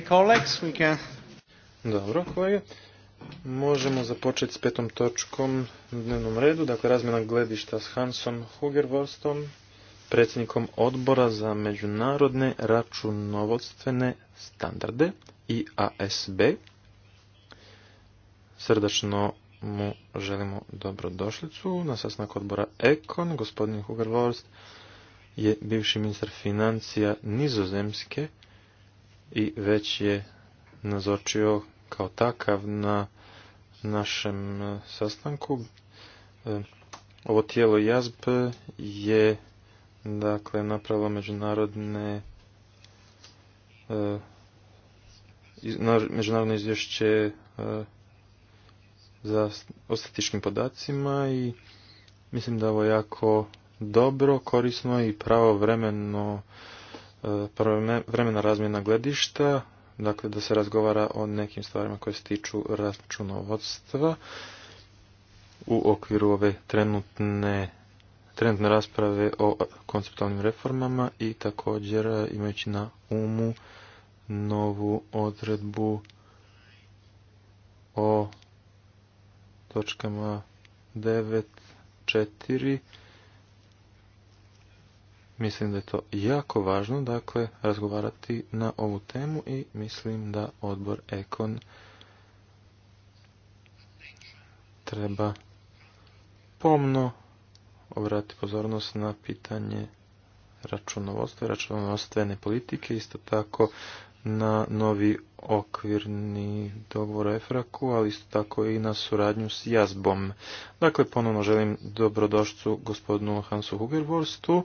colleagues, we can... Dobro, kolege. Možemo započeti s petom točkom na dnevnom redu, dakle razmjena gledišta s Hansom Hugervorstom, predsjednikom odbora za međunarodne računovodstvene standarde i ASB. Srdačno mu želimo dobrodošlicu na sastanak odbora Ekon. Gospodin Hugervorst je bivši ministar financija nizozemske i već je nazočio kao takav na našem e, sastanku. E, ovo tijelo jazbe je dakle napravilo međunarodne e, međunarodno izvješće za ostatičkim podacima i mislim da ovo jako dobro, korisno i pravovremeno vremena razmjena gledišta, dakle da se razgovara o nekim stvarima koje se tiču računovodstva u okviru ove trenutne trenutne rasprave o konceptualnim reformama i također imajući na umu novu odredbu o točkama 9.4 Mislim da je to jako važno, dakle, razgovarati na ovu temu i mislim da odbor Ekon treba pomno obrati pozornost na pitanje računovodstva i računovodstvene politike, isto tako na novi okvirni dogovor EFRAKU, ali isto tako i na suradnju s jazbom. Dakle, ponovno želim dobrodošću gospodinu Hansu Hugervorstu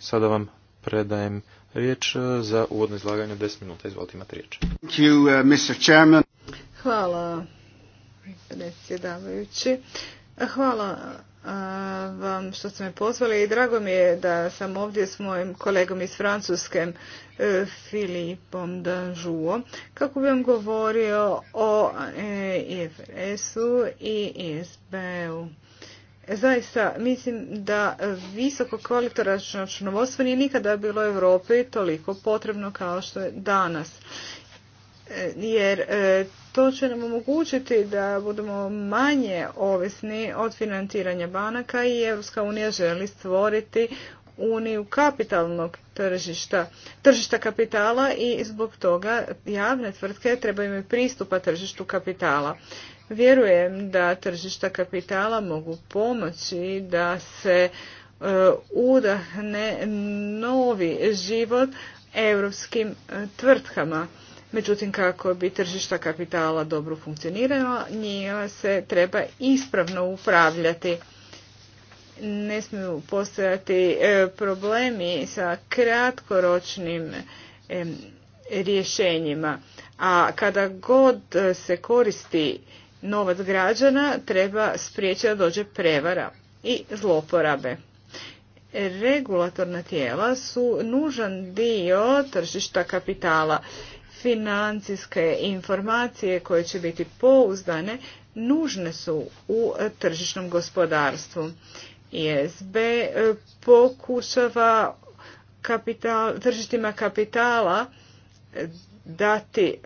Sada vam predajem riječ e, za uvodno izlaganje od 10 minuta. Izvolite, imate riječ. Uh, Hvala, predsjedavajući. Hvala vam što ste me pozvali i drago mi je da sam ovdje s mojim kolegom iz Francuske, e, Filipom Danžuo kako bi vam govorio o IFRS-u e, i ISB-u. Zaista mislim da visoko kvalitoračno računovodstvo nije nikada bilo u Europi toliko potrebno kao što je danas. E, jer e, to će nam omogućiti da budemo manje ovisni od financiranja banaka i Evropska unija želi stvoriti uniju kapitalnog tržišta, tržišta kapitala i zbog toga javne tvrtke trebaju imati pristupa tržištu kapitala. Vjerujem da tržišta kapitala mogu pomoći da se e, udahne novi život europskim e, tvrtkama. Međutim, kako bi tržišta kapitala dobro funkcionirala, njima se treba ispravno upravljati. Ne smiju postojati e, problemi sa kratkoročnim rješenjima, a kada god se koristi novac građana treba spriječiti da dođe prevara i zloporabe. Regulatorna tijela su nužan dio tržišta kapitala. Financijske informacije koje će biti pouzdane nužne su u tržišnom gospodarstvu. ISB e, pokušava kapital, tržištima kapitala dati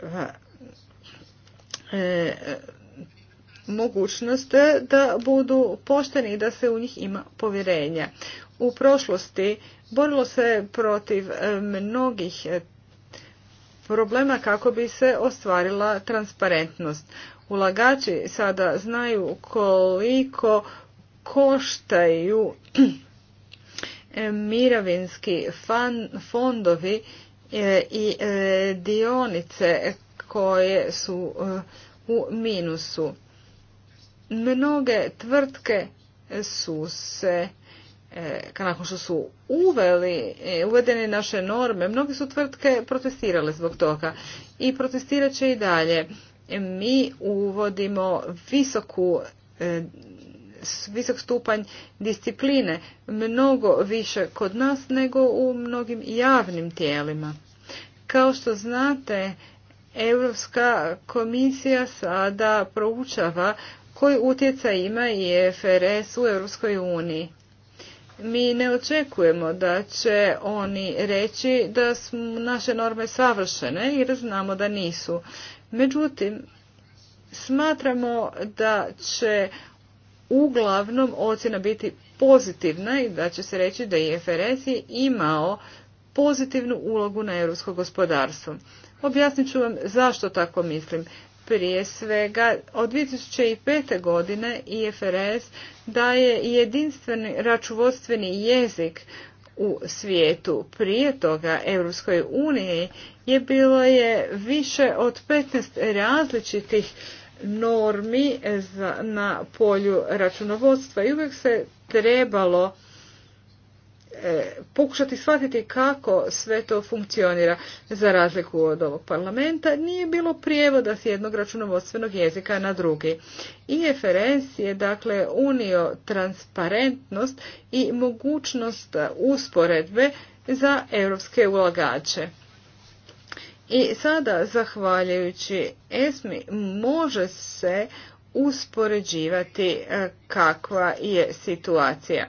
e, mogućnost da budu pošteni i da se u njih ima povjerenja. U prošlosti borilo se protiv eh, mnogih eh, problema kako bi se ostvarila transparentnost. Ulagači sada znaju koliko koštaju eh, miravinski fondovi i dionice koje su u minusu. Mnoge tvrtke su se e, nakon što su uveli, e, uvedene naše norme, mnoge su tvrtke protestirale zbog toga i protestirat će i dalje. Mi uvodimo visoku e, visok stupanj discipline, mnogo više kod nas nego u mnogim javnim tijelima. Kao što znate, Europska komisija sada proučava koji utjecaj ima i FRS u Europskoj uniji. Mi ne očekujemo da će oni reći da su naše norme savršene jer znamo da nisu. Međutim, smatramo da će uglavnom ocjena biti pozitivna i da će se reći da je FRS je imao pozitivnu ulogu na europsko gospodarstvo. Objasnit ću vam zašto tako mislim prije svega od 2005. godine IFRS daje jedinstveni računovodstveni jezik u svijetu. Prije toga Europskoj uniji je bilo je više od 15 različitih normi na polju računovodstva i uvijek se trebalo E, pokušati shvatiti kako sve to funkcionira. Za razliku od ovog parlamenta nije bilo prijevoda s jednog računovodstvenog jezika na drugi. IFRS je dakle unio transparentnost i mogućnost usporedbe za europske ulagače. I sada, zahvaljujući ESMI, može se uspoređivati e, kakva je situacija.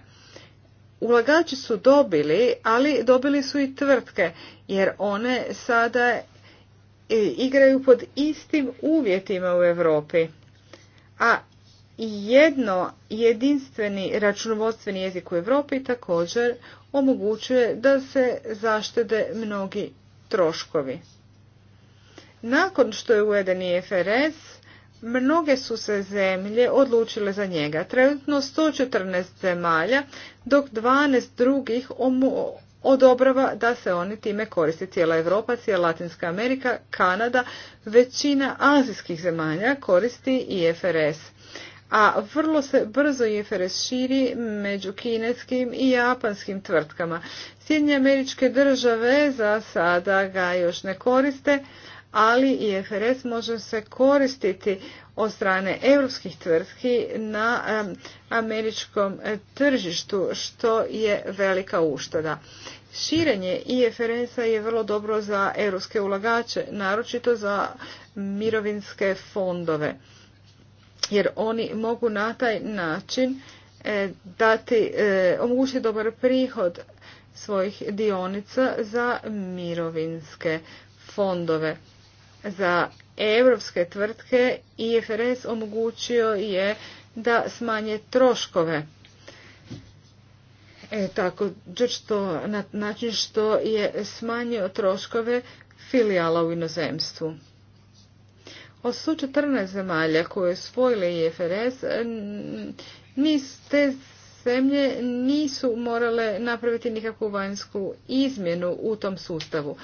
Ulagači su dobili, ali dobili su i tvrtke, jer one sada e, igraju pod istim uvjetima u Europi. A jedno jedinstveni računovodstveni jezik u Europi također omogućuje da se zaštede mnogi troškovi. Nakon što je uveden IFRS, Mnoge su se zemlje odlučile za njega. Trenutno 114 zemalja, dok 12 drugih odobrava da se oni time koriste. Cijela Europa, cijela Latinska Amerika, Kanada, većina azijskih zemalja koristi IFRS. A vrlo se brzo IFRS širi među kineskim i japanskim tvrtkama. Sjedinje američke države za sada ga još ne koriste, ali i FRS može se koristiti od strane europskih tvrtki na američkom tržištu, što je velika uštada. Širenje IFRS-a je vrlo dobro za europske ulagače, naročito za mirovinske fondove, jer oni mogu na taj način e, dati, e, omogućiti dobar prihod svojih dionica za mirovinske fondove za europske tvrtke IFRS omogućio je da smanje troškove. E, tako, što, na način što je smanjio troškove filijala u inozemstvu. Od 114 zemalja koje svojile IFRS, te zemlje nisu morale napraviti nikakvu vanjsku izmjenu u tom sustavu.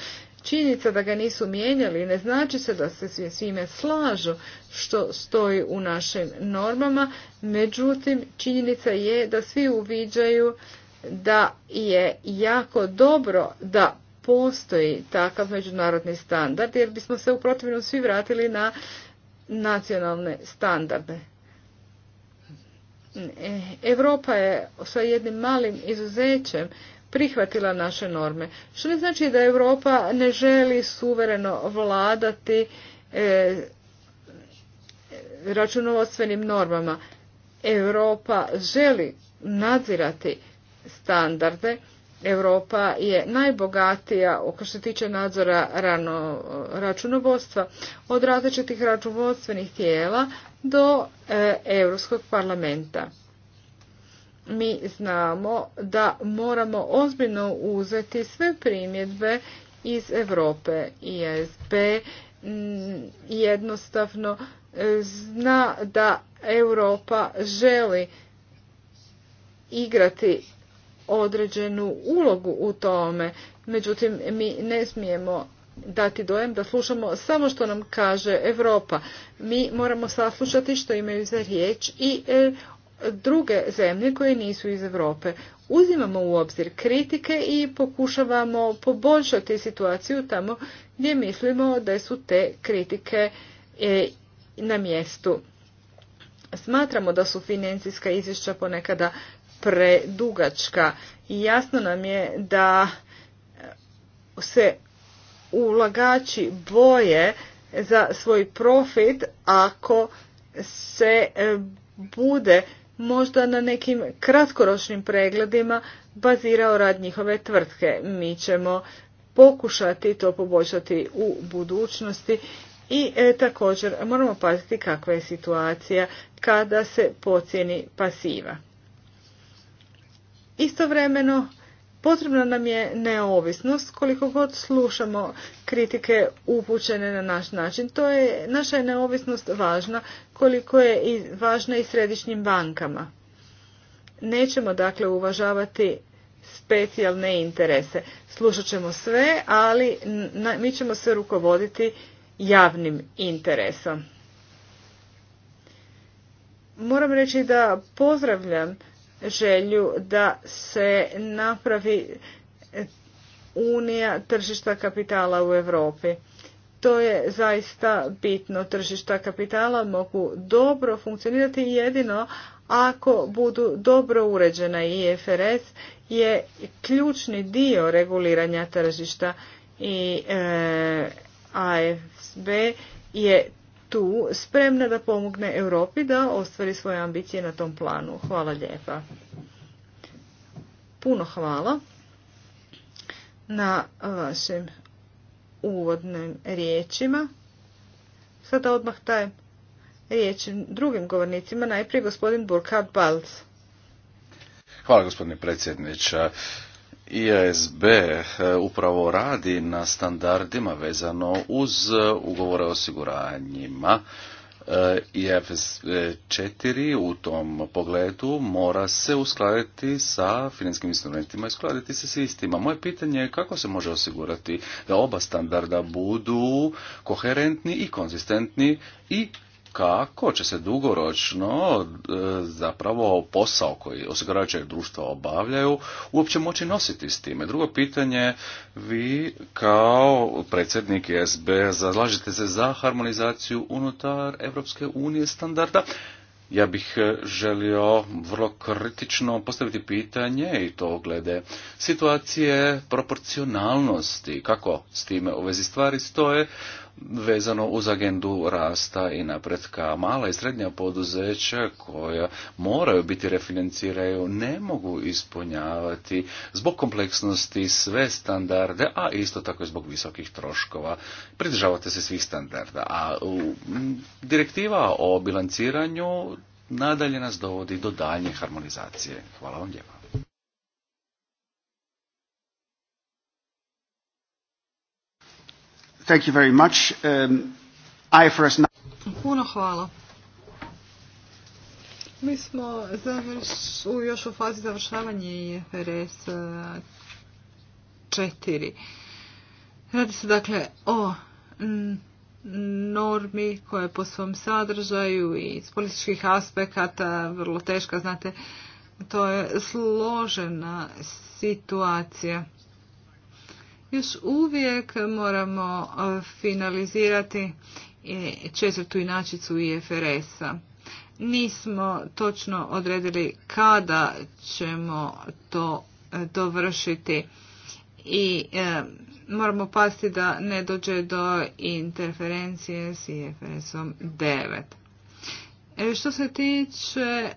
Činjenica da ga nisu mijenjali ne znači se da se svime slažu što stoji u našim normama, međutim činjenica je da svi uviđaju da je jako dobro da postoji takav međunarodni standard jer bismo se u protivnom svi vratili na nacionalne standarde. E, Europa je sa jednim malim izuzećem prihvatila naše norme. Što ne znači da Europa ne želi suvereno vladati e, računovodstvenim normama. Europa želi nadzirati standarde. Europa je najbogatija oko što se tiče nadzora rano, računovodstva od različitih računovodstvenih tijela do e, Europskog parlamenta mi znamo da moramo ozbiljno uzeti sve primjedbe iz Europe i ESB mm, jednostavno e, zna da Europa želi igrati određenu ulogu u tome. Međutim, mi ne smijemo dati dojem da slušamo samo što nam kaže Europa. Mi moramo saslušati što imaju za riječ i e, druge zemlje koje nisu iz Europe. Uzimamo u obzir kritike i pokušavamo poboljšati situaciju tamo gdje mislimo da su te kritike e, na mjestu. Smatramo da su financijska izvješća ponekada predugačka i jasno nam je da se ulagači boje za svoj profit ako se e, bude možda na nekim kratkoročnim pregledima bazirao rad njihove tvrtke. Mi ćemo pokušati to poboljšati u budućnosti i e, također moramo paziti kakva je situacija kada se pocijeni pasiva. Istovremeno Potrebna nam je neovisnost, koliko god slušamo kritike upućene na naš način. To je, naša je neovisnost važna, koliko je i važna i središnjim bankama. Nećemo dakle uvažavati specijalne interese. Slušat ćemo sve, ali mi ćemo se rukovoditi javnim interesom. Moram reći da pozdravljam želju da se napravi unija tržišta kapitala u Europi. To je zaista bitno. Tržišta kapitala mogu dobro funkcionirati jedino ako budu dobro uređena i IFRS je ključni dio reguliranja tržišta i e, AFB je tu spremna da pomogne Europi da ostvari svoje ambicije na tom planu. Hvala lijepa. Puno hvala na vašim uvodnim riječima. Sada odmah taj riječ drugim govornicima, najprije gospodin Burkhard Balz. Hvala gospodine predsjedniče. IASB eh, upravo radi na standardima vezano uz eh, ugovore o osiguranjima. Eh, IFS 4 u tom pogledu mora se uskladiti sa financijskim instrumentima i uskladiti se s istima. Moje pitanje je kako se može osigurati da oba standarda budu koherentni i konzistentni i kako će se dugoročno e, zapravo posao koji osigurajuće društva obavljaju uopće moći nositi s time. Drugo pitanje, vi kao predsjednik SB zalažete se za harmonizaciju unutar Evropske unije standarda. Ja bih e, želio vrlo kritično postaviti pitanje i to glede situacije proporcionalnosti, kako s time u vezi stvari stoje, vezano uz agendu rasta i napretka. Mala i srednja poduzeća koja moraju biti refinanciraju ne mogu ispunjavati zbog kompleksnosti sve standarde, a isto tako i zbog visokih troškova. Pridržavate se svih standarda. A direktiva o bilanciranju nadalje nas dovodi do daljnje harmonizacije. Hvala vam lijepa. Thank you very much. Um, IFRS... Puno hvala. Mi smo završ, u, još u fazi završavanja IFRS 4. Uh, Radi se dakle o normi koja je po svom sadržaju i iz političkih aspekata vrlo teška, znate, to je složena situacija. Još uvijek moramo e, finalizirati četvrtu inačicu IFRS-a. Nismo točno odredili kada ćemo to e, dovršiti i e, moramo pasti da ne dođe do interferencije s IFRS-om 9. što se tiče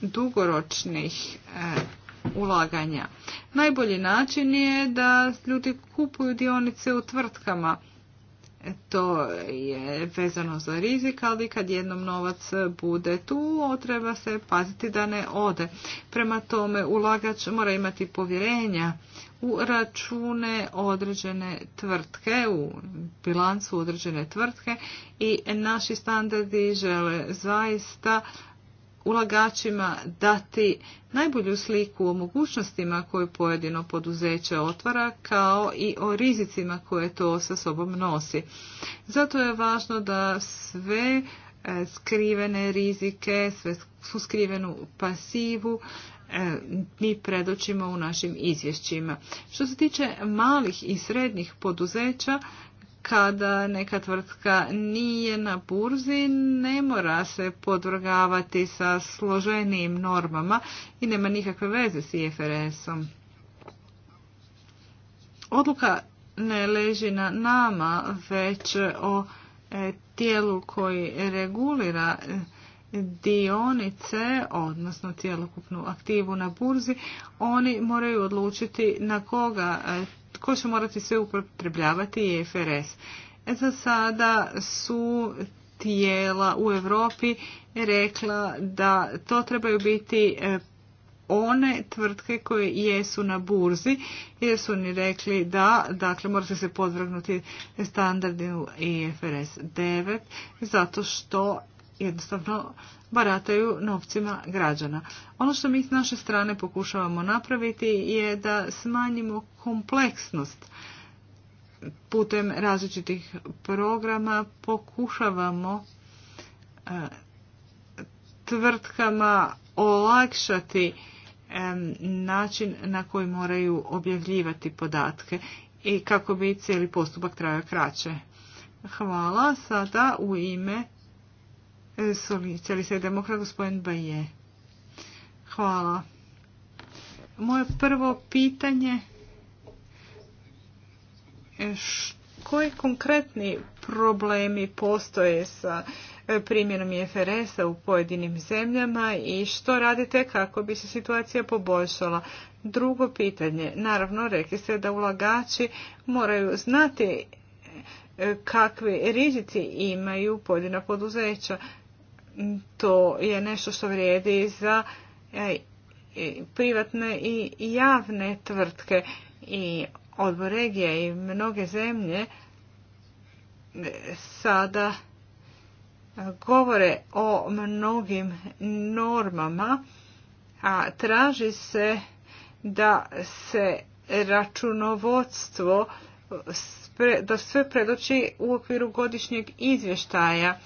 dugoročnih ulaganja. Najbolji način je da ljudi kupuju dionice u tvrtkama. E, to je vezano za rizik, ali kad jednom novac bude tu, treba se paziti da ne ode. Prema tome, ulagač mora imati povjerenja u račune određene tvrtke, u bilancu određene tvrtke i naši standardi žele zaista ulagačima dati najbolju sliku o mogućnostima koje pojedino poduzeće otvara kao i o rizicima koje to sa sobom nosi. Zato je važno da sve e, skrivene rizike, sve su skrivenu pasivu e, mi predočimo u našim izvješćima. Što se tiče malih i srednjih poduzeća, kada neka tvrtka nije na burzi, ne mora se podvrgavati sa složenijim normama i nema nikakve veze s IFRS-om. Odluka ne leži na nama, već o e, tijelu koji regulira e, dionice, odnosno cjelokupnu aktivu na burzi, oni moraju odlučiti na koga e, Ko će morati sve upotrebljavati i FRS. E za sada su tijela u Europi rekla da to trebaju biti e, one tvrtke koje jesu na burzi jer su oni rekli da dakle morate se podvrgnuti standardu IFRS 9 zato što jednostavno barataju novcima građana. Ono što mi s naše strane pokušavamo napraviti je da smanjimo kompleksnost putem različitih programa pokušavamo e, tvrtkama olakšati e, način na koji moraju objavljivati podatke i kako bi cijeli postupak trajao kraće. Hvala sada u ime Socialista i demokrat gospodin Baje. Hvala. Moje prvo pitanje koji konkretni problemi postoje sa e, primjenom IFRS-a u pojedinim zemljama i što radite kako bi se situacija poboljšala. Drugo pitanje, naravno rekli ste da ulagači moraju znati e, kakve rizici imaju pojedina poduzeća to je nešto što vrijedi za e, privatne i javne tvrtke i odbor regija i mnoge zemlje e, sada govore o mnogim normama, a traži se da se računovodstvo da sve predoči u okviru godišnjeg izvještaja,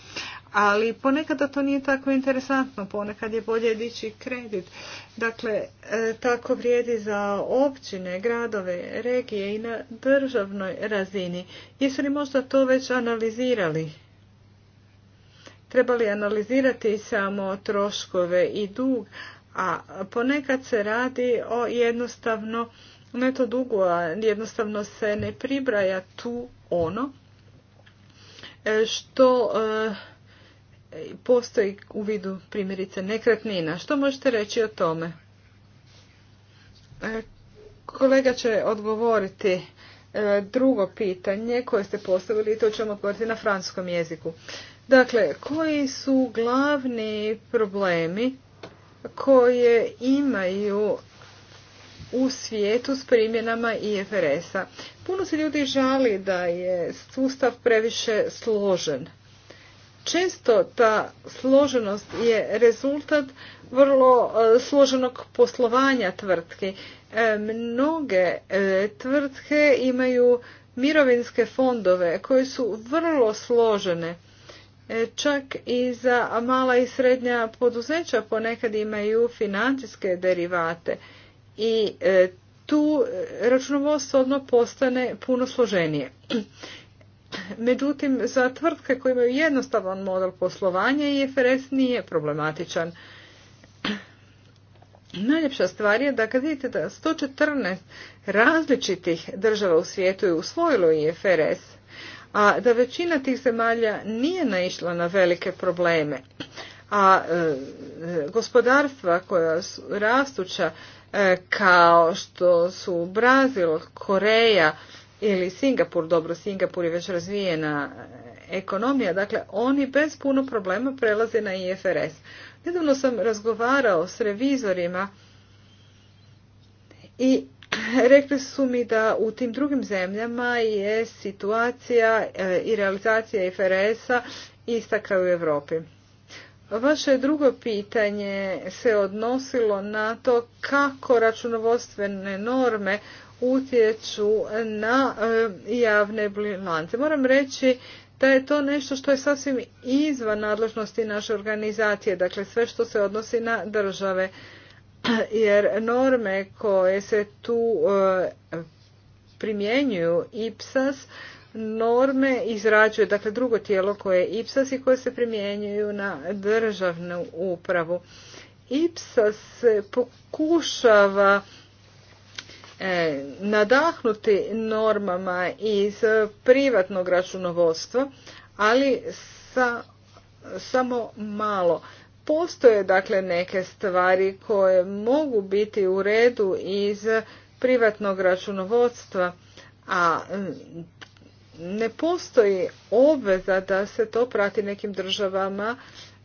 ali ponekada to nije tako interesantno, ponekad je bolje dići kredit. Dakle, e, tako vrijedi za općine, gradove, regije i na državnoj razini. Jesu li možda to već analizirali? Treba li analizirati samo troškove i dug, a ponekad se radi o jednostavno ne to dugo, a jednostavno se ne pribraja tu ono e, što e, postoji u vidu primjerice nekretnina. Što možete reći o tome? E, kolega će odgovoriti e, drugo pitanje koje ste postavili i to ćemo odgovoriti na francuskom jeziku. Dakle, koji su glavni problemi koje imaju u svijetu s primjenama IFRS-a? Puno se ljudi žali da je sustav previše složen. Često ta složenost je rezultat vrlo e, složenog poslovanja tvrtki. E, mnoge e, tvrtke imaju mirovinske fondove koje su vrlo složene. Čak i za mala i srednja poduzeća ponekad imaju financijske derivate i tu računovodstvo odmah postane puno složenije. Međutim, za tvrtke koje imaju jednostavan model poslovanja IFRS nije problematičan. Najljepša stvar je da kad vidite da 114 različitih država u svijetu je usvojilo IFRS, a da većina tih zemalja nije naišla na velike probleme, a e, gospodarstva koja su rastuća e, kao što su Brazil, Koreja, ili Singapur, dobro Singapur je već razvijena eh, ekonomija, dakle oni bez puno problema prelaze na IFRS. Nedavno sam razgovarao s revizorima i rekli su mi da u tim drugim zemljama je situacija eh, i realizacija IFRS-a ista kao u Europi. Vaše drugo pitanje se odnosilo na to kako računovodstvene norme utječu na e, javne bilance. Moram reći da je to nešto što je sasvim izvan nadležnosti naše organizacije, dakle sve što se odnosi na države. Jer norme koje se tu e, primjenjuju IPSAS, norme izrađuje dakle drugo tijelo koje je IPSAS i koje se primjenjuju na državnu upravu. IPSAS pokušava E, nadahnuti normama iz privatnog računovodstva, ali sa, samo malo. Postoje dakle neke stvari koje mogu biti u redu iz privatnog računovodstva, a ne postoji obveza da se to prati nekim državama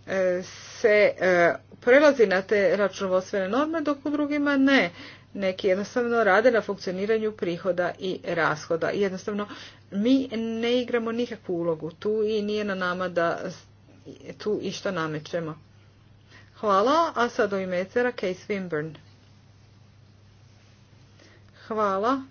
e, se e, prelazi na te računovodstvene norme, dok u drugima ne neki jednostavno rade na funkcioniranju prihoda i rashoda. Jednostavno, mi ne igramo nikakvu ulogu tu i nije na nama da tu išta namećemo. Hvala, a sad u ime Cera Case Hvala.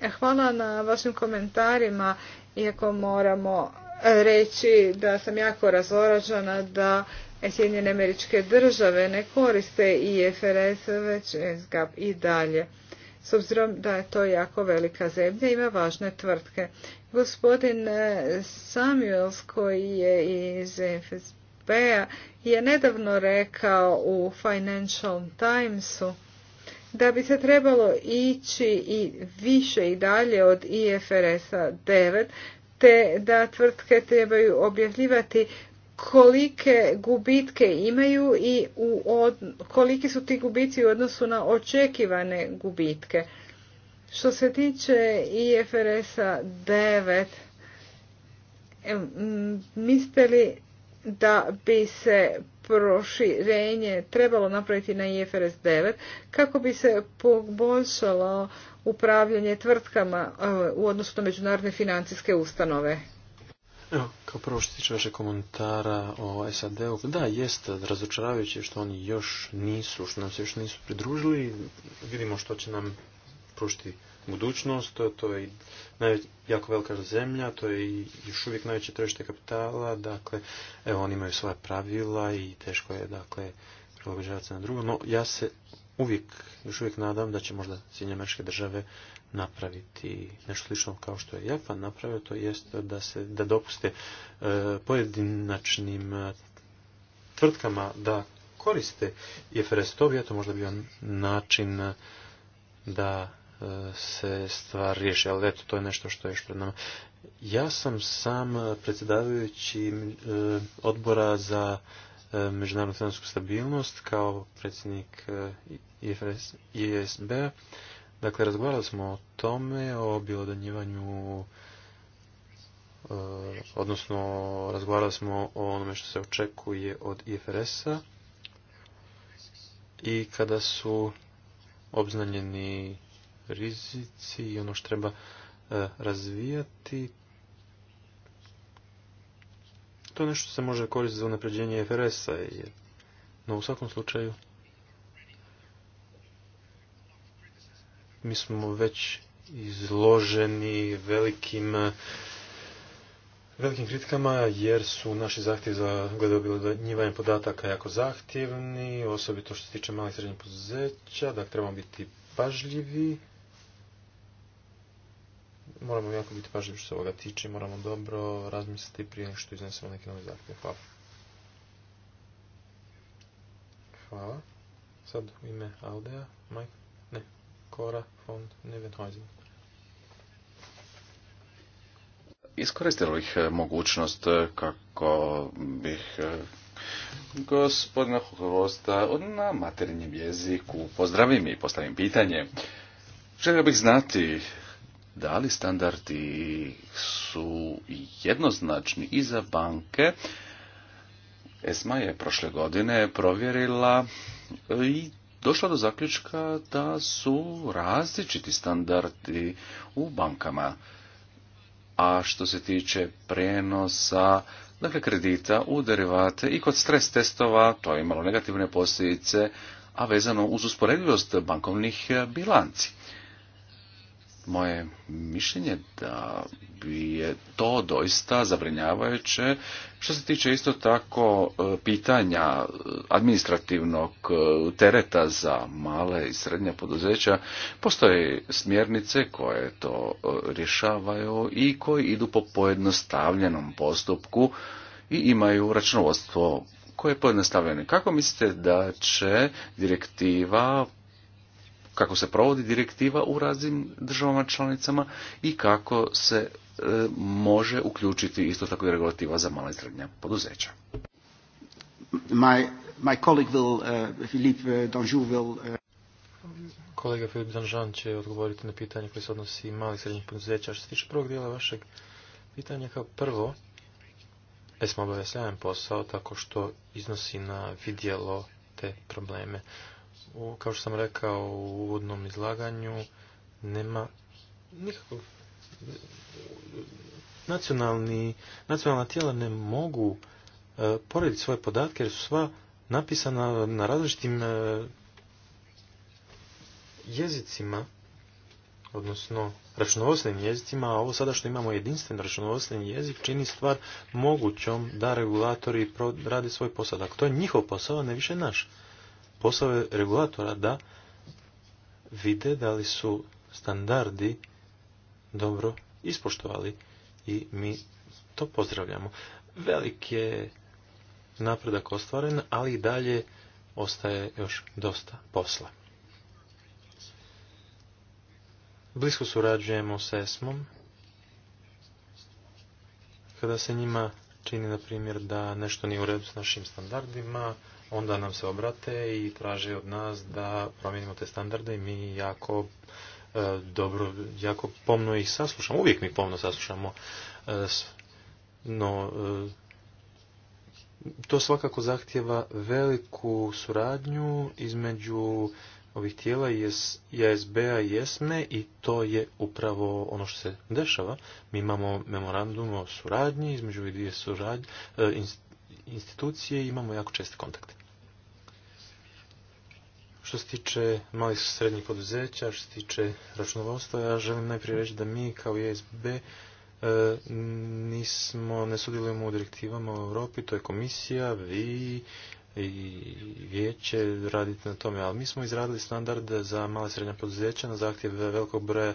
E, hvala na vašim komentarima, iako moramo reći da sam jako razoražena da Sjedinjene američke države ne koriste IFRS već SGAP i dalje. S obzirom da je to jako velika zemlja, ima važne tvrtke. Gospodin e, Samuels koji je iz FSB-a je nedavno rekao u Financial Timesu da bi se trebalo ići i više i dalje od IFRS-a 9, te da tvrtke trebaju objavljivati kolike gubitke imaju i u koliki su ti gubici u odnosu na očekivane gubitke. Što se tiče IFRS-a 9, mislite li da bi se proširenje trebalo napraviti na IFRS 9 kako bi se poboljšalo upravljanje tvrtkama e, u odnosu na međunarodne financijske ustanove? Evo, kao prvo što se tiče vašeg komentara o SAD-u, da, jest razočaravajuće što oni još nisu, što nam se još nisu pridružili. Vidimo što će nam pružiti budućnost, to, je jako velika zemlja, to je još uvijek najveće tržište kapitala, dakle, evo, oni imaju svoja pravila i teško je, dakle, prilagođavati se na drugo, no ja se uvijek, još uvijek nadam da će možda Sjedinje američke države napraviti nešto slično kao što je Japan napravio, to jest da se da dopuste e, pojedinačnim e, tvrtkama da koriste IFRS to bi to možda bio način e, da se stvar riješi, ali eto, to je nešto što je još pred nama. Ja sam sam predsjedavajući odbora za međunarodnu financijsku stabilnost kao predsjednik IFRS, isb Dakle, razgovarali smo o tome, o obilodanjivanju e, odnosno razgovarali smo o onome što se očekuje od IFRS-a i kada su obznanjeni rizici i ono što treba e, razvijati, to je nešto se može koristiti za unapređenje IFRS-a, no u svakom slučaju mi smo već izloženi velikim velikim kritikama jer su naši zahtjevi za gledanje podataka jako zahtjevni, osobito što se tiče malih srednjih poduzeća, da trebamo biti pažljivi. Moramo jako biti pažljivi što se ovoga tiče, moramo dobro razmisliti prije što iznesemo neke novi zahtjev. Hvala. Hvala. Sad u ime Aldea, Majka. Kora von Iskoristilo bih e, mogućnost e, kako bih e, gospodina od na materinjem jeziku pozdravim i postavim pitanje. Želio bih znati da li standardi su jednoznačni i za banke. ESMA je prošle godine provjerila i došla do zaključka da su različiti standardi u bankama. A što se tiče prenosa dakle kredita u derivate i kod stres testova, to je imalo negativne posljedice, a vezano uz usporedivost bankovnih bilanci moje mišljenje da bi je to doista zabrinjavajuće što se tiče isto tako e, pitanja e, administrativnog e, tereta za male i srednje poduzeća, postoje smjernice koje to rješavaju i koji idu po pojednostavljenom postupku i imaju računovodstvo koje je pojednostavljeno. Kako mislite da će direktiva kako se provodi direktiva u raznim državama članicama i kako se e, može uključiti isto tako i regulativa za mala i srednja poduzeća. My, my colleague will, uh, Philippe uh, Danjou will... Uh, Kolega Filip Danžan će odgovoriti na pitanje koje se odnosi malih i srednjih poduzeća. Što se tiče prvog dijela vašeg pitanja, kao prvo, E smo sjajan posao tako što iznosi na vidjelo te probleme kao što sam rekao u uvodnom izlaganju, nema nikakvog nacionalni, nacionalna tijela ne mogu e, porediti svoje podatke jer su sva napisana na različitim e, jezicima, odnosno računovodstvenim jezicima, a ovo sada što imamo jedinstven računovodstveni jezik čini stvar mogućom da regulatori rade svoj posao. Dakle, to je njihov posao, a ne više naš poslove regulatora da vide da li su standardi dobro ispoštovali i mi to pozdravljamo. Velik je napredak ostvaren, ali i dalje ostaje još dosta posla. Blisko surađujemo s ESMom, kada se njima čini, na primjer, da nešto nije u redu s našim standardima, onda nam se obrate i traže od nas da promijenimo te standarde i mi jako e, dobro, jako pomno ih saslušamo. Uvijek mi pomno saslušamo. E, no, e, to svakako zahtjeva veliku suradnju između ovih tijela ISB-a i ESME i to je upravo ono što se dešava. Mi imamo memorandum o suradnji između dvije suradnje, institucije i imamo jako česte kontakte. Što se tiče malih srednjih poduzeća, što se tiče računovodstva, ja želim najprije reći da mi kao ISB e, nismo, ne sudjelujemo u direktivama u Europi, to je komisija, vi i vijeće raditi na tome, ali mi smo izradili standarde za mala srednja poduzeća na zahtjev velikog broja e,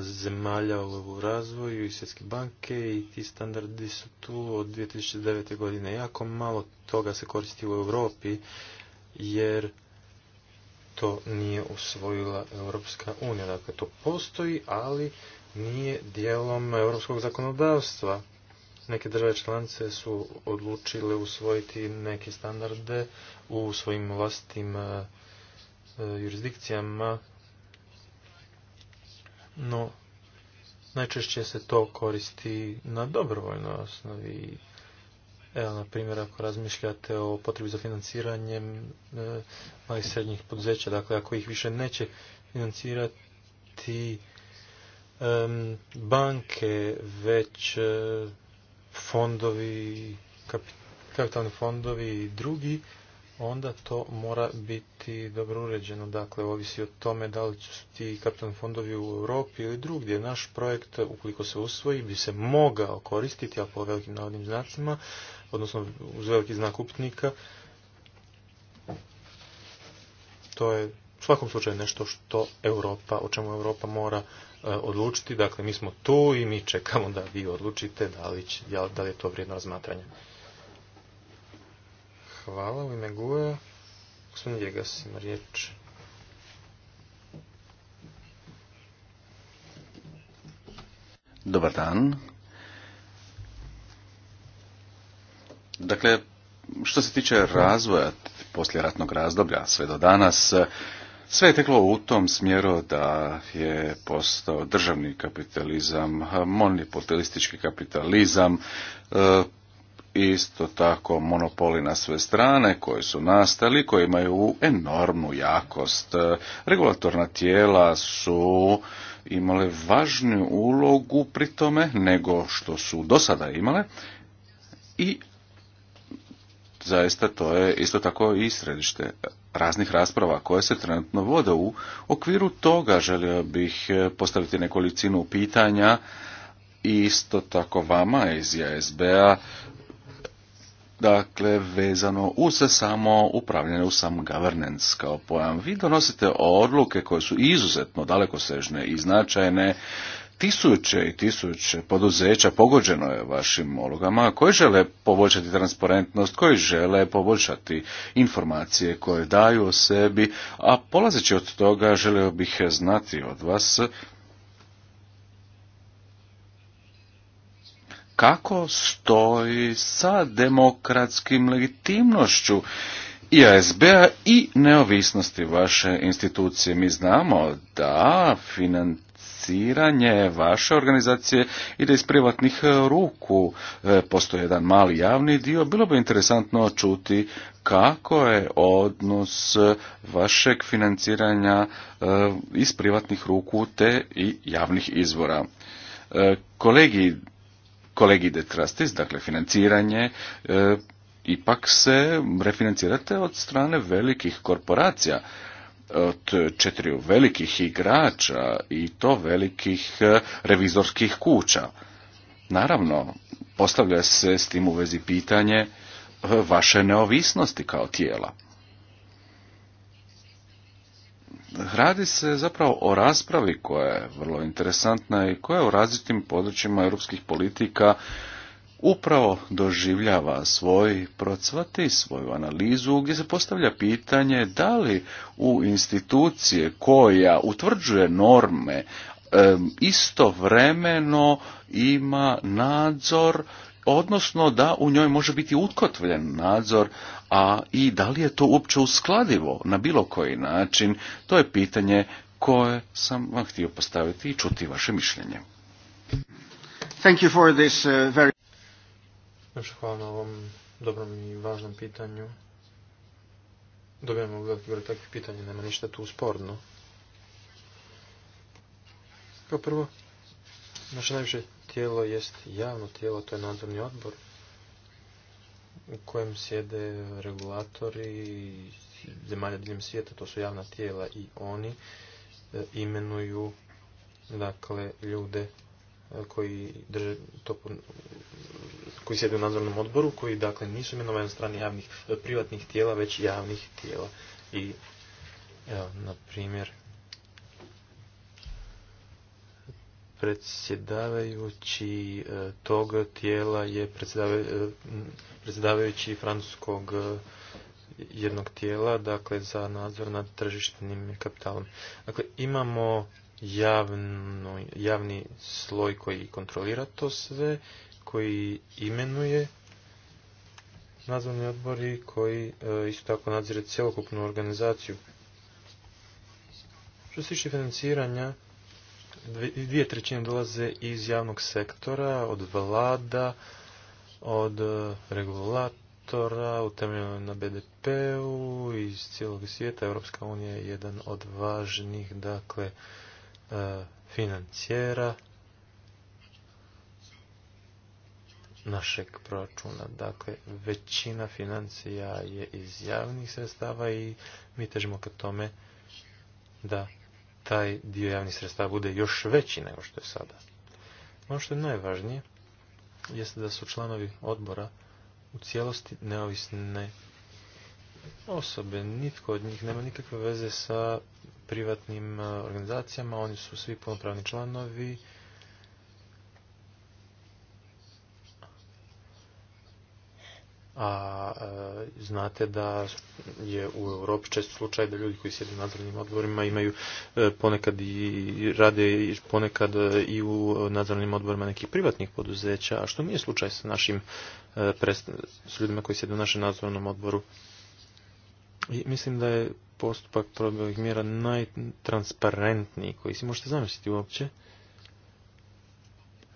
zemalja u razvoju i svjetske banke i ti standardi su tu od 2009. godine. Jako malo toga se koristi u Europi jer to nije usvojila Europska unija. Dakle, to postoji, ali nije dijelom europskog zakonodavstva. Neke države članice su odlučile usvojiti neke standarde u svojim vlastim e, e, jurisdikcijama, no najčešće se to koristi na dobrovoljnoj osnovi Evo, na primjer, ako razmišljate o potrebi za financiranjem e, malih srednjih poduzeća, dakle, ako ih više neće financirati banke, već e, fondovi, kapitalni fondovi i drugi, onda to mora biti dobro uređeno. Dakle, ovisi o tome da li su ti kapitalni fondovi u Europi ili drugdje. Naš projekt, ukoliko se usvoji, bi se mogao koristiti, a po velikim navodnim znacima, odnosno uz veliki znak upitnika. To je u svakom slučaju nešto što Europa, o čemu Europa mora e, odlučiti. Dakle, mi smo tu i mi čekamo da vi odlučite da li, da li je to vrijedno razmatranje. Hvala u ime Guje. Gospodin ima riječ. Dobar dan, Dakle, što se tiče razvoja posljeratnog razdoblja sve do danas, sve je teklo u tom smjeru da je postao državni kapitalizam, monopolistički kapitalizam, e, isto tako monopoli na sve strane koji su nastali, koji imaju enormnu jakost. E, regulatorna tijela su imale važniju ulogu pri tome nego što su do sada imale i zaista to je isto tako i središte raznih rasprava koje se trenutno vode u okviru toga želio bih e, postaviti nekolicinu pitanja isto tako vama iz JSB-a dakle vezano uz samo upravljanje, u sam governance kao pojam. Vi donosite odluke koje su izuzetno dalekosežne i značajne tisuće i tisuće poduzeća pogođeno je vašim ulogama koji žele poboljšati transparentnost, koji žele poboljšati informacije koje daju o sebi, a polazeći od toga želio bih znati od vas kako stoji sa demokratskim legitimnošću IASB-a i neovisnosti vaše institucije. Mi znamo da financijalno financiranje vaše organizacije ide iz privatnih e, ruku. E, postoji jedan mali javni dio. Bilo bi interesantno čuti kako je odnos vašeg financiranja e, iz privatnih ruku te i javnih izvora. Kolegi, kolegi de Trastis, dakle financiranje, ipak se refinancirate od strane velikih korporacija od četiri velikih igrača i to velikih e, revizorskih kuća. Naravno, postavlja se s tim u vezi pitanje e, vaše neovisnosti kao tijela. Radi se zapravo o raspravi koja je vrlo interesantna i koja je u različitim područjima europskih politika upravo doživljava svoj procvat i svoju analizu gdje se postavlja pitanje da li u institucije koja utvrđuje norme istovremeno ima nadzor odnosno da u njoj može biti utkotvljen nadzor, a i da li je to uopće uskladivo na bilo koji način, to je pitanje koje sam vam htio postaviti i čuti vaše mišljenje. Thank you for this uh, još hvala na ovom dobrom i važnom pitanju. Dobijamo veliki broj takvih pitanja, nema ništa tu sporno. Kao prvo, naše najviše tijelo jest javno tijelo, to je nadzorni odbor u kojem sjede regulatori zemalja diljem svijeta, to su javna tijela i oni e, imenuju dakle ljude koji, drže koji sjede u nadzornom odboru, koji dakle nisu imenovani od strane javnih, e, privatnih tijela, već javnih tijela. I, evo, na primjer, predsjedavajući e, tog tijela je e, predsjedavajući francuskog jednog tijela, dakle za nadzor nad tržištenim kapitalom. Dakle, imamo javno, javni sloj koji kontrolira to sve, koji imenuje nadzorni odbori koji e, isto tako nadzire cjelokupnu organizaciju. Što se tiče financiranja, dvije trećine dolaze iz javnog sektora, od vlada, od e, regulatora, utemljeno na BDP-u, iz cijelog svijeta. Europska unija je jedan od važnih, dakle, E, financijera našeg proračuna. Dakle, većina financija je iz javnih sredstava i mi težimo ka tome da taj dio javnih sredstava bude još veći nego što je sada. Ono što je najvažnije jeste da su članovi odbora u cijelosti neovisne osobe, nitko od njih nema nikakve veze sa privatnim e, organizacijama, oni su svi punopravni članovi. A e, znate da je u Europi često slučaj da ljudi koji sjede u nadzornim odborima imaju e, ponekad i rade ponekad i u nadzornim odborima nekih privatnih poduzeća, a što nije slučaj sa našim s ljudima koji sjede u našem nadzornom odboru. I mislim da je postupak probavih mjera najtransparentniji koji si možete zamisliti uopće.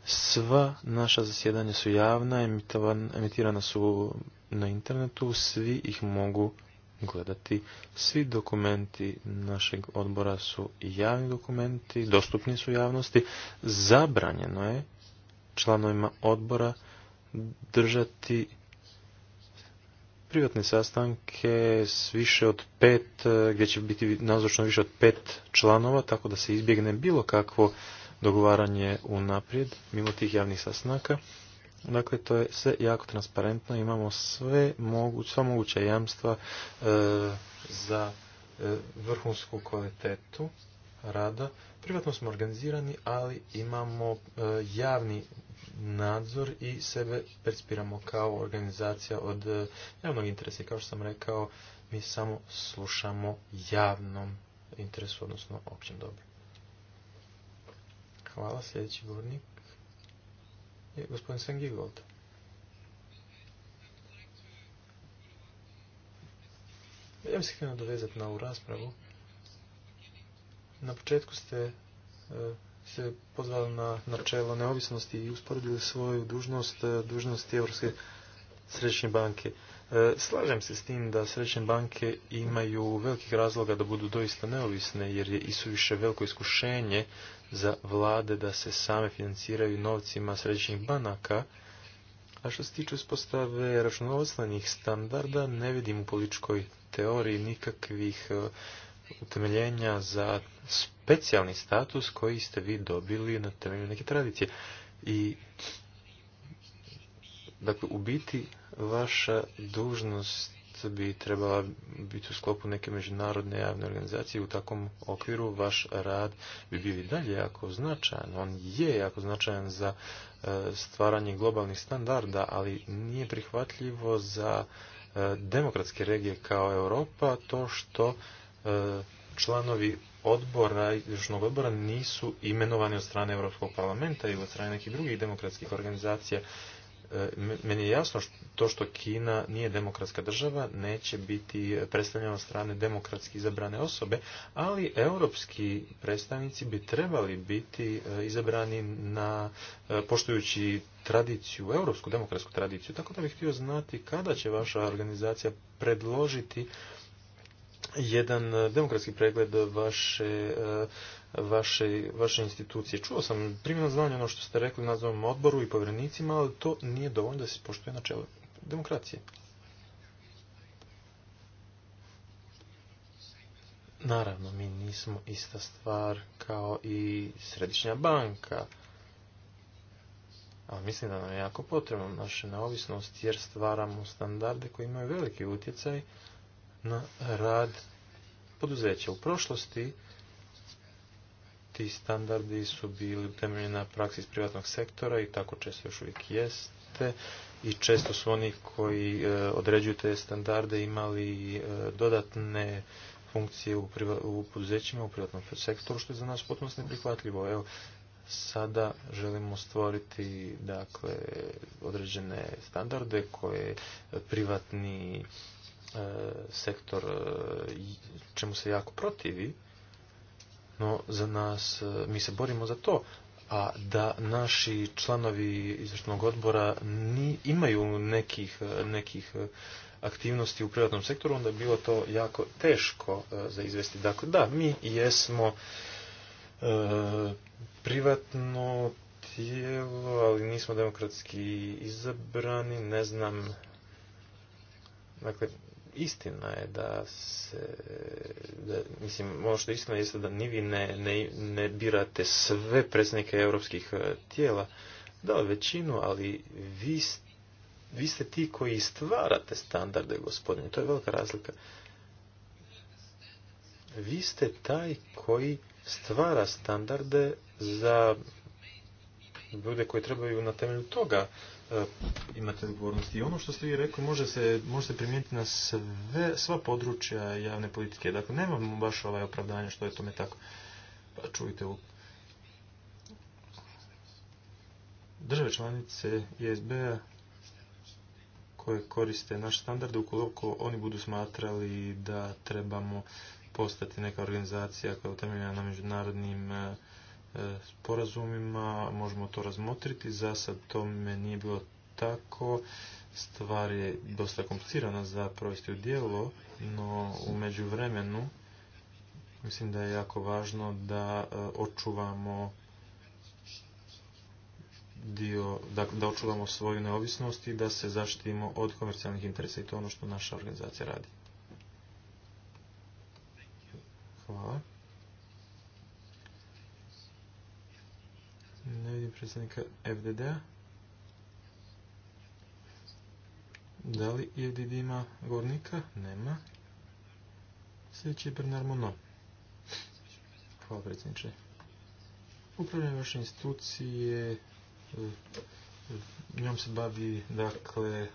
Sva naša zasjedanja su javna, emitirana su na internetu, svi ih mogu gledati. Svi dokumenti našeg odbora su javni dokumenti, dostupni su javnosti. Zabranjeno je članovima odbora držati privatne sastanke s više od pet, e, gdje će biti nazočno više od pet članova, tako da se izbjegne bilo kakvo dogovaranje unaprijed, mimo tih javnih sastanaka. Dakle, to je sve jako transparentno, imamo sve moguće, sva moguća jamstva e, za e, vrhunsku kvalitetu rada. Privatno smo organizirani, ali imamo javni nadzor i sebe percipiramo kao organizacija od e, javnog interesa. kao što sam rekao, mi samo slušamo javnom interesu, odnosno općem dobru. Hvala, sljedeći govornik je gospodin Sven Ja bih se htio dovezati na ovu raspravu. Na početku ste e, se pozvali na načelo neovisnosti i usporedili svoju dužnost, e, dužnosti Europske središnje banke. E, slažem se s tim da središnje banke imaju velikih razloga da budu doista neovisne, jer je isuviše veliko iskušenje za vlade da se same financiraju novcima središnjih banaka, a što se tiče uspostave računovodstvenih standarda, ne vidim u političkoj teoriji nikakvih e, utemeljenja za specijalni status koji ste vi dobili na temelju neke tradicije. I dakle, u biti vaša dužnost bi trebala biti u sklopu neke međunarodne javne organizacije u takvom okviru vaš rad bi bio i dalje jako značajan. On je jako značajan za e, stvaranje globalnih standarda, ali nije prihvatljivo za e, demokratske regije kao Europa to što E, članovi odbora, izvršnog odbora nisu imenovani od strane Europskog parlamenta i od strane nekih drugih demokratskih organizacija. E, meni je jasno što, to što Kina nije demokratska država, neće biti predstavljena od strane demokratski izabrane osobe, ali europski predstavnici bi trebali biti e, izabrani na poštujući tradiciju, europsku demokratsku tradiciju. Tako da bih htio znati kada će vaša organizacija predložiti jedan e, demokratski pregled vaše, e, vaše, vaše institucije. Čuo sam primjeno znanje ono što ste rekli nazvom odboru i povjerenicima, ali to nije dovoljno da se poštuje načelo demokracije. Naravno, mi nismo ista stvar kao i središnja banka. Ali mislim da nam je jako potrebno naše neovisnost jer stvaramo standarde koji imaju veliki utjecaj na rad poduzeća. U prošlosti ti standardi su bili utemeljeni na praksi iz privatnog sektora i tako često još uvijek jeste i često su oni koji e, određuju te standarde imali e, dodatne funkcije u, u poduzećima u privatnom sektoru što je za nas potpuno neprihvatljivo. Evo, sada želimo stvoriti dakle određene standarde koje privatni E, sektor e, čemu se jako protivi, no za nas, e, mi se borimo za to, a da naši članovi izvršnog odbora ni, imaju nekih, nekih aktivnosti u privatnom sektoru, onda je bilo to jako teško za izvesti. Dakle, da, mi jesmo privatno tijelo, ali nismo demokratski izabrani, ne znam, dakle, istina je da se, da, mislim, ono što istina da ni vi ne, ne, birate sve predsjednike europskih e, tijela, da većinu, ali vi, vi ste ti koji stvarate standarde, gospodine, to je velika razlika. Vi ste taj koji stvara standarde za ljude koji trebaju na temelju toga E, imate odgovornosti. I ono što ste vi rekli može se, može primijeniti na sva područja javne politike. Dakle, nemamo baš ovaj opravdanje što je tome tako. Pa čujte, u države članice ISB-a koje koriste naše standarde, ukoliko oni budu smatrali da trebamo postati neka organizacija koja je utemeljena na međunarodnim e, E, sporazumima, možemo to razmotriti. Za sad tome nije bilo tako. Stvar je dosta komplicirana za provesti u dijelo, no u međuvremenu mislim da je jako važno da e, očuvamo dio, da, da očuvamo svoju neovisnost i da se zaštitimo od komercijalnih interesa i to je ono što naša organizacija radi. Hvala. Ne vidim predsjednika FDD-a. Da li FDD e ima govornika? Nema. Sljedeći je Bernard Monod. Hvala predsjedniče. Upravljanje vaše institucije, eh, njom se bavi, dakle,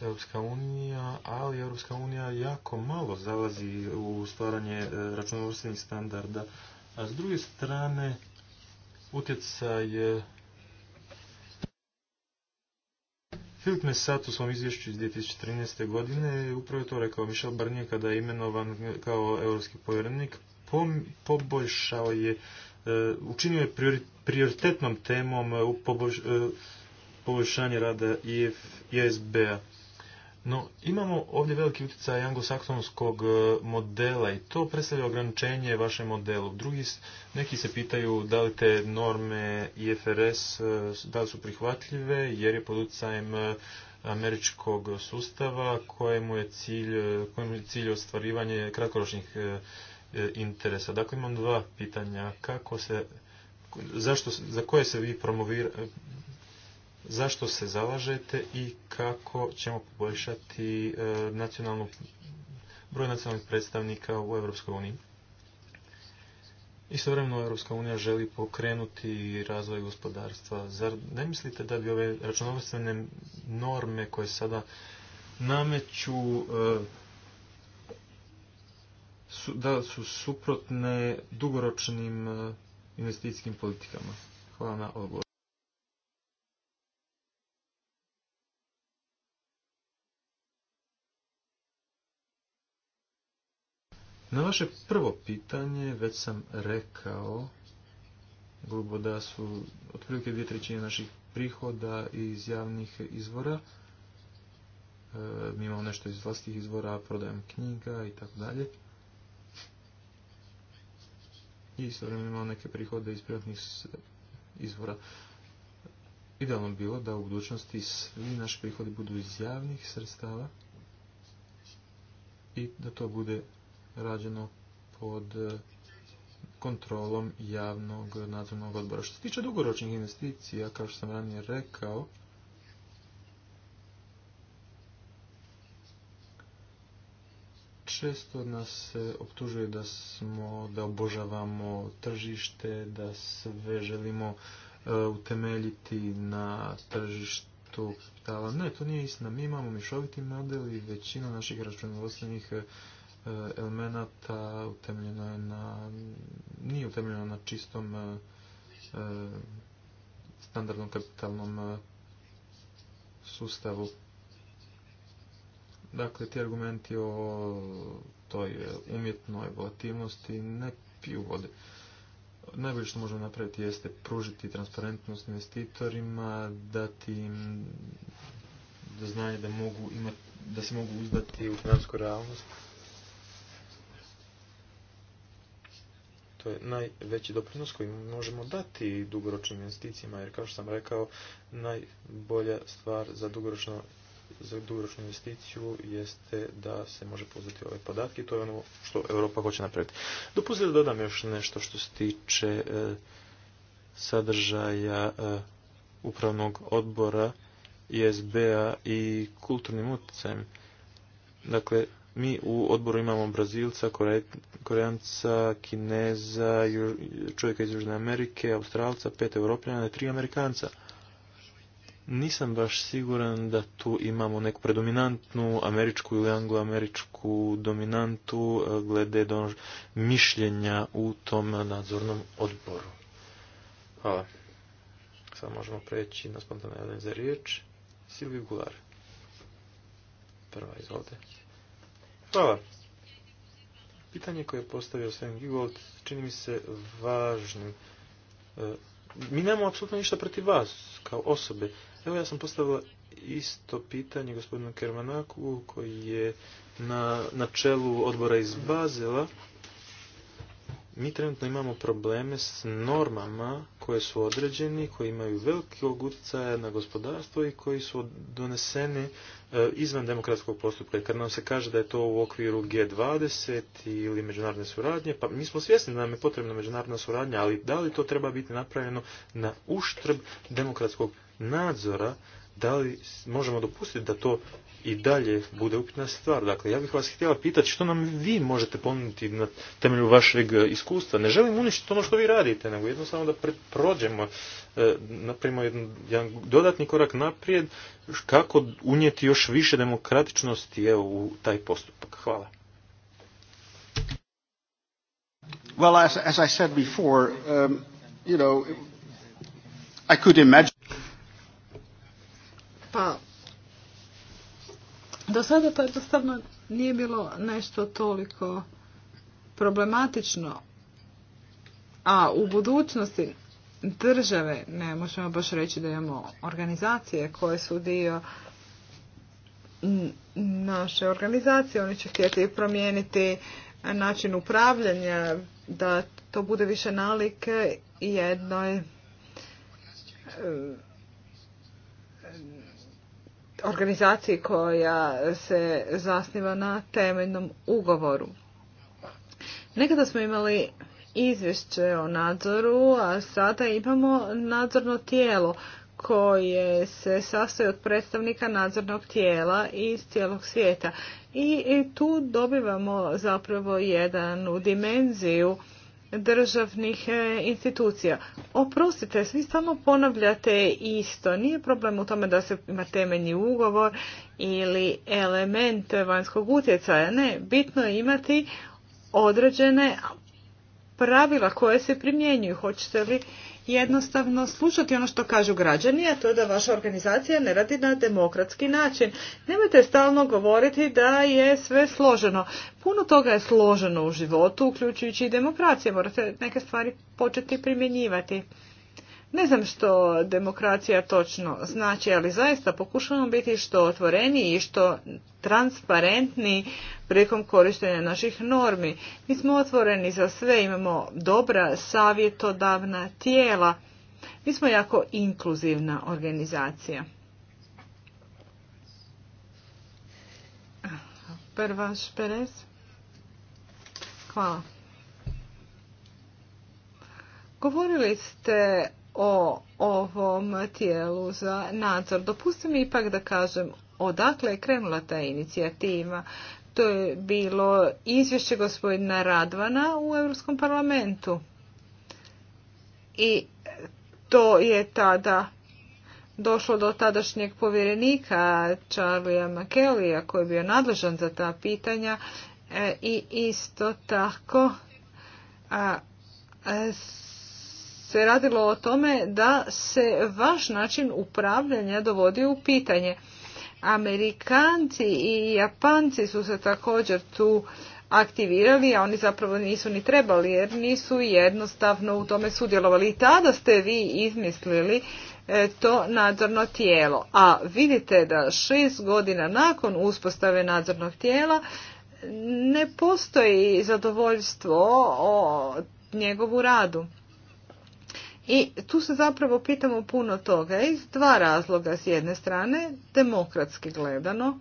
Europska unija, ali Europska unija jako malo zalazi u stvaranje eh, računovodstvenih standarda. A s druge strane, utjecaj eh, Filip Mesat u svom izvješću iz 2013. godine upravo to rekao Michel Barnier kada je imenovan kao europski povjerenik poboljšao je eh, učinio je prioritetnom temom eh, poboljšanje rada ISB-a. No, imamo ovdje veliki utjecaj anglosaksonskog e, modela i to predstavlja ograničenje vašem modelu. Drugi, neki se pitaju da li te norme IFRS, e, da li su prihvatljive, jer je pod utjecajem e, američkog sustava kojemu je cilj, kojemu je cilj ostvarivanje kratkoročnih interesa. Dakle, imam dva pitanja. Kako se, zašto, za koje se vi promovira, zašto se zalažete i kako ćemo poboljšati e, nacionalnu, broj nacionalnih predstavnika u Europskoj uniji. Istovremeno Europska unija želi pokrenuti razvoj gospodarstva. Zar ne mislite da bi ove računovodstvene norme koje sada nameću e, da su suprotne dugoročnim e, investicijskim politikama? Hvala na odgovor. Na vaše prvo pitanje već sam rekao grubo da su otprilike dvije trećine naših prihoda iz javnih izvora. E, mi imamo nešto iz vlastitih izvora, prodajem knjiga i tako dalje. I istovremeno imamo neke prihode iz privatnih izvora. Idealno bilo da u budućnosti svi naši prihodi budu iz javnih sredstava i da to bude rađeno pod e, kontrolom javnog nadzornog odbora. Što se tiče dugoročnih investicija, kao što sam ranije rekao, često nas se optužuje da smo, da obožavamo tržište, da sve želimo e, utemeljiti na tržištu kapitala. Ne, to nije istina. Mi imamo mišoviti model i većina naših računovodstvenih E, elemenata utemljeno je na, nije utemljeno na čistom e, e, standardnom kapitalnom sustavu. Dakle, ti argumenti o toj umjetnoj volatilnosti ne piju vode. Najbolje što možemo napraviti jeste pružiti transparentnost investitorima, dati im da znanje da da se mogu uzdati u financijsku realnost To je najveći doprinos koji možemo dati dugoročnim investicijama, jer kao što sam rekao, najbolja stvar za dugoročno za dugoročnu investiciju jeste da se može pozvati ove podatke i to je ono što Europa hoće napraviti. Dopustite da dodam još nešto što se tiče e, sadržaja e, upravnog odbora ISB-a i kulturnim utjecajem. Dakle, mi u odboru imamo Brazilca, Korejanca, Kineza, čovjeka iz Južne Amerike, Australca, pet Europljana i tri Amerikanca. Nisam baš siguran da tu imamo neku predominantnu američku ili angloameričku dominantu eh, glede mišljenja u tom nadzornom odboru. Hvala. Sad možemo preći na spontane za riječ. Silvi Gular. Prva, izvolite. Hvala. Pitanje koje je postavio Sven Gigold čini mi se važnim. E, mi nemamo apsolutno ništa protiv vas kao osobe. Evo ja sam postavila isto pitanje gospodinu Kermanaku koji je na, na čelu odbora iz Bazela mi trenutno imamo probleme s normama koje su određeni, koji imaju veliki utjecaja na gospodarstvo i koji su doneseni eh, izvan demokratskog postupka. kad nam se kaže da je to u okviru G20 ili međunarodne suradnje, pa mi smo svjesni da nam je potrebna međunarodna suradnja, ali da li to treba biti napravljeno na uštrb demokratskog nadzora, da li možemo dopustiti da to i dalje bude upitna stvar. Dakle, ja bih vas htjela pitati što nam vi možete ponuditi na temelju vašeg e, iskustva. Ne želim uništiti ono što vi radite, nego jednostavno da prođemo, e, napravimo jedan dodatni korak naprijed, kako unijeti još više demokratičnosti u taj postupak. Hvala. Well, as, as I said before, um, you know, I could imagine... Pa, do sada pa jednostavno nije bilo nešto toliko problematično, a u budućnosti države, ne možemo baš reći da imamo organizacije koje su dio naše organizacije, oni će htjeti promijeniti način upravljanja, da to bude više nalike jednoj organizaciji koja se zasniva na temeljnom ugovoru. Nekada smo imali izvješće o nadzoru, a sada imamo nadzorno tijelo koje se sastoji od predstavnika nadzornog tijela iz cijelog svijeta. I tu dobivamo zapravo jednu dimenziju državnih e, institucija. Oprostite, svi samo ponavljate isto. Nije problem u tome da se ima temeljni ugovor ili element vanjskog utjecaja. Ne, bitno je imati određene pravila koje se primjenjuju. Hoćete li jednostavno slušati ono što kažu građani, a to je da vaša organizacija ne radi na demokratski način. Nemojte stalno govoriti da je sve složeno. Puno toga je složeno u životu, uključujući i demokracije. Morate neke stvari početi primjenjivati. Ne znam što demokracija točno znači, ali zaista pokušavamo biti što otvoreniji i što transparentni prilikom korištenja naših normi. Mi smo otvoreni za sve, imamo dobra savjetodavna tijela. Mi smo jako inkluzivna organizacija. Hvala. Govorili ste o ovom tijelu za nadzor. Dopusti mi ipak da kažem odakle je krenula ta inicijativa. To je bilo izvješće gospodina Radvana u Europskom parlamentu. I to je tada došlo do tadašnjeg povjerenika Charlie'a McKellija koji je bio nadležan za ta pitanja e, i isto tako se radilo o tome da se vaš način upravljanja dovodi u pitanje. Amerikanci i Japanci su se također tu aktivirali, a oni zapravo nisu ni trebali jer nisu jednostavno u tome sudjelovali. I tada ste vi izmislili e, to nadzorno tijelo. A vidite da šest godina nakon uspostave nadzornog tijela ne postoji zadovoljstvo o njegovu radu. I tu se zapravo pitamo puno toga iz dva razloga. S jedne strane, demokratski gledano,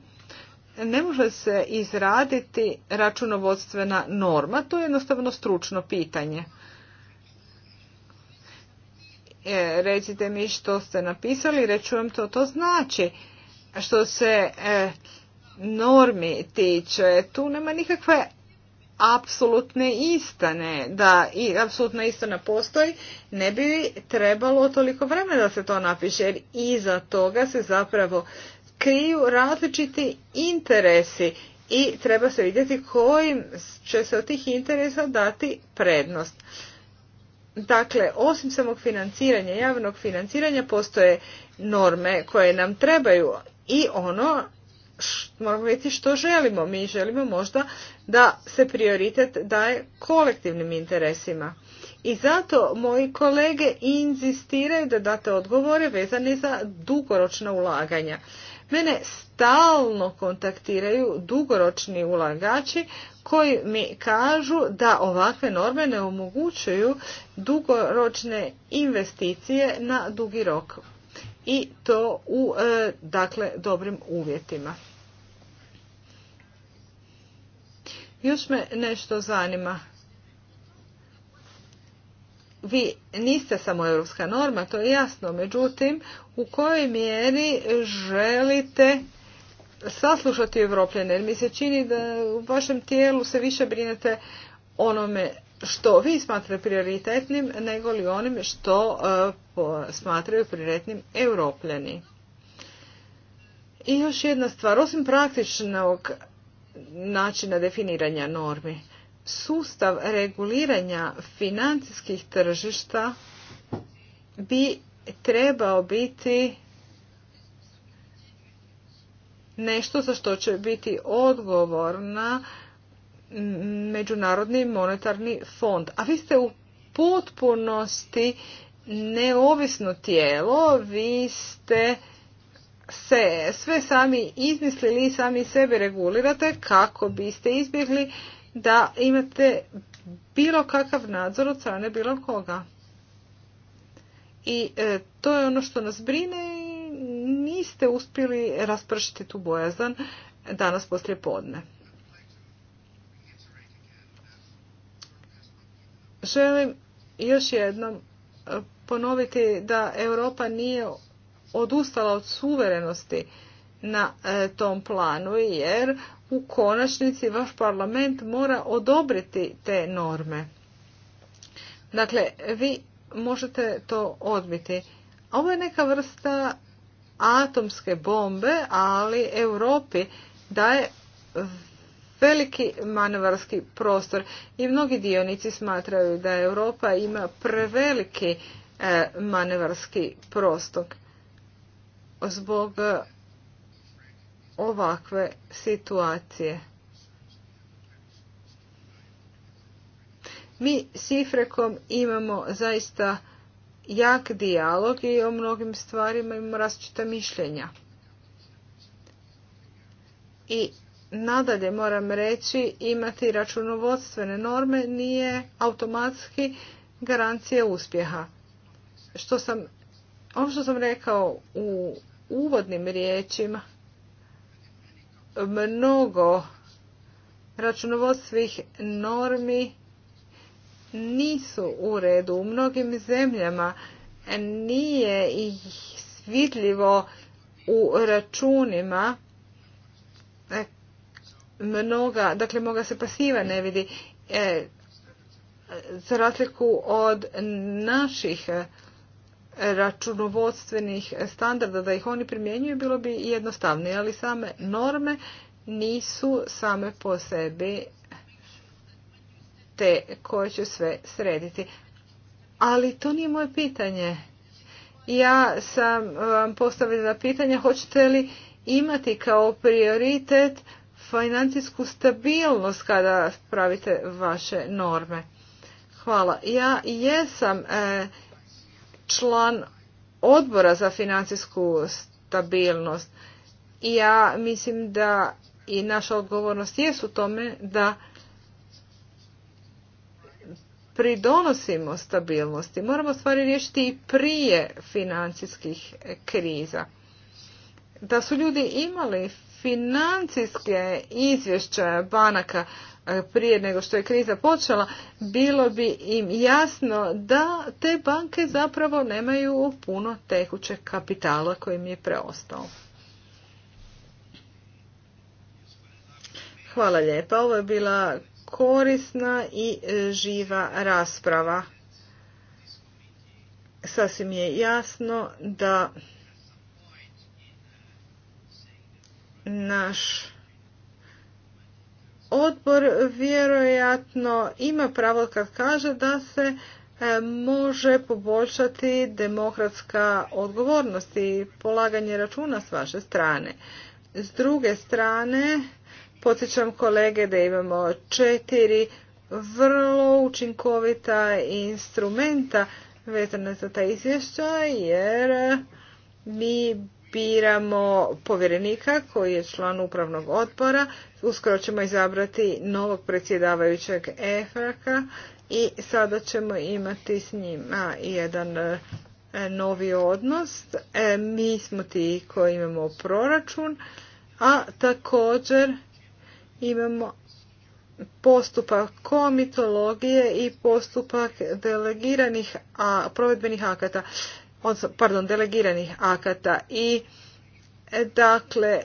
ne može se izraditi računovodstvena norma, to je jednostavno stručno pitanje. E, recite mi što ste napisali, vam to, to znači. Što se e, normi tiče, tu nema nikakve apsolutne istane, da i apsolutna istana postoji, ne bi trebalo toliko vremena da se to napiše, jer iza toga se zapravo kriju različiti interesi i treba se vidjeti kojim će se od tih interesa dati prednost. Dakle, osim samog financiranja, javnog financiranja, postoje norme koje nam trebaju i ono moramo vidjeti što želimo. Mi želimo možda da se prioritet daje kolektivnim interesima. I zato moji kolege inzistiraju da date odgovore vezane za dugoročna ulaganja. Mene stalno kontaktiraju dugoročni ulagači koji mi kažu da ovakve norme ne omogućuju dugoročne investicije na dugi rok i to u e, dakle dobrim uvjetima. Još me nešto zanima. Vi niste samo europska norma, to je jasno. Međutim, u kojoj mjeri želite saslušati Evropljene? Jer mi se čini da u vašem tijelu se više brinete onome što vi smatrate prioritetnim, nego li onim što eh, smatraju prioritetnim evropljeni. I još jedna stvar, osim praktičnog načina definiranja normi. Sustav reguliranja financijskih tržišta bi trebao biti nešto za što će biti odgovorna Međunarodni monetarni fond. A vi ste u potpunosti neovisno tijelo, vi ste se sve sami izmislili i sami sebe regulirate kako biste izbjegli da imate bilo kakav nadzor od strane bilo koga. I e, to je ono što nas brine i niste uspjeli raspršiti tu bojazan danas poslije podne. Želim još jednom e, ponoviti da Europa nije odustala od suverenosti na e, tom planu jer u konačnici vaš parlament mora odobriti te norme. Dakle, vi možete to odbiti. Ovo je neka vrsta atomske bombe, ali Europi daje veliki manevarski prostor i mnogi dionici smatraju da Europa ima preveliki e, manevarski prostor zbog e, ovakve situacije. Mi s Ifrekom imamo zaista jak dijalog i o mnogim stvarima imamo različita mišljenja. I nadalje moram reći imati računovodstvene norme nije automatski garancija uspjeha. Što sam, ono što sam rekao u uvodnim riječima mnogo računovodstvih normi nisu u redu. U mnogim zemljama nije ih vidljivo u računima mnoga, dakle moga se pasiva ne vidi e, za razliku od naših računovodstvenih standarda, da ih oni primjenjuju, bilo bi jednostavnije, ali same norme nisu same po sebi te koje će sve srediti. Ali to nije moje pitanje. Ja sam vam postavila pitanje hoćete li imati kao prioritet financijsku stabilnost kada pravite vaše norme. Hvala. Ja jesam e, član odbora za financijsku stabilnost. I ja mislim da i naša odgovornost je u tome da pridonosimo stabilnosti. Moramo stvari riješiti i prije financijskih kriza. Da su ljudi imali financijske izvješće banaka E, prije nego što je kriza počela, bilo bi im jasno da te banke zapravo nemaju puno tekućeg kapitala koji im je preostao. Hvala lijepa. Ovo je bila korisna i e, živa rasprava. Sasvim je jasno da naš odbor vjerojatno ima pravo kad kaže da se e, može poboljšati demokratska odgovornost i polaganje računa s vaše strane. S druge strane, podsjećam kolege da imamo četiri vrlo učinkovita instrumenta vezane za ta izvješća jer mi biramo povjerenika koji je član upravnog odbora, Uskoro ćemo izabrati novog predsjedavajućeg EFRK i sada ćemo imati s njima jedan e, novi odnos. E, mi smo ti koji imamo proračun, a također imamo postupak komitologije i postupak delegiranih a, provedbenih akata, odnosno, pardon, delegiranih akata i Dakle,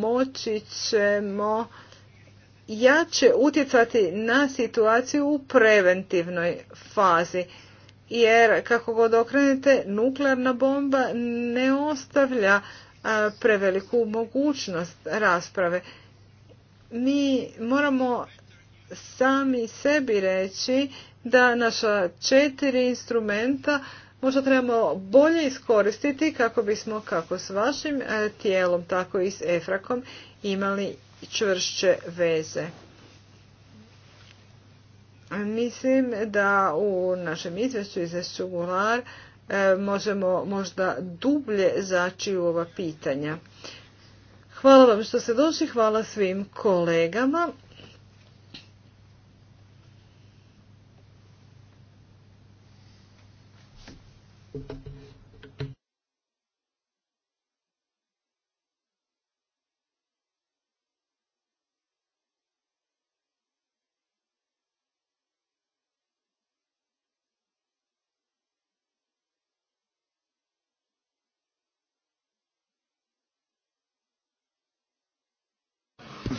moći ćemo jače utjecati na situaciju u preventivnoj fazi. Jer kako god okrenete, nuklearna bomba ne ostavlja preveliku mogućnost rasprave. Mi moramo sami sebi reći da naša četiri instrumenta možda trebamo bolje iskoristiti kako bismo kako s vašim e, tijelom, tako i s EFRAKom imali čvršće veze. Mislim da u našem izvješću iz Sugular e, možemo možda dublje zaći u ova pitanja. Hvala vam što ste došli, hvala svim kolegama.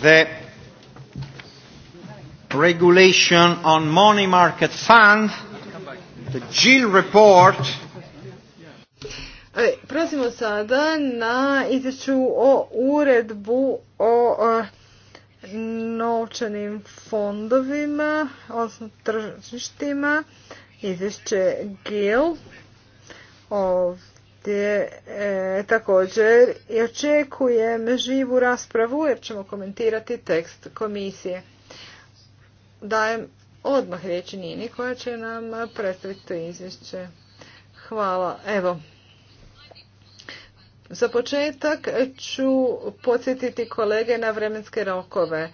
the regulation on money market funds, the GIL report E, prelazimo sada na izvješću o uredbu o novčanim fondovima, odnosno tržištima, izvješće GIL. Ovdje e, također očekujem živu raspravu jer ćemo komentirati tekst komisije. Dajem odmah riječ Nini koja će nam predstaviti to izvješće. Hvala. Evo, za početak ću podsjetiti kolege na vremenske rokove.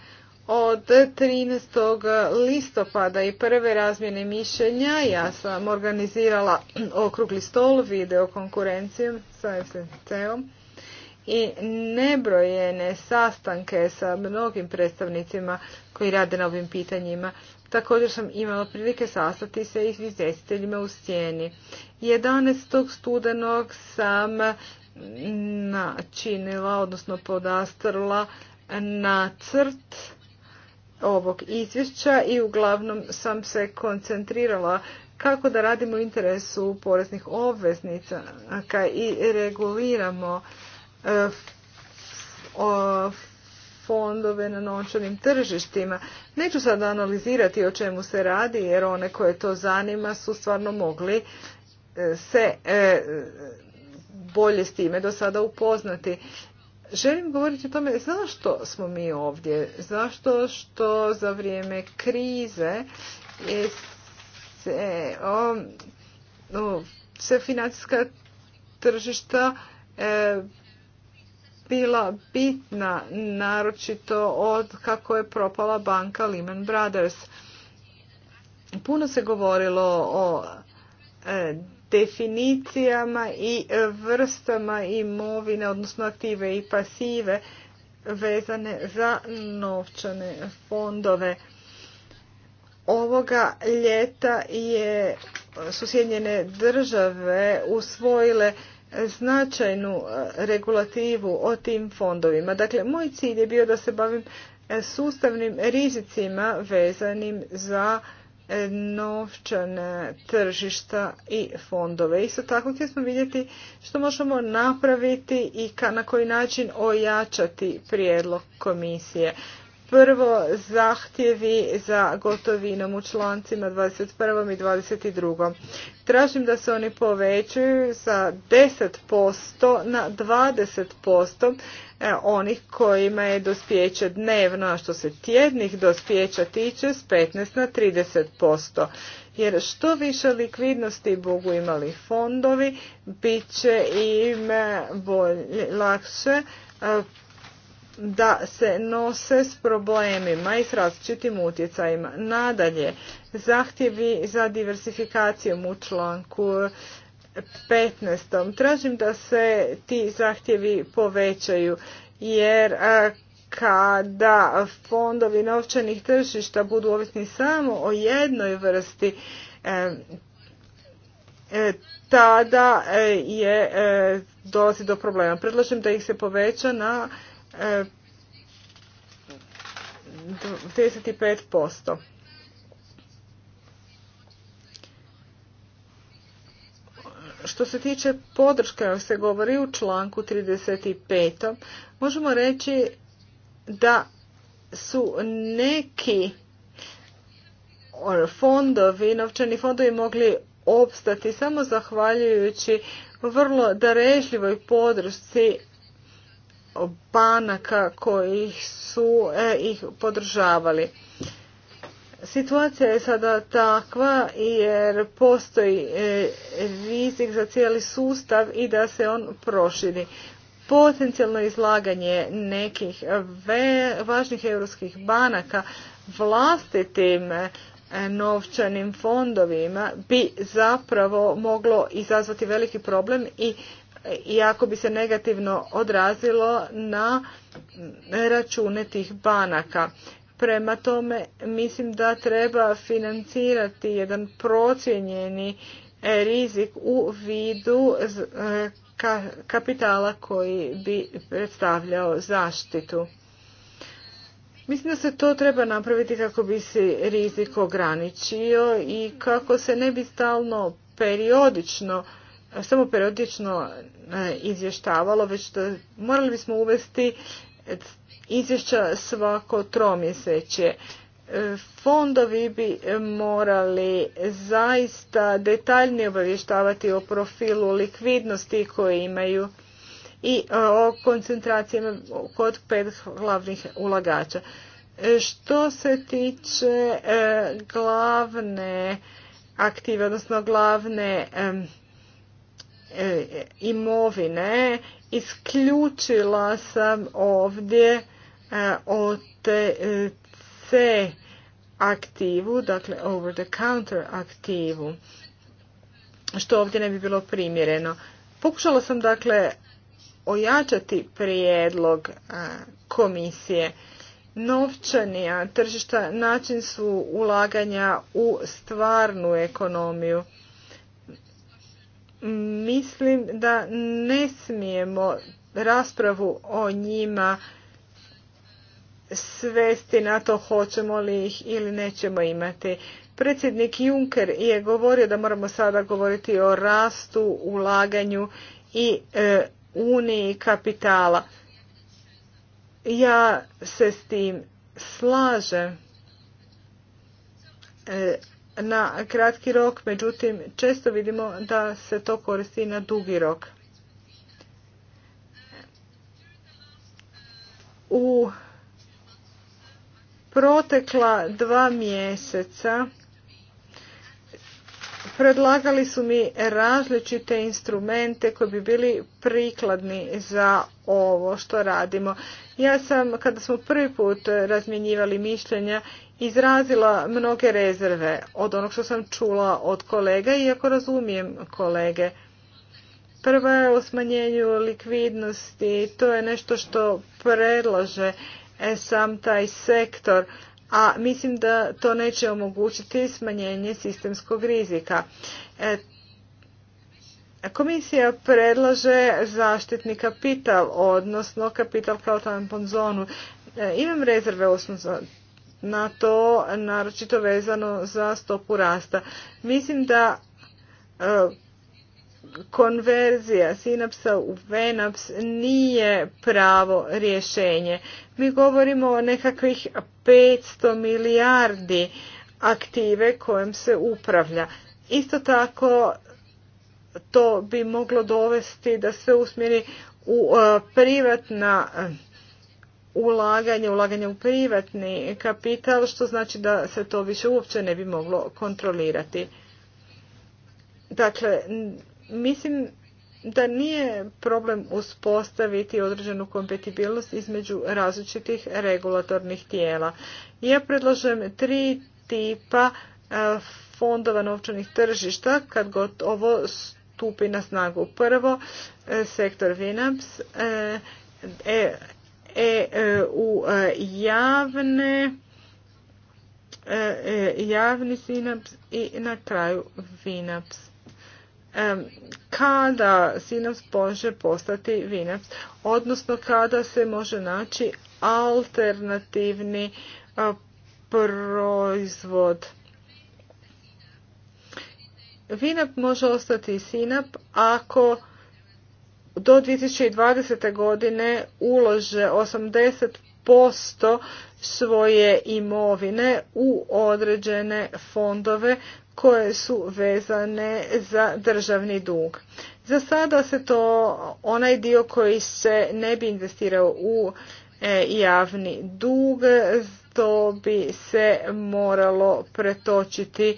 Od 13. listopada i prve razmjene mišljenja ja sam organizirala okrugli stol video sa SNC-om i nebrojene sastanke sa mnogim predstavnicima koji rade na ovim pitanjima. Također sam imala prilike sastati se i s izvjestiteljima u stijeni. 11. studenog sam načinila, odnosno podastrla nacrt ovog izvješća i uglavnom sam se koncentrirala kako da radimo u interesu poreznih obveznica i reguliramo e, fondove na novčanim tržištima. Neću sad analizirati o čemu se radi jer one koje to zanima su stvarno mogli e, se e, bolje s time do sada upoznati. Želim govoriti o tome zašto smo mi ovdje, zašto što za vrijeme krize se, o, um, se financijska tržišta e, bila bitna, naročito od kako je propala banka Lehman Brothers. Puno se govorilo o e, definicijama i e, vrstama imovine, odnosno aktive i pasive vezane za novčane fondove. Ovoga ljeta je susjednjene države usvojile značajnu e, regulativu o tim fondovima. Dakle, moj cilj je bio da se bavim e, sustavnim rizicima vezanim za novčane tržišta i fondove. Isto tako ćemo smo vidjeti što možemo napraviti i na koji način ojačati prijedlog komisije. Prvo, zahtjevi za gotovinom u člancima 21. i 22. Tražim da se oni povećaju sa 10% na 20% e, onih kojima je dospijeće dnevno, a što se tjednih dospjeća tiče s 15 na 30%. Jer što više likvidnosti Bogu imali fondovi, bit će im e, bolje, lakše e, da se nose s problemima i s različitim utjecajima. Nadalje, zahtjevi za diversifikacijom u članku 15. Tražim da se ti zahtjevi povećaju jer kada fondovi novčanih tržišta budu ovisni samo o jednoj vrsti e, e, tada e, je dolazi do problema. Predlažem da ih se poveća na 35%. E, Što se tiče podrške, o se govori u članku 35. Možemo reći da su neki fondovi, novčani fondovi mogli opstati samo zahvaljujući vrlo darežljivoj podršci banaka koji su e, ih podržavali. Situacija je sada takva jer postoji e, rizik za cijeli sustav i da se on proširi. Potencijalno izlaganje nekih važnih europskih banaka vlastitim e, novčanim fondovima bi zapravo moglo izazvati veliki problem i iako bi se negativno odrazilo na račune tih banaka. Prema tome mislim da treba financirati jedan procijenjeni e, rizik u vidu e, kapitala koji bi predstavljao zaštitu. Mislim da se to treba napraviti kako bi se rizik ograničio i kako se ne bi stalno periodično samo periodično e, izvještavalo, već da morali bismo uvesti izvješća svako tromjeseće. E, fondovi bi morali zaista detaljnije obavještavati o profilu likvidnosti koje imaju i e, o koncentracijama kod pet glavnih ulagača. Što se tiče glavne aktive, odnosno glavne E, imovine, isključila sam ovdje e, OTC aktivu, dakle over the counter aktivu, što ovdje ne bi bilo primjereno. Pokušala sam dakle ojačati prijedlog e, komisije. Novčanija tržišta način su ulaganja u stvarnu ekonomiju mislim da ne smijemo raspravu o njima svesti na to hoćemo li ih ili nećemo imati. Predsjednik Juncker je govorio da moramo sada govoriti o rastu, ulaganju i e, uniji kapitala. Ja se s tim slažem. E, na kratki rok, međutim često vidimo da se to koristi na dugi rok. U protekla dva mjeseca Predlagali su mi različite instrumente koji bi bili prikladni za ovo što radimo. Ja sam, kada smo prvi put razmjenjivali mišljenja, izrazila mnoge rezerve od onog što sam čula od kolega, iako razumijem kolege. Prvo je o smanjenju likvidnosti, to je nešto što predlaže e, sam taj sektor a mislim da to neće omogućiti smanjenje sistemskog rizika. E, komisija predlaže zaštitni kapital, odnosno kapital kao tampon zonu. E, imam rezerve osnovno na to, naročito vezano za stopu rasta. Mislim da e, konverzija sinapsa u venaps nije pravo rješenje. Mi govorimo o nekakvih 500 milijardi aktive kojom se upravlja. Isto tako to bi moglo dovesti da se usmjeri u e, privatna e, ulaganje, ulaganje u privatni kapital, što znači da se to više uopće ne bi moglo kontrolirati. Dakle, Mislim da nije problem uspostaviti određenu kompetibilnost između različitih regulatornih tijela. Ja predlažem tri tipa e, fondova novčanih tržišta kad god ovo stupi na snagu. Prvo, e, sektor VINAPS, e, e u javne javni sinaps i na kraju VINAPS kada sinaps može postati vinaps, odnosno kada se može naći alternativni proizvod. Vinap može ostati sinap ako do 2020. godine ulože 80% svoje imovine u određene fondove koje su vezane za državni dug. Za sada se to onaj dio koji se ne bi investirao u e, javni dug, to bi se moralo pretočiti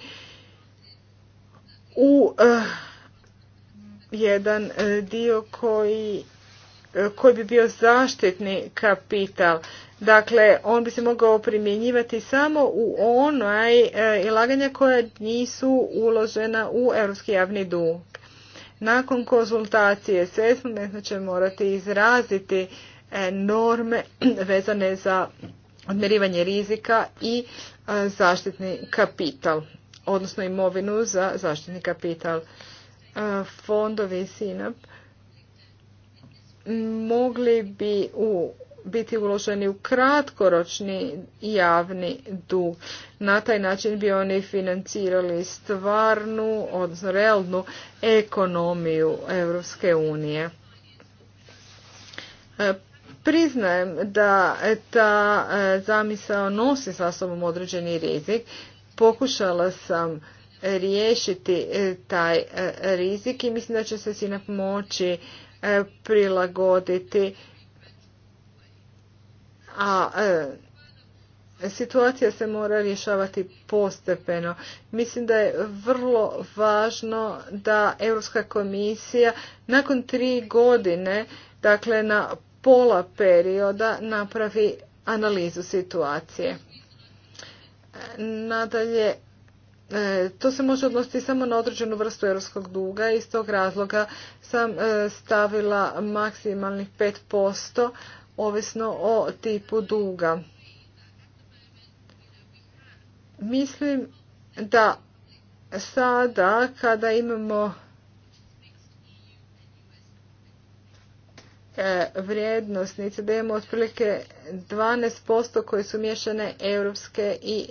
u e, jedan dio koji e, koji bi bio zaštitni kapital Dakle, on bi se mogao primjenjivati samo u onaj e, ilaganja koja nisu uložena u europski javni dug. Nakon konzultacije s ESM će morati izraziti e, norme vezane za odmerivanje rizika i e, zaštitni kapital, odnosno imovinu za zaštitni kapital. Fondovi SINAP mogli bi u biti uloženi u kratkoročni javni dug. Na taj način bi oni financirali stvarnu, odnosno realnu ekonomiju Europske unije. E, priznajem da ta e, zamisao nosi sa sobom određeni rizik. Pokušala sam riješiti e, taj rizik i mislim da će se sinak moći prilagoditi a e, situacija se mora rješavati postepeno. Mislim da je vrlo važno da Europska komisija nakon tri godine, dakle na pola perioda, napravi analizu situacije. Nadalje, e, to se može odnositi samo na određenu vrstu europskog duga i iz tog razloga sam e, stavila maksimalnih 5% ovisno o tipu duga. Mislim da sada kada imamo e, vrijednostnice, da imamo otprilike 12% koje su miješane europske i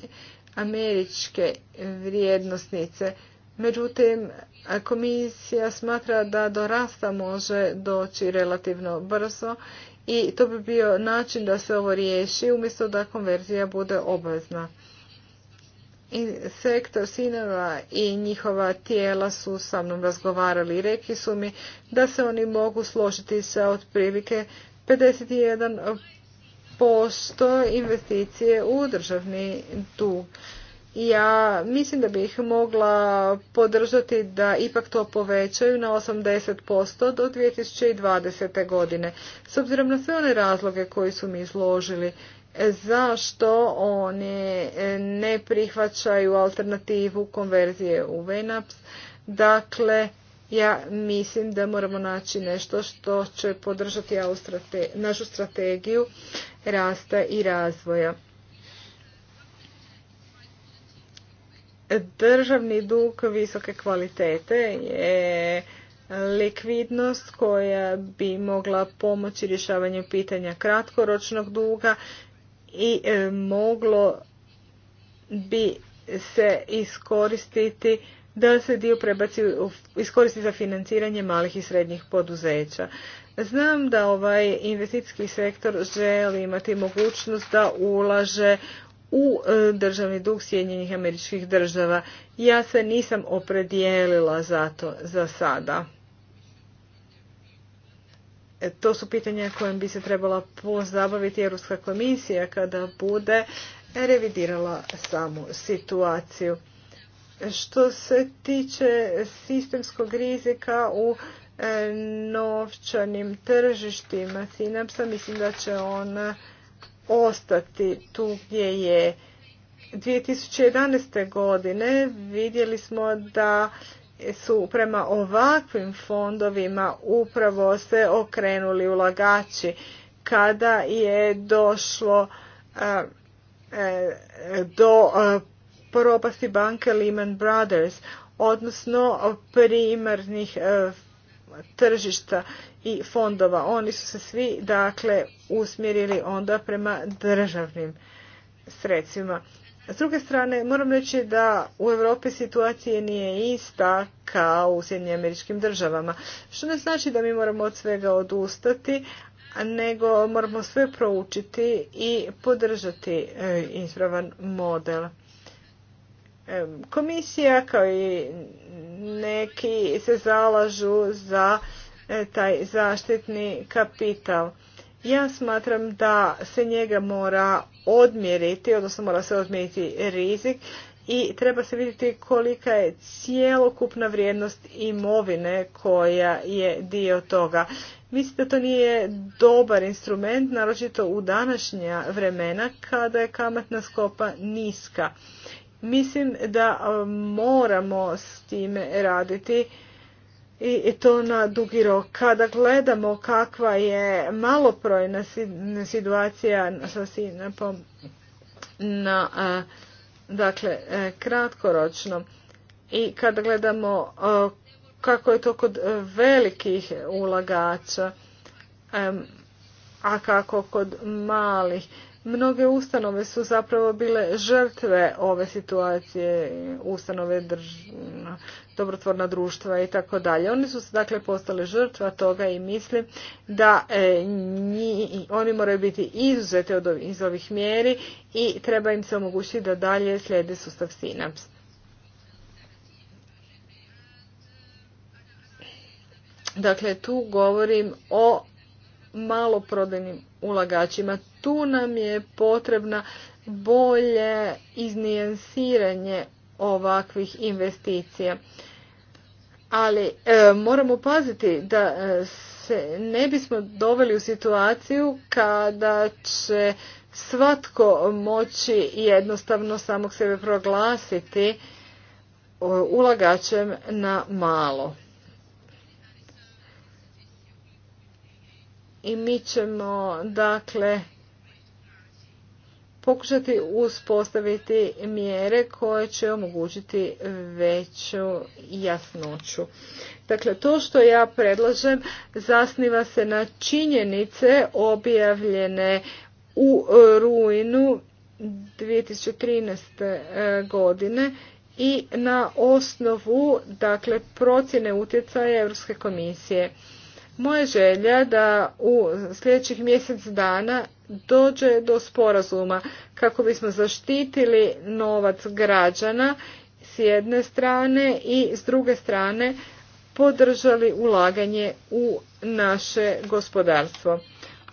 američke vrijednostnice. Međutim, komisija smatra da do rasta može doći relativno brzo i to bi bio način da se ovo riješi umjesto da konverzija bude obvezna. sektor sinova i njihova tijela su sa mnom razgovarali i rekli su mi da se oni mogu složiti sa otprilike 51% investicije u državni dug. Ja mislim da bih mogla podržati da ipak to povećaju na 80% do 2020. godine. S obzirom na sve one razloge koji su mi izložili, zašto oni ne prihvaćaju alternativu konverzije u VENAPS. Dakle, ja mislim da moramo naći nešto što će podržati našu strategiju rasta i razvoja. Državni dug visoke kvalitete je likvidnost koja bi mogla pomoći rješavanju pitanja kratkoročnog duga i e, moglo bi se iskoristiti da se dio prebaci, iskoristi za financiranje malih i srednjih poduzeća. Znam da ovaj investicijski sektor želi imati mogućnost da ulaže u e, državni dug Sjedinjenih američkih država. Ja se nisam opredijelila za to za sada. E, to su pitanja kojim bi se trebala pozabaviti Europska komisija kada bude revidirala samu situaciju. Što se tiče sistemskog rizika u e, novčanim tržištima Sinapsa, mislim da će on ostati tu gdje je. 2011. godine vidjeli smo da su prema ovakvim fondovima upravo se okrenuli ulagači kada je došlo e, do propasti banke Lehman Brothers, odnosno primarnih e, tržišta i fondova. Oni su se svi dakle usmjerili onda prema državnim sredstvima. S druge strane, moram reći da u Europi situacija nije ista kao u Sjedinim američkim državama. Što ne znači da mi moramo od svega odustati, nego moramo sve proučiti i podržati e, ispravan model. Komisija kao i neki se zalažu za e, taj zaštitni kapital. Ja smatram da se njega mora odmjeriti, odnosno mora se odmjeriti rizik i treba se vidjeti kolika je cjelokupna vrijednost imovine koja je dio toga. Mislim da to nije dobar instrument, naročito u današnja vremena kada je kamatna skopa niska. Mislim da e, moramo s time raditi i to na dugi rok. Kada gledamo kakva je maloprojna situacija sa na e, dakle, e, kratkoročno i kada gledamo kako je to kod velikih ulagača, a kako kod malih. Mnoge ustanove su zapravo bile žrtve ove situacije, ustanove dobrotvorna društva i tako dalje. Oni su dakle postale žrtva toga i mislim da e, oni moraju biti izuzete od ovih, iz ovih mjeri i treba im se omogućiti da dalje slijede sustav sinaps. Dakle, tu govorim o maloprodajnim ulagačima. Tu nam je potrebna bolje iznijansiranje ovakvih investicija. Ali e, moramo paziti da e, se ne bismo doveli u situaciju kada će svatko moći jednostavno samog sebe proglasiti e, ulagačem na malo. i mi ćemo dakle pokušati uspostaviti mjere koje će omogućiti veću jasnoću. Dakle, to što ja predlažem zasniva se na činjenice objavljene u rujnu 2013. godine i na osnovu dakle procjene utjecaja Europske komisije. Moja želja da u sljedećih mjesec dana dođe do sporazuma kako bismo zaštitili novac građana s jedne strane i s druge strane podržali ulaganje u naše gospodarstvo.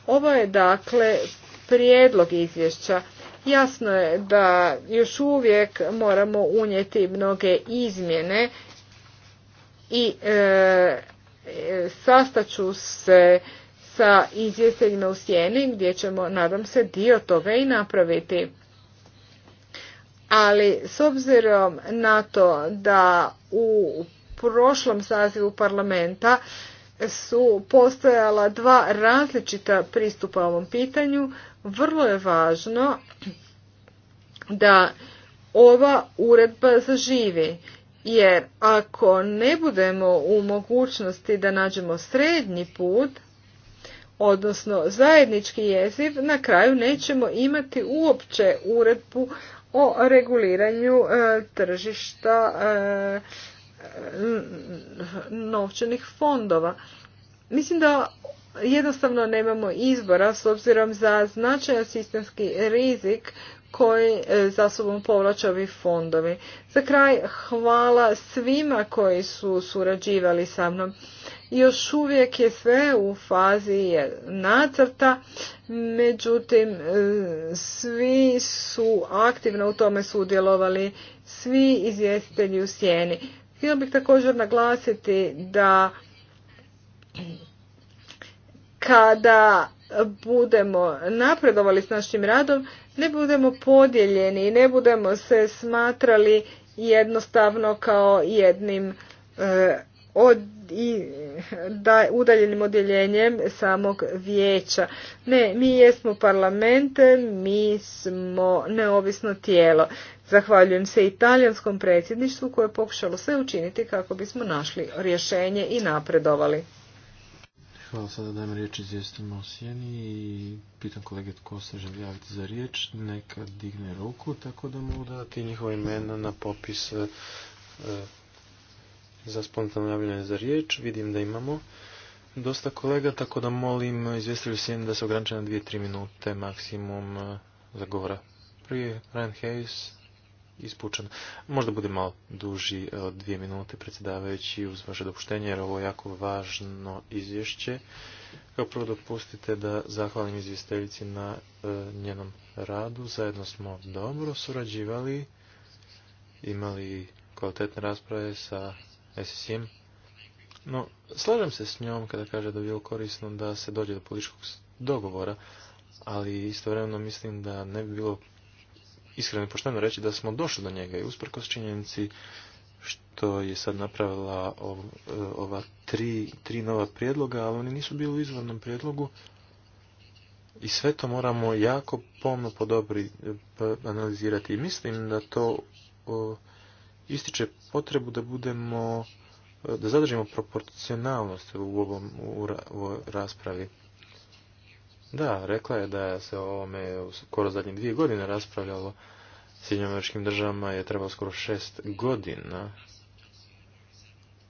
Ovo je dakle prijedlog izvješća. Jasno je da još uvijek moramo unijeti mnoge izmjene i e, sastaću se sa izvjestiteljima u sjeni gdje ćemo, nadam se, dio toga i napraviti. Ali s obzirom na to da u prošlom sazivu parlamenta su postojala dva različita pristupa ovom pitanju, vrlo je važno da ova uredba zaživi jer ako ne budemo u mogućnosti da nađemo srednji put, odnosno zajednički jeziv, na kraju nećemo imati uopće uredbu o reguliranju e, tržišta e, novčanih fondova. Mislim da jednostavno nemamo izbora s obzirom za značajan sistemski rizik koji e, za sobom povlače ovi fondovi. Za kraj hvala svima koji su surađivali sa mnom. Još uvijek je sve u fazi nacrta, međutim e, svi su aktivno u tome sudjelovali, svi izvjestitelji u sjeni. Htio bih također naglasiti da kada budemo napredovali s našim radom, ne budemo podijeljeni i ne budemo se smatrali jednostavno kao jednim e, od, udaljenim odjeljenjem samog vijeća. Ne, mi jesmo parlament, mi smo neovisno tijelo. Zahvaljujem se italijanskom predsjedništvu koje je pokušalo sve učiniti kako bismo našli rješenje i napredovali. Hvala, sada dajem riječ izvjestima o sjeni i pitam kolege tko se želi javiti za riječ, neka digne ruku, tako da mogu dati njihova imena na popis e, za spontano javljanje za riječ. Vidim da imamo dosta kolega, tako da molim izvjestitelju sjeni da se ograniče na 2-3 minute maksimum e, za govora. Prije Ryan Hayes, ispučan. Možda bude malo duži e, od dvije minute predsjedavajući uz vaše dopuštenje jer ovo je jako važno izvješće. Kao prvo dopustite da zahvalim izvjestiteljici na e, njenom radu. Zajedno smo dobro surađivali, imali kvalitetne rasprave sa SSM. No, slažem se s njom kada kaže da je bilo korisno da se dođe do političkog dogovora, ali istovremeno mislim da ne bi bilo iskreno i pošteno reći da smo došli do njega i usprkos činjenici što je sad napravila e, ova tri, tri nova prijedloga, ali oni nisu bili u izvornom prijedlogu i sve to moramo jako pomno podobri e, pa analizirati i mislim da to ističe potrebu da budemo e, da zadržimo proporcionalnost u ovom u raspravi. Da, rekla je da se o ovome skoro zadnje dvije godine raspravljalo s američkim državama je trebalo skoro šest godina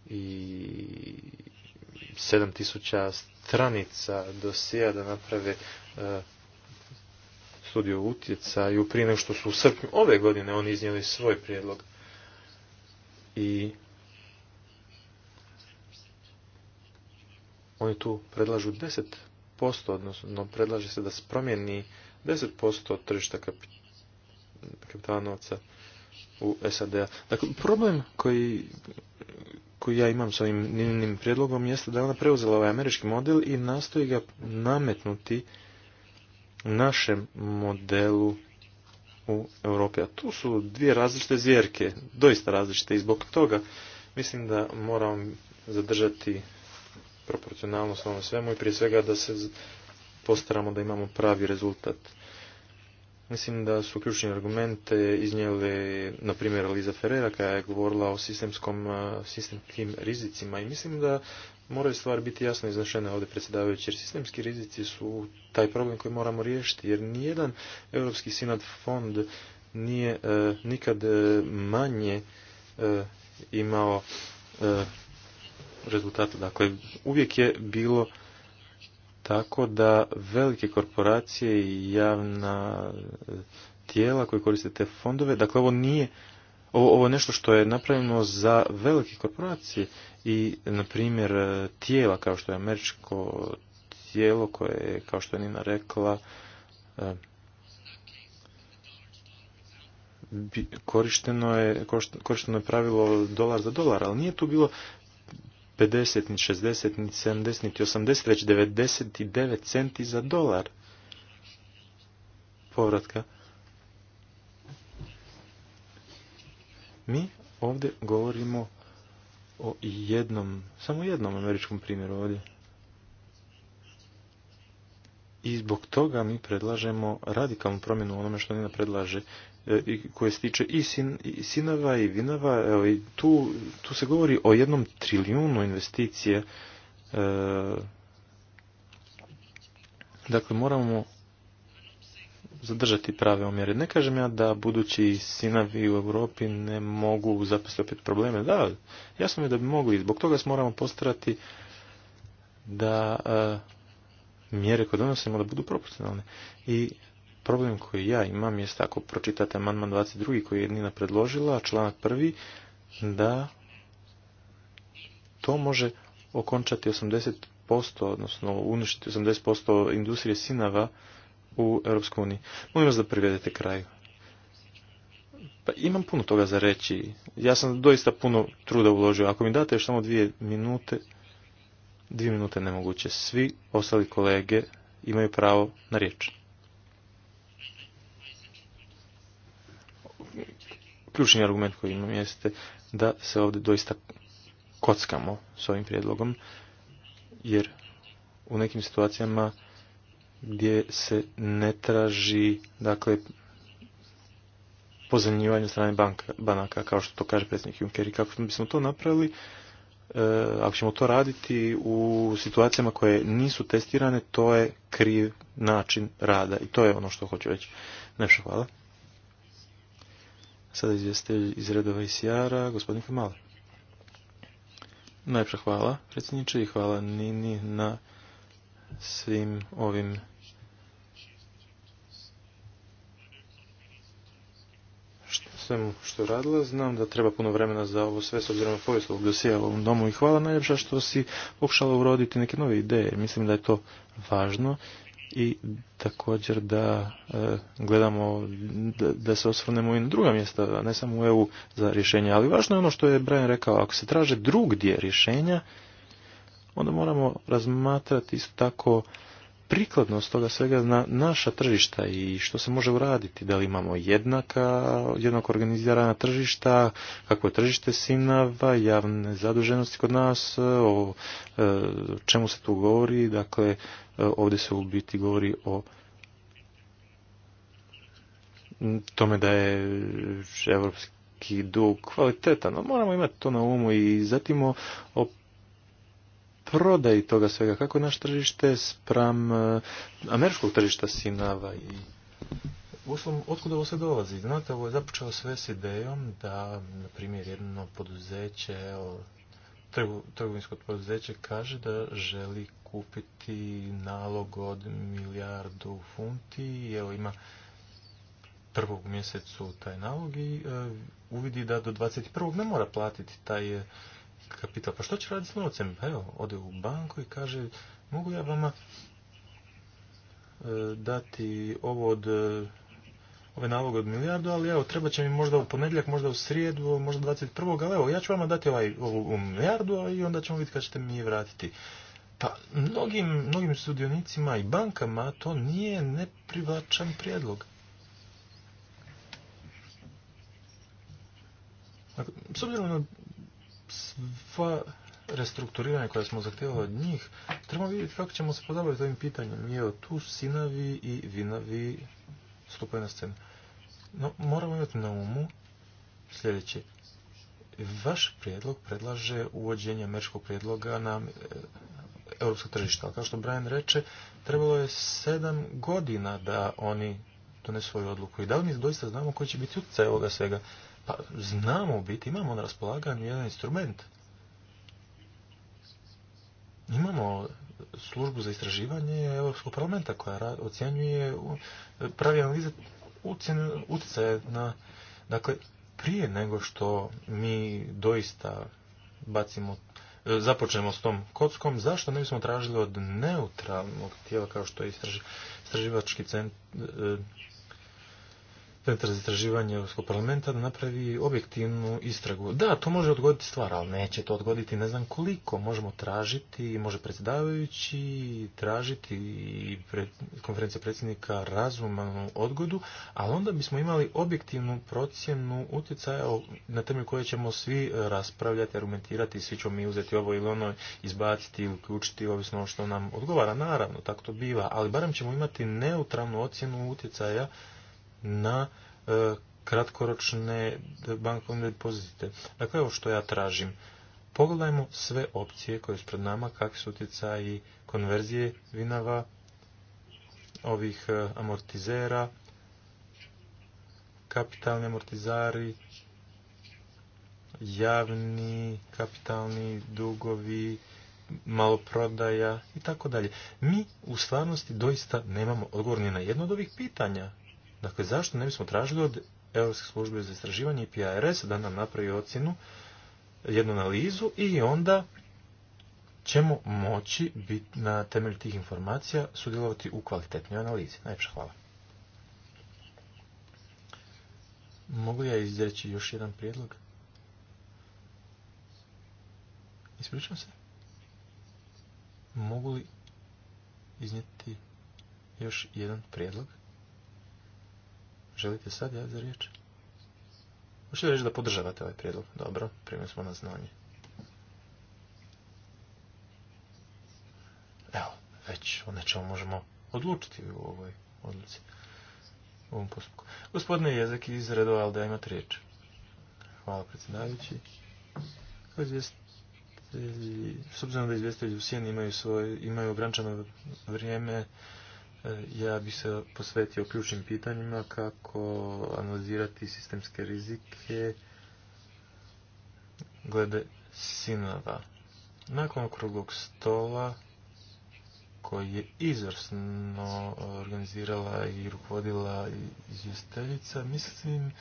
i sedam tisuća stranica dosija da naprave studiju e, studiju utjecaju prije nego što su u srpnju ove godine oni iznijeli svoj prijedlog i oni tu predlažu deset odnosno predlaže se da se promijeni 10% tržišta kapitala novca u SAD-a. Dakle, problem koji, koji ja imam s ovim njenim prijedlogom jeste da je ona preuzela ovaj američki model i nastoji ga nametnuti našem modelu u Europi. A tu su dvije različite zvjerke, doista različite i zbog toga mislim da moram zadržati proporcionalnost ovom svemu i prije svega da se postaramo da imamo pravi rezultat. Mislim da su ključni argumente iznijeli, na primjer, Liza Ferreira koja je govorila o sistemskom, sistemskim rizicima i mislim da moraju stvari biti jasno iznašene ovdje predsjedavajući, jer sistemski rizici su taj problem koji moramo riješiti, jer nijedan Europski Sinat fond nije e, nikad e, manje e, imao e, rezultata. Dakle, uvijek je bilo tako da velike korporacije i javna e, tijela koje koriste te fondove, dakle ovo nije ovo, ovo nešto što je napravljeno za velike korporacije i na primjer e, tijela kao što je američko tijelo koje je kao što je Nina rekla e, korišteno je, korišteno je pravilo dolar za dolar, ali nije tu bilo 50, ni 60, ni 70, ni 80, već 99 centi za dolar povratka. Mi ovdje govorimo o jednom, samo jednom američkom primjeru ovdje. I zbog toga mi predlažemo radikalnu promjenu onome što Nina predlaže koje se tiče i, sin, i sinova i vinova, evo, tu, se govori o jednom trilijunu investicije. E, dakle, moramo zadržati prave omjere. Ne kažem ja da budući sinavi u Europi ne mogu zapisati opet probleme. Da, jasno je da bi mogli. Zbog toga se moramo postarati da e, mjere koje donosimo da budu proporcionalne. I problem koji ja imam jest ako pročitate amandman 22. koji je Nina predložila, članak 1. da to može okončati 80%, odnosno uništiti 80% industrije sinava u Europskoj uniji. Molim vas da privedete kraju. Pa imam puno toga za reći. Ja sam doista puno truda uložio. Ako mi date još samo dvije minute, dvije minute nemoguće. Svi ostali kolege imaju pravo na riječ. ključni argument koji imam jeste da se ovdje doista kockamo s ovim prijedlogom, jer u nekim situacijama gdje se ne traži dakle, pozanjivanje strane banka, banaka, kao što to kaže predsjednik Juncker. I kako bismo to napravili, e, ako ćemo to raditi u situacijama koje nisu testirane, to je kriv način rada. I to je ono što hoću reći. Nešto hvala. Sada izvjestitelj iz redova ICR-a, gospodin Kamal. Najprej hvala predsjedniče i hvala Nini na svim ovim svemu što je radila. Znam da treba puno vremena za ovo sve s obzirom na povijest ovog dosija u ovom domu i hvala najljepša što si pokušala uroditi neke nove ideje. Mislim da je to važno i također da e, gledamo da, se osvrnemo i na druga mjesta, a ne samo u EU za rješenje. Ali važno je ono što je Brian rekao, ako se traže drugdje rješenja, onda moramo razmatrati isto tako prikladnost toga svega na naša tržišta i što se može uraditi. Da li imamo jednaka, jednako organizirana tržišta, kako je tržište sinava, javne zaduženosti kod nas, e, o e, čemu se tu govori. Dakle, e, ovdje se u biti govori o tome da je evropski dug kvalitetan, no moramo imati to na umu i zatim o prodaji toga svega, kako je naš tržište spram e, američkog tržišta Sinava i Uslom, otkud ovo se dolazi? Znate, ovo je započelo sve s idejom da, na primjer, jedno poduzeće, evo, trgovinsko poduzeće kaže da želi kupiti nalog od milijardu funti i evo ima prvog mjesecu taj nalog i e, uvidi da do 21. ne mora platiti taj e, kapital. Pa što će raditi s novcem? Pa evo, ode u banku i kaže, mogu ja vama e, dati ovo od e, ove nalog od milijardu, ali evo, treba će mi možda u ponedjeljak, možda u srijedu, možda 21. Ali evo, ja ću vama dati ovaj, ovu milijardu i onda ćemo vidjeti kad ćete mi je vratiti. Pa, mnogim, mnogim sudionicima i bankama to nije neprivlačan prijedlog. Dakle, s obzirom na sva restrukturiranja koje smo zahtjevali od njih, trebamo vidjeti kako ćemo se podavljati ovim pitanjem. I evo, tu sinavi i vinavi stupaju na scenu. No, moramo imati na umu sljedeće. Vaš prijedlog predlaže uvođenje američkog prijedloga na e, europsko tržište. Ali kao što Brian reče, trebalo je sedam godina da oni donesu svoju odluku. I da li mi doista znamo koji će biti utjecaj ovoga svega? Pa znamo biti, imamo na raspolaganju jedan instrument. Imamo službu za istraživanje Europskog parlamenta koja ocjenjuje pravi analize utjecaje na... Dakle, prije nego što mi doista bacimo započnemo s tom kockom, zašto ne bismo tražili od neutralnog tijela kao što je istraživački centar, e, centar za istraživanje Europskog parlamenta da napravi objektivnu istragu. Da, to može odgoditi stvar, ali neće to odgoditi ne znam koliko. Možemo tražiti, može predsjedavajući tražiti i pre, konferencija predsjednika razumanu odgodu, ali onda bismo imali objektivnu procjenu utjecaja na temelju koje ćemo svi raspravljati, argumentirati, svi ćemo mi uzeti ovo ili ono, izbaciti ili uključiti, ovisno ono što nam odgovara. Naravno, tako to biva, ali barem ćemo imati neutralnu ocjenu utjecaja na e, kratkoročne bankovne depozite. Dakle, ovo što ja tražim. Pogledajmo sve opcije koje su pred nama, kakvi su utjecaji konverzije vinava, ovih e, amortizera, kapitalni amortizari, javni kapitalni dugovi, maloprodaja i tako dalje. Mi u stvarnosti doista nemamo odgovor ni na jedno od ovih pitanja Dakle, zašto ne bismo tražili od Europske službe za istraživanje i PRS da nam napravi ocjenu, jednu analizu i onda ćemo moći biti na temelju tih informacija sudjelovati u kvalitetnoj analizi. Najpša hvala. Mogu ja izreći još jedan prijedlog? Ispričam se. Mogu li iznijeti još jedan prijedlog? Želite sad javiti za riječ? Možete reći da podržavate ovaj prijedlog? Dobro, primili smo na znanje. Evo, već o nečemu možemo odlučiti u ovoj odluci. U ovom postupku. Gospodine Jezak iz da imate riječ. Hvala predsjedavajući. S obzirom da izvjestitelji u sjeni imaju, svoj, imaju ograničeno vrijeme, ja bih se posvetio ključnim pitanjima kako analizirati sistemske rizike glede sinova. Nakon okruglog stola koji je izvrsno organizirala i rukovodila izvjestiteljica, mislim,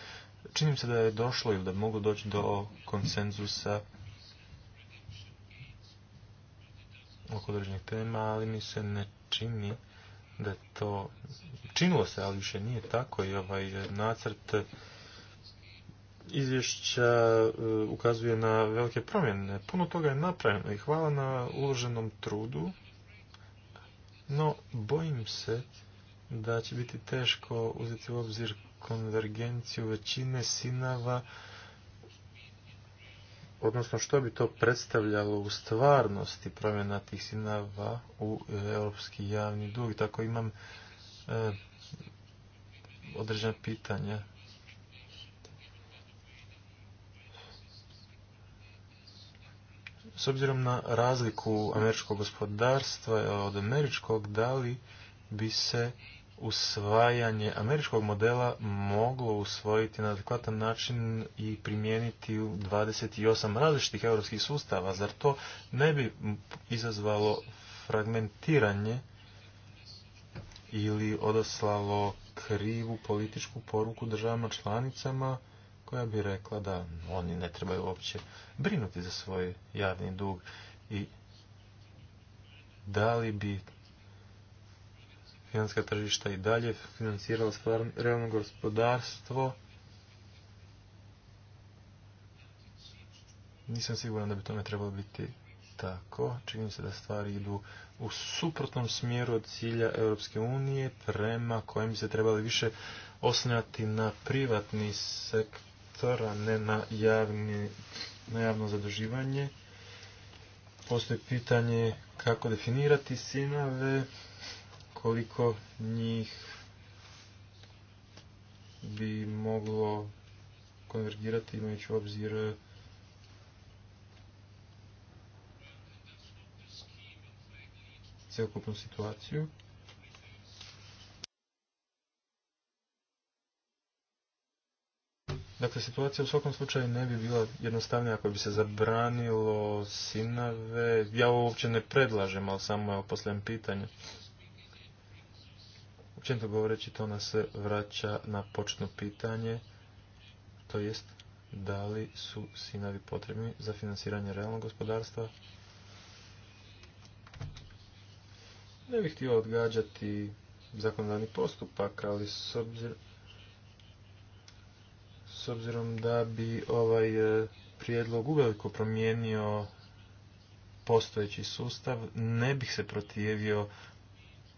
činim se da je došlo ili da mogu doći do konsenzusa oko određenih tema, ali mi se ne čini da je to činilo se, ali više nije tako i ovaj nacrt izvješća e, ukazuje na velike promjene. Puno toga je napravljeno i hvala na uloženom trudu, no bojim se da će biti teško uzeti u obzir konvergenciju većine sinava odnosno što bi to predstavljalo u stvarnosti promjena tih sinava u e, europski javni dug. Tako imam e, određena pitanja. S obzirom na razliku američkog gospodarstva od američkog, da li bi se usvajanje američkog modela moglo usvojiti na adekvatan način i primijeniti u 28 različitih europskih sustava. Zar to ne bi izazvalo fragmentiranje ili odoslalo krivu političku poruku državama članicama koja bi rekla da oni ne trebaju uopće brinuti za svoj javni dug i da li bi financijska tržišta i dalje financirala realno gospodarstvo. Nisam siguran da bi tome trebalo biti tako. Čini se da stvari idu u suprotnom smjeru od cilja Europske unije prema kojem bi se trebali više osnjati na privatni sektor, a ne na, javni, na javno zaduživanje. Postoji pitanje kako definirati sinove, koliko njih bi moglo konvergirati imajući u obzir cijelokupnu situaciju. Dakle, situacija u svakom slučaju ne bi bila jednostavnija ako bi se zabranilo sinave. Ja ovo uopće ne predlažem, ali samo je pitanje općenito govoreći to nas vraća na početno pitanje, to jest da li su sinovi potrebni za financiranje realnog gospodarstva. Ne bih htio odgađati zakonodavni postupak, ali s s obzirom da bi ovaj e, prijedlog uveliko promijenio postojeći sustav, ne bih se protivio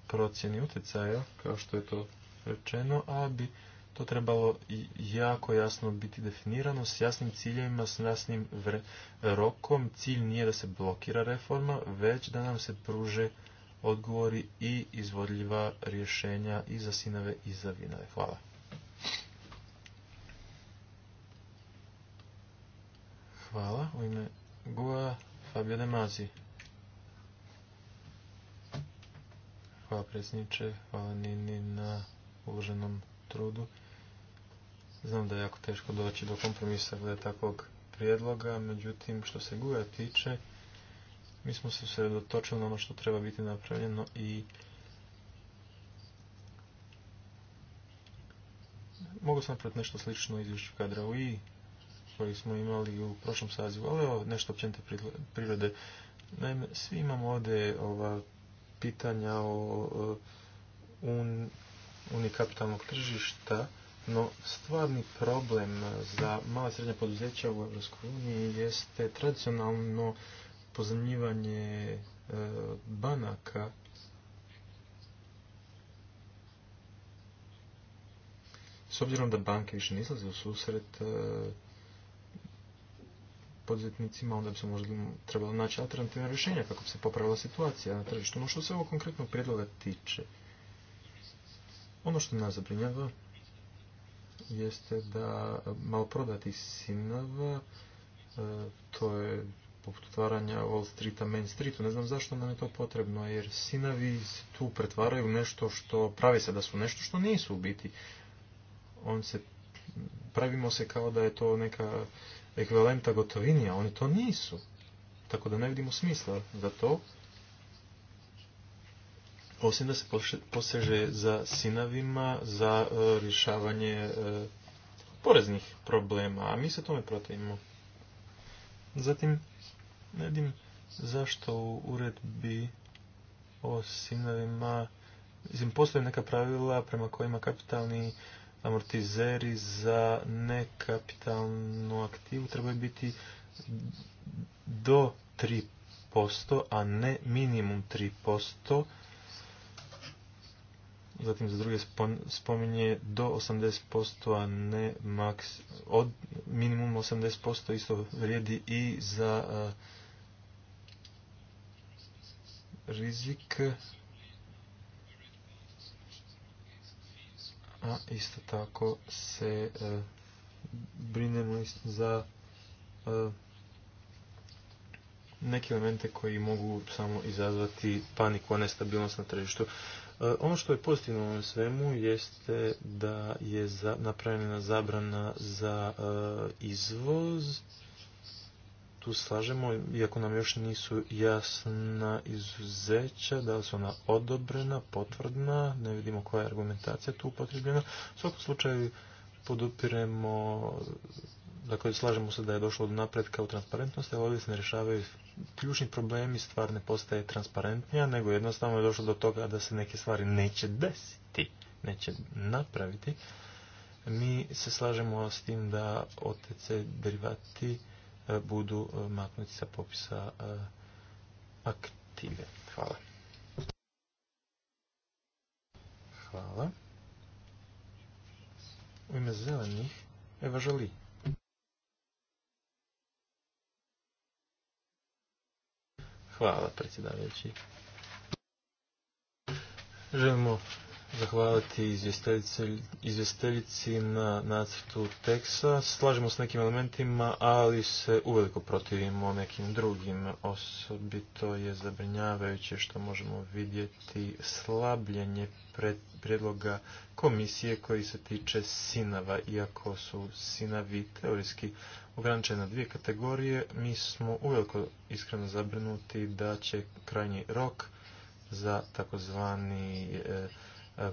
procjeni utjecaja, kao što je to rečeno, a bi to trebalo jako jasno biti definirano s jasnim ciljevima, s jasnim rokom. Cilj nije da se blokira reforma, već da nam se pruže odgovori i izvodljiva rješenja i za sinove i za vinove. Hvala. Hvala. U ime Gua Fabio Demazi. Hvala predsjedniče, hvala Nini na uloženom trudu. Znam da je jako teško doći do kompromisa glede takvog prijedloga, međutim što se guja tiče, mi smo se usredotočili na ono što treba biti napravljeno i mogu sam napraviti nešto slično izvješću kadra u i koji smo imali u prošlom sazivu, ali evo nešto općenite prirode. Naime, svi imamo ovdje ova pitanja o un, unikapitalnog tržišta, no stvarni problem za mala i srednja poduzeća u EU jeste tradicionalno pozemljivanje e, banaka s obzirom da banke više ne izlaze u susret e, poduzetnicima, onda bi se možda trebalo naći alternativna rješenja kako bi se popravila situacija na tržištu. No što se ovo konkretnog prijedloga tiče, ono što nas zabrinjava jeste da malo prodati sinova, e, to je poput otvaranja Wall Streeta, Main Streetu. Ne znam zašto nam je to potrebno, jer sinavi tu pretvaraju nešto što pravi se da su nešto što nisu u biti. On se, pravimo se kao da je to neka ekvivalenta gotovini, a oni to nisu. Tako da ne vidimo smisla za to. Osim da se poseže za sinavima za e, rješavanje e, poreznih problema, a mi se tome protivimo. Zatim, ne vidim zašto u uredbi o sinavima mislim, postoje neka pravila prema kojima kapitalni amortizeri za nekapitalnu aktivu trebaju biti do 3%, a ne minimum 3%. Zatim za druge spominje do 80%, a ne od minimum 80%, isto vrijedi i za rizik a isto tako se e, brinemo za e, neke elemente koji mogu samo izazvati paniku, nestabilnost na tržištu. E, ono što je pozitivno u ovom svemu jeste da je napravljena zabrana za e, izvoz tu slažemo, iako nam još nisu jasna izuzeća, da li su ona odobrena, potvrdna, ne vidimo koja je argumentacija tu upotrebljena. U svakom slučaju podupiremo, dakle slažemo se da je došlo do napretka u transparentnosti, ali ovdje se ne rješavaju ključni problemi, stvar ne postaje transparentnija, nego jednostavno je došlo do toga da se neke stvari neće desiti, neće napraviti. Mi se slažemo s tim da OTC derivati E, budu e, maknuti sa popisa e, aktive. Hvala. Hvala. U ime zelenih Eva Žali. Hvala predsjedavajući. Želimo zahvaliti izvjestiteljici na nacrtu teksta. Slažemo s nekim elementima, ali se uveliko protivimo nekim drugim. Osobito je zabrinjavajuće što možemo vidjeti slabljenje prijedloga komisije koji se tiče sinava. Iako su sinavi teorijski ograničeni na dvije kategorije, mi smo uveliko iskreno zabrinuti da će krajnji rok za takozvani e, E,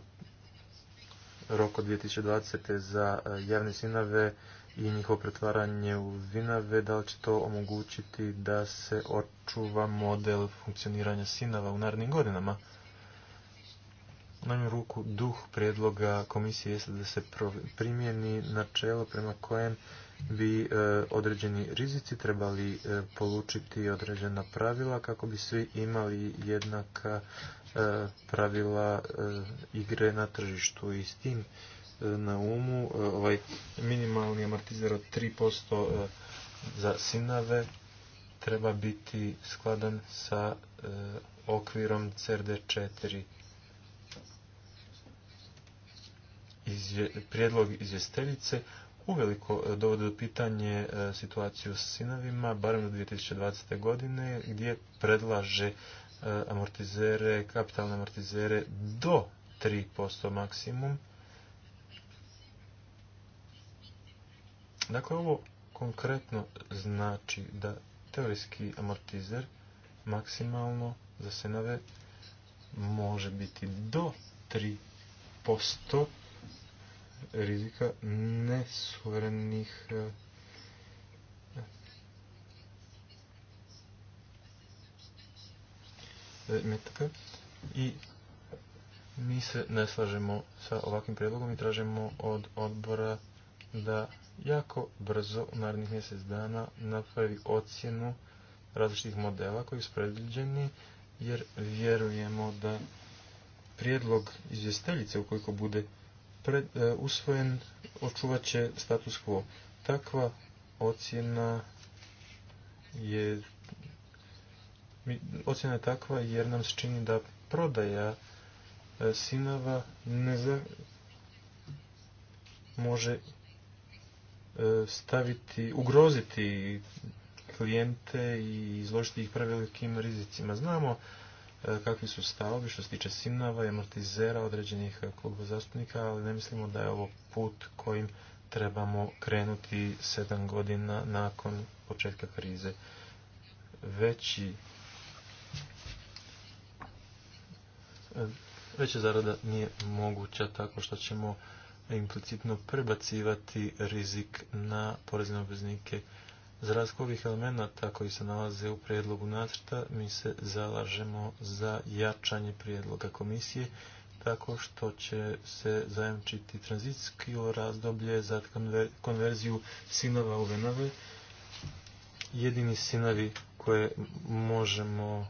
rok od 2020. za e, javne sinave i njihovo pretvaranje u vinave, da li će to omogućiti da se očuva model funkcioniranja sinava u narednim godinama? Na ruku duh prijedloga komisije jeste da se primjeni načelo prema kojem bi e, određeni rizici trebali polučiti određena pravila kako bi svi imali jednaka E, pravila e, igre na tržištu i s tim e, na umu ovaj minimalni amortizer od 3% za sinave treba biti skladan sa okvirom CRD4 prijedlog izvjestelice uveliko dovodi do pitanje situaciju s sinavima, barem do 2020. godine, gdje predlaže E, amortizere, kapitalne amortizere do 3% maksimum. Dakle, ovo konkretno znači da teorijski amortizer maksimalno za senave može biti do 3% rizika nesuverenih e, E, metaka i mi se ne slažemo sa ovakvim prijedlogom i tražimo od odbora da jako brzo u narednih mjesec dana napravi ocjenu različitih modela koji su predviđeni jer vjerujemo da prijedlog izvjesteljice ukoliko bude e, usvojen očuvat će status quo. Takva ocjena je Ocjena je takva jer nam se čini da prodaja e, sinova ne može e, staviti, ugroziti klijente i izložiti ih prevelikim rizicima. Znamo e, kakvi su stavovi što se tiče sinova i amortizera određenih kluba zastupnika, ali ne mislimo da je ovo put kojim trebamo krenuti sedam godina nakon početka krize. Veći veća zarada nije moguća tako što ćemo implicitno prebacivati rizik na porezne obveznike. Za razliku ovih elemenata koji se nalaze u prijedlogu nacrta, mi se zalažemo za jačanje prijedloga komisije tako što će se zajamčiti tranzicijsko razdoblje za konverziju sinova u venove. Jedini sinovi koje možemo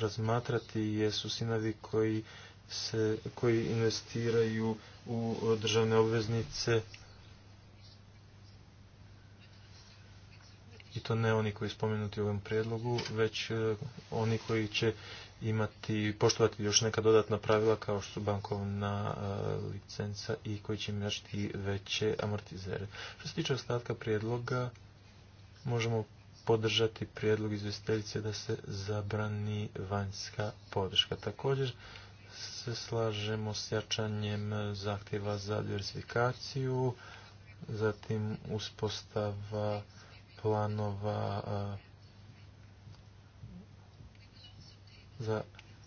razmatrati jesu sinovi koji, se, koji investiraju u državne obveznice i to ne oni koji spomenuti u ovom prijedlogu, već e, oni koji će imati, poštovati još neka dodatna pravila kao što su bankovna e, licenca i koji će imati veće amortizere. Što se tiče ostatka prijedloga, možemo podržati prijedlog izvjestiteljice da se zabrani vanjska podrška. Također se slažemo s jačanjem zahtjeva za diversifikaciju, zatim uspostava planova za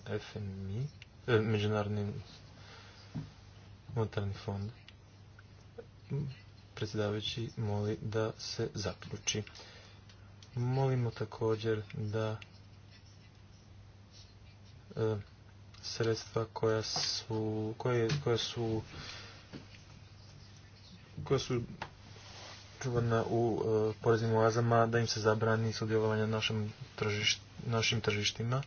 FMI, e, Međunarodni monetarni fond. Predsjedavajući moli da se zaključi. Molimo također da e, sredstva koja su, su koja su čuvana u e, poreznim oazama, da im se zabrani sudjelovanje našim tržištima.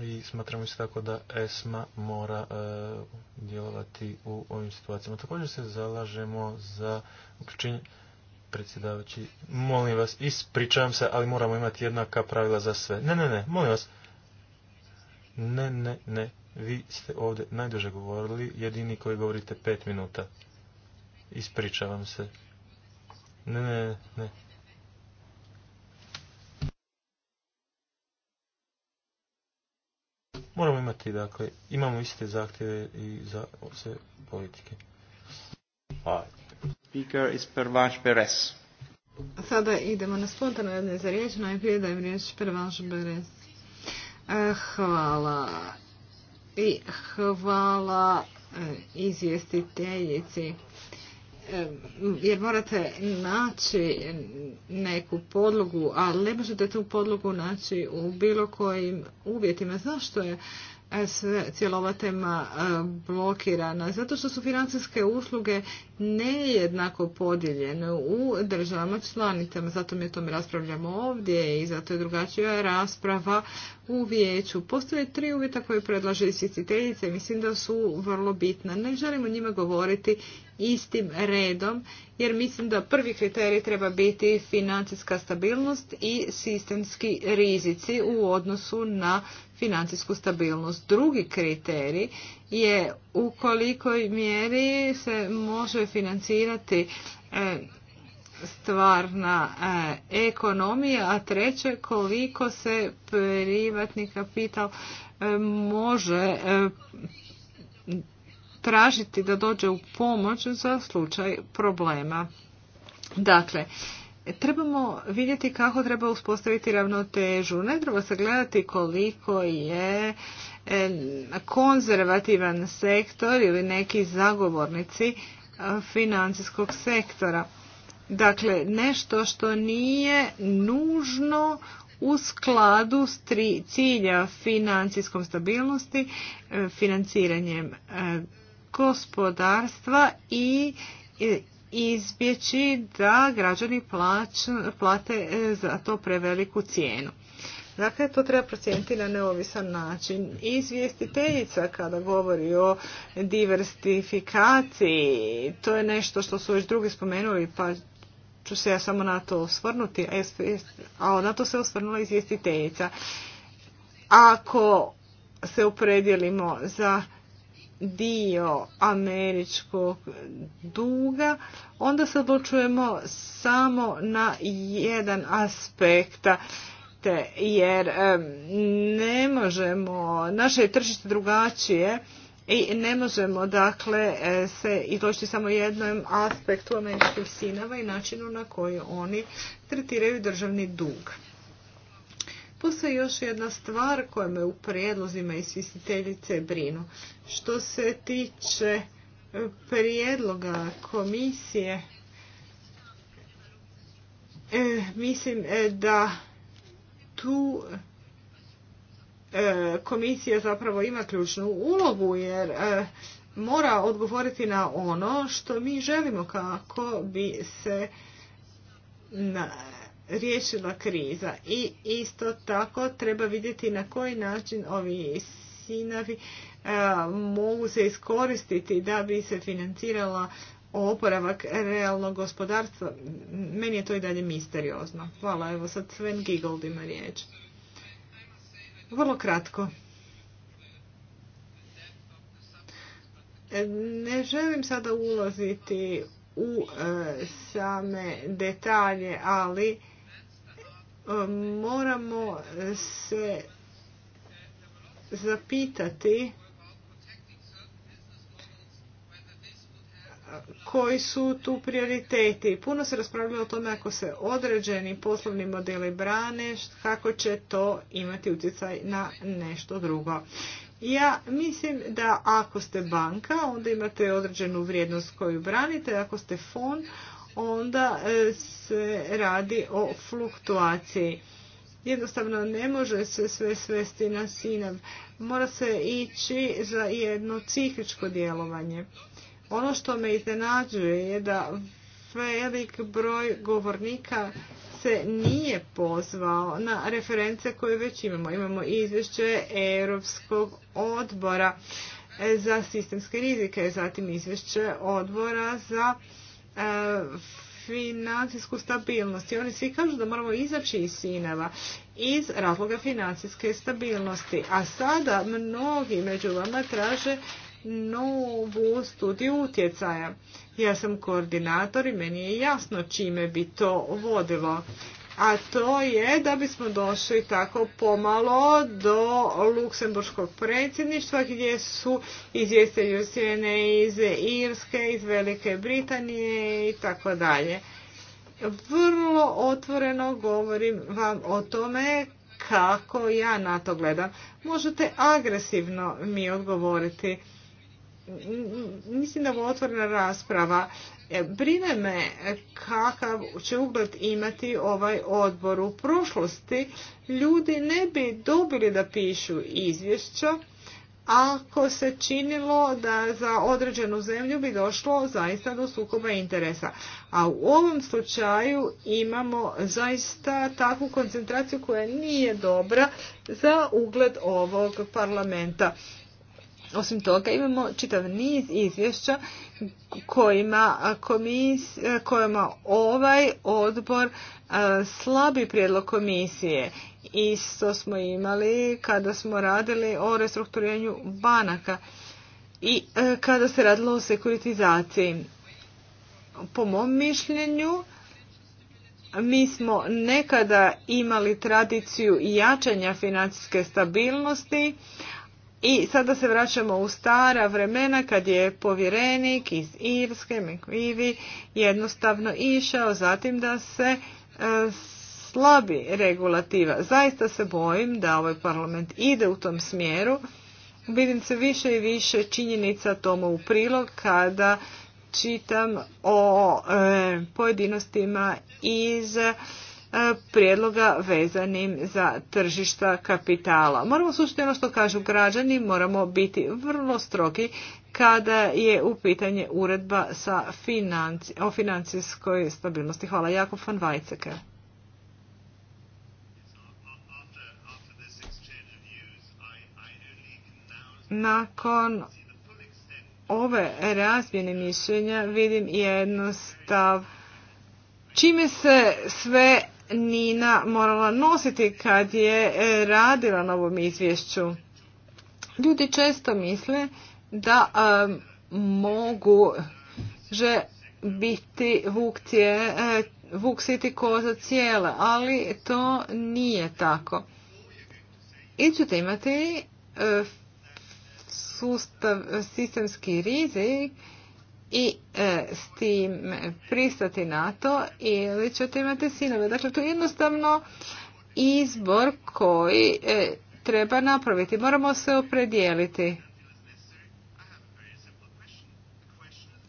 I smatramo se tako da ESMA mora e, djelovati u ovim situacijama. Također se zalažemo za uključenje predsjedavajući, molim vas, ispričavam se, ali moramo imati jednaka pravila za sve. Ne, ne, ne, molim vas. Ne, ne, ne, vi ste ovdje najduže govorili, jedini koji govorite pet minuta. Ispričavam se. Ne, ne, ne. Moramo imati, dakle, imamo iste zahtjeve i za sve politike. Hvala speaker is Sada idemo na spontano jedne za riječ. Najprije dajem riječ Pervanš Beres. E, hvala. I hvala e, izvjestiteljici e, jer morate naći neku podlogu, ali ne možete tu podlogu naći u bilo kojim uvjetima. Zašto je cijela tema blokirana zato što su financijske usluge nejednako podijeljene u državama članicama. Zato mi o tome raspravljamo ovdje i zato je drugačija rasprava u vijeću. Postoje tri uvjeta koje predlaže izvjestiteljice i mislim da su vrlo bitna. Ne želimo njima govoriti istim redom jer mislim da prvi kriterij treba biti financijska stabilnost i sistemski rizici u odnosu na financijsku stabilnost. Drugi kriterij je u kolikoj mjeri se može financirati e, stvarna e, ekonomija, a treće koliko se privatni kapital e, može tražiti da dođe u pomoć za slučaj problema. Dakle, Trebamo vidjeti kako treba uspostaviti ravnotežu. Ne treba se gledati koliko je e, konzervativan sektor ili neki zagovornici e, financijskog sektora. Dakle, nešto što nije nužno u skladu s tri cilja financijskom stabilnosti, e, financiranjem gospodarstva i izbjeći da građani plate e, za to preveliku cijenu. Dakle, to treba procijeniti na neovisan način. Izvjestiteljica kada govori o diversifikaciji, to je nešto što su već drugi spomenuli, pa ću se ja samo na to osvrnuti, a na to se osvrnula izvjestiteljica. Ako se upredjelimo za dio američkog duga, onda se odlučujemo samo na jedan aspekta jer ne možemo, naše tržište drugačije i ne možemo dakle e, se izložiti samo jednom aspektu američkih sinava i načinu na koji oni tretiraju državni dug. Postoji još jedna stvar koja me u prijedlozima isvisiteljice brinu. Što se tiče e, prijedloga komisije, e, mislim e, da tu komisija zapravo ima ključnu ulogu jer mora odgovoriti na ono što mi želimo kako bi se na riješila kriza. I isto tako treba vidjeti na koji način ovi sinavi e, mogu se iskoristiti da bi se financirala oporavak realnog gospodarstva. Meni je to i dalje misteriozno. Hvala, evo sad Sven Gigold ima riječ. Vrlo kratko. Ne želim sada ulaziti u e, same detalje, ali E, moramo se zapitati koji su tu prioriteti. Puno se raspravljalo o tome ako se određeni poslovni modeli brane, kako će to imati utjecaj na nešto drugo. Ja mislim da ako ste banka, onda imate određenu vrijednost koju branite, ako ste fond, onda e, se radi o fluktuaciji. Jednostavno ne može se sve svesti na sinav. Mora se ići za jedno cikličko djelovanje. Ono što me iznenađuje je da velik broj govornika se nije pozvao na reference koje već imamo. Imamo izvješće Europskog odbora za sistemske rizike, zatim izvješće odbora za E, financijsku stabilnost i oni svi kažu da moramo izaći iz sineva iz razloga financijske stabilnosti. A sada mnogi među vama traže novu studiju utjecaja. Ja sam koordinator i meni je jasno čime bi to vodilo a to je da bismo došli tako pomalo do luksemburškog predsjedništva gdje su izvjestelju Sjene, iz Irske, iz Velike Britanije i tako dalje. Vrlo otvoreno govorim vam o tome kako ja na to gledam. Možete agresivno mi odgovoriti. Mislim da je otvorena rasprava. E, brine me kakav će ugled imati ovaj odbor u prošlosti. Ljudi ne bi dobili da pišu izvješća ako se činilo da za određenu zemlju bi došlo zaista do sukoba interesa. A u ovom slučaju imamo zaista takvu koncentraciju koja nije dobra za ugled ovog parlamenta. Osim toga imamo čitav niz izvješća kojima, ovaj odbor slabi prijedlog komisije. Isto smo imali kada smo radili o restrukturiranju banaka i e, kada se radilo o sekuritizaciji. Po mom mišljenju, mi smo nekada imali tradiciju jačanja financijske stabilnosti, i sada se vraćamo u stara vremena kad je povjerenik iz Irske, McVivi, jednostavno išao zatim da se e, slabi regulativa. Zaista se bojim da ovaj parlament ide u tom smjeru. Vidim se više i više činjenica tomu u prilog kada čitam o e, pojedinostima iz E, prijedloga vezanim za tržišta kapitala. Moramo slušati ono što kažu građani, moramo biti vrlo strogi kada je u pitanje uredba sa o financijskoj stabilnosti. Hvala Jakob van Nakon ove razmjene mišljenja vidim jednostav čime se sve Nina morala nositi kad je e, radila na ovom izvješću. Ljudi često misle da mogu že biti vuk, tje, e, vuk koza ali to nije tako. I ćete imati e, sustav sistemski rizik i e, s tim pristati na to ili ćete imati sinove. Dakle, to je jednostavno izbor koji e, treba napraviti. Moramo se opredijeliti.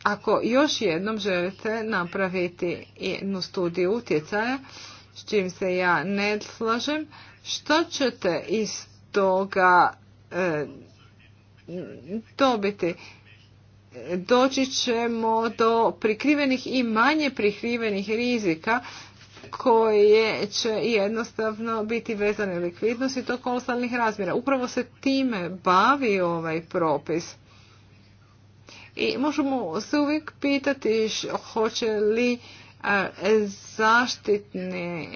Ako još jednom želite napraviti jednu studiju utjecaja, s čim se ja ne slažem, što ćete iz toga e, dobiti? doći ćemo do prikrivenih i manje prikrivenih rizika koje će jednostavno biti vezane likvidnost i to kolosalnih razmjera. Upravo se time bavi ovaj propis. I možemo se uvijek pitati hoće li e, zaštitni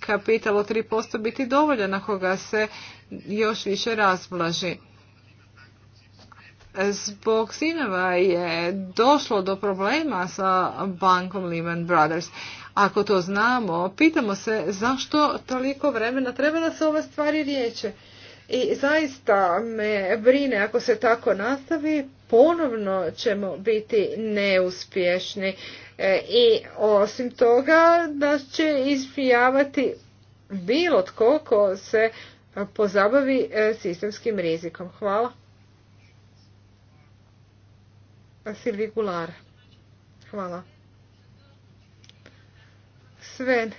kapital od 3% biti dovoljan ako ga se još više razblaži. Zbog sinova je došlo do problema sa bankom Lehman Brothers. Ako to znamo, pitamo se zašto toliko vremena treba da se ove stvari riječe. I zaista me brine ako se tako nastavi, ponovno ćemo biti neuspješni. E, I osim toga da će ispijavati bilo tko ko se pozabavi e, sistemskim rizikom. Hvala. Silvi Gular. Hvala. Sven.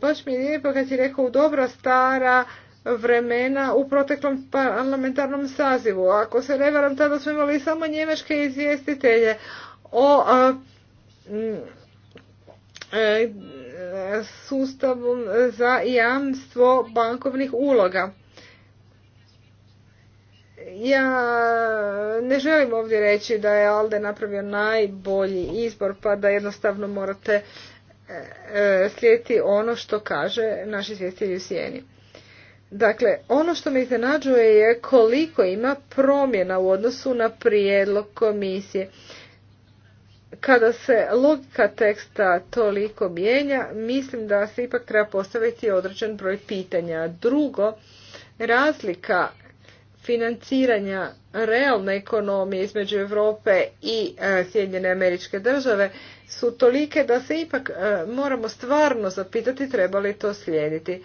baš mi je lijepo kad si rekao u stara vremena u proteklom parlamentarnom sazivu. Ako se ne varam, tada smo imali samo njemačke izvjestitelje o e, sustavu za jamstvo bankovnih uloga ja ne želim ovdje reći da je Alde napravio najbolji izbor pa da jednostavno morate e, e, slijediti ono što kaže naši izvjestitelj u sjeni. Dakle, ono što me iznenađuje je koliko ima promjena u odnosu na prijedlog komisije. Kada se logika teksta toliko mijenja, mislim da se ipak treba postaviti određen broj pitanja. Drugo, razlika financiranja realne ekonomije između Europe i e, Sjedinjene američke države su tolike da se ipak e, moramo stvarno zapitati treba li to slijediti.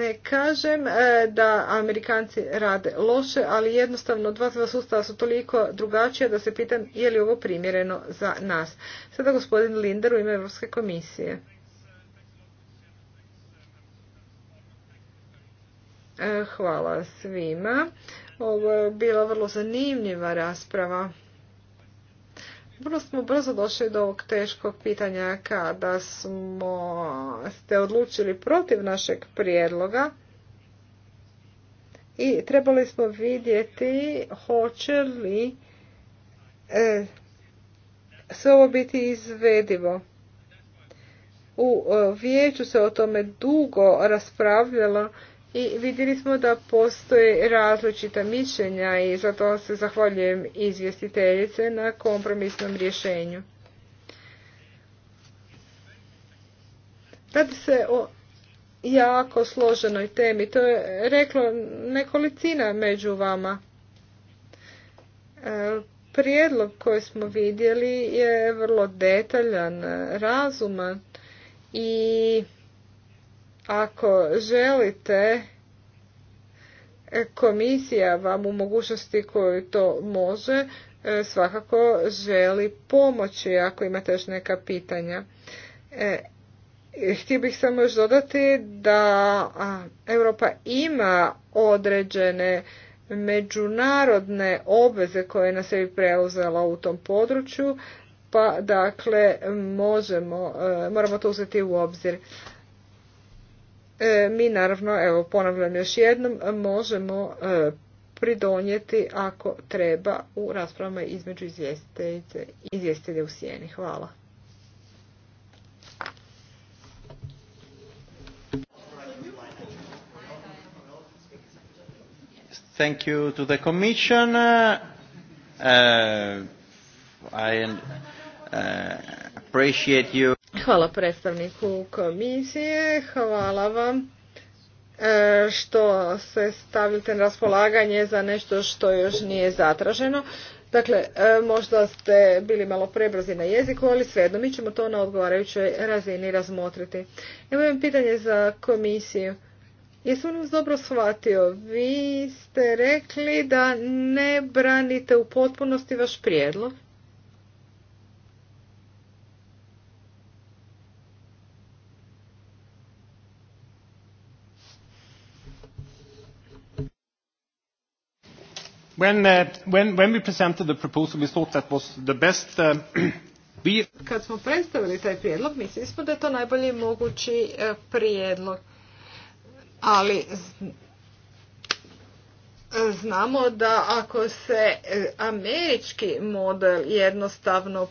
Ne kažem e, da Amerikanci rade loše, ali jednostavno dva sva sustava su toliko drugačija da se pitam je li ovo primjereno za nas. Sada gospodin Linder u ime Europske komisije. E, hvala svima. Ovo je bila vrlo zanimljiva rasprava. Vrlo smo brzo došli do ovog teškog pitanja kada smo ste odlučili protiv našeg prijedloga i trebali smo vidjeti hoće li e, sve ovo biti izvedivo. U e, vijeću se o tome dugo raspravljalo i vidjeli smo da postoje različita mišljenja i zato se zahvaljujem izvjestiteljice na kompromisnom rješenju. Radi se o jako složenoj temi. To je reklo nekolicina među vama. E, prijedlog koji smo vidjeli je vrlo detaljan, razuman i ako želite, e, komisija vam u mogućnosti koju to može e, svakako želi pomoći ako imate još neka pitanja. E, htio bih samo još dodati da Europa ima određene međunarodne obveze koje je na sebi preuzela u tom području, pa dakle možemo, moramo to uzeti u obzir. E, mi naravno, evo ponavljam još jednom, možemo e, pridonijeti ako treba u raspravama između izvjestitelja u sjeni. Hvala. Thank you to the Commission. Uh, uh, I uh, appreciate you. Hvala predstavniku komisije, hvala vam e, što se stavljate na raspolaganje za nešto što još nije zatraženo. Dakle, e, možda ste bili malo prebrzi na jeziku, ali svejedno mi ćemo to na odgovarajućoj razini razmotriti. Evo imam pitanje za komisiju. Jesam vam dobro shvatio, vi ste rekli da ne branite u potpunosti vaš prijedlog. Kad smo predstavili taj prijedlog, mislili smo da je to najbolji mogući e, prijedlog. Ali znamo da ako se e, američki model jednostavno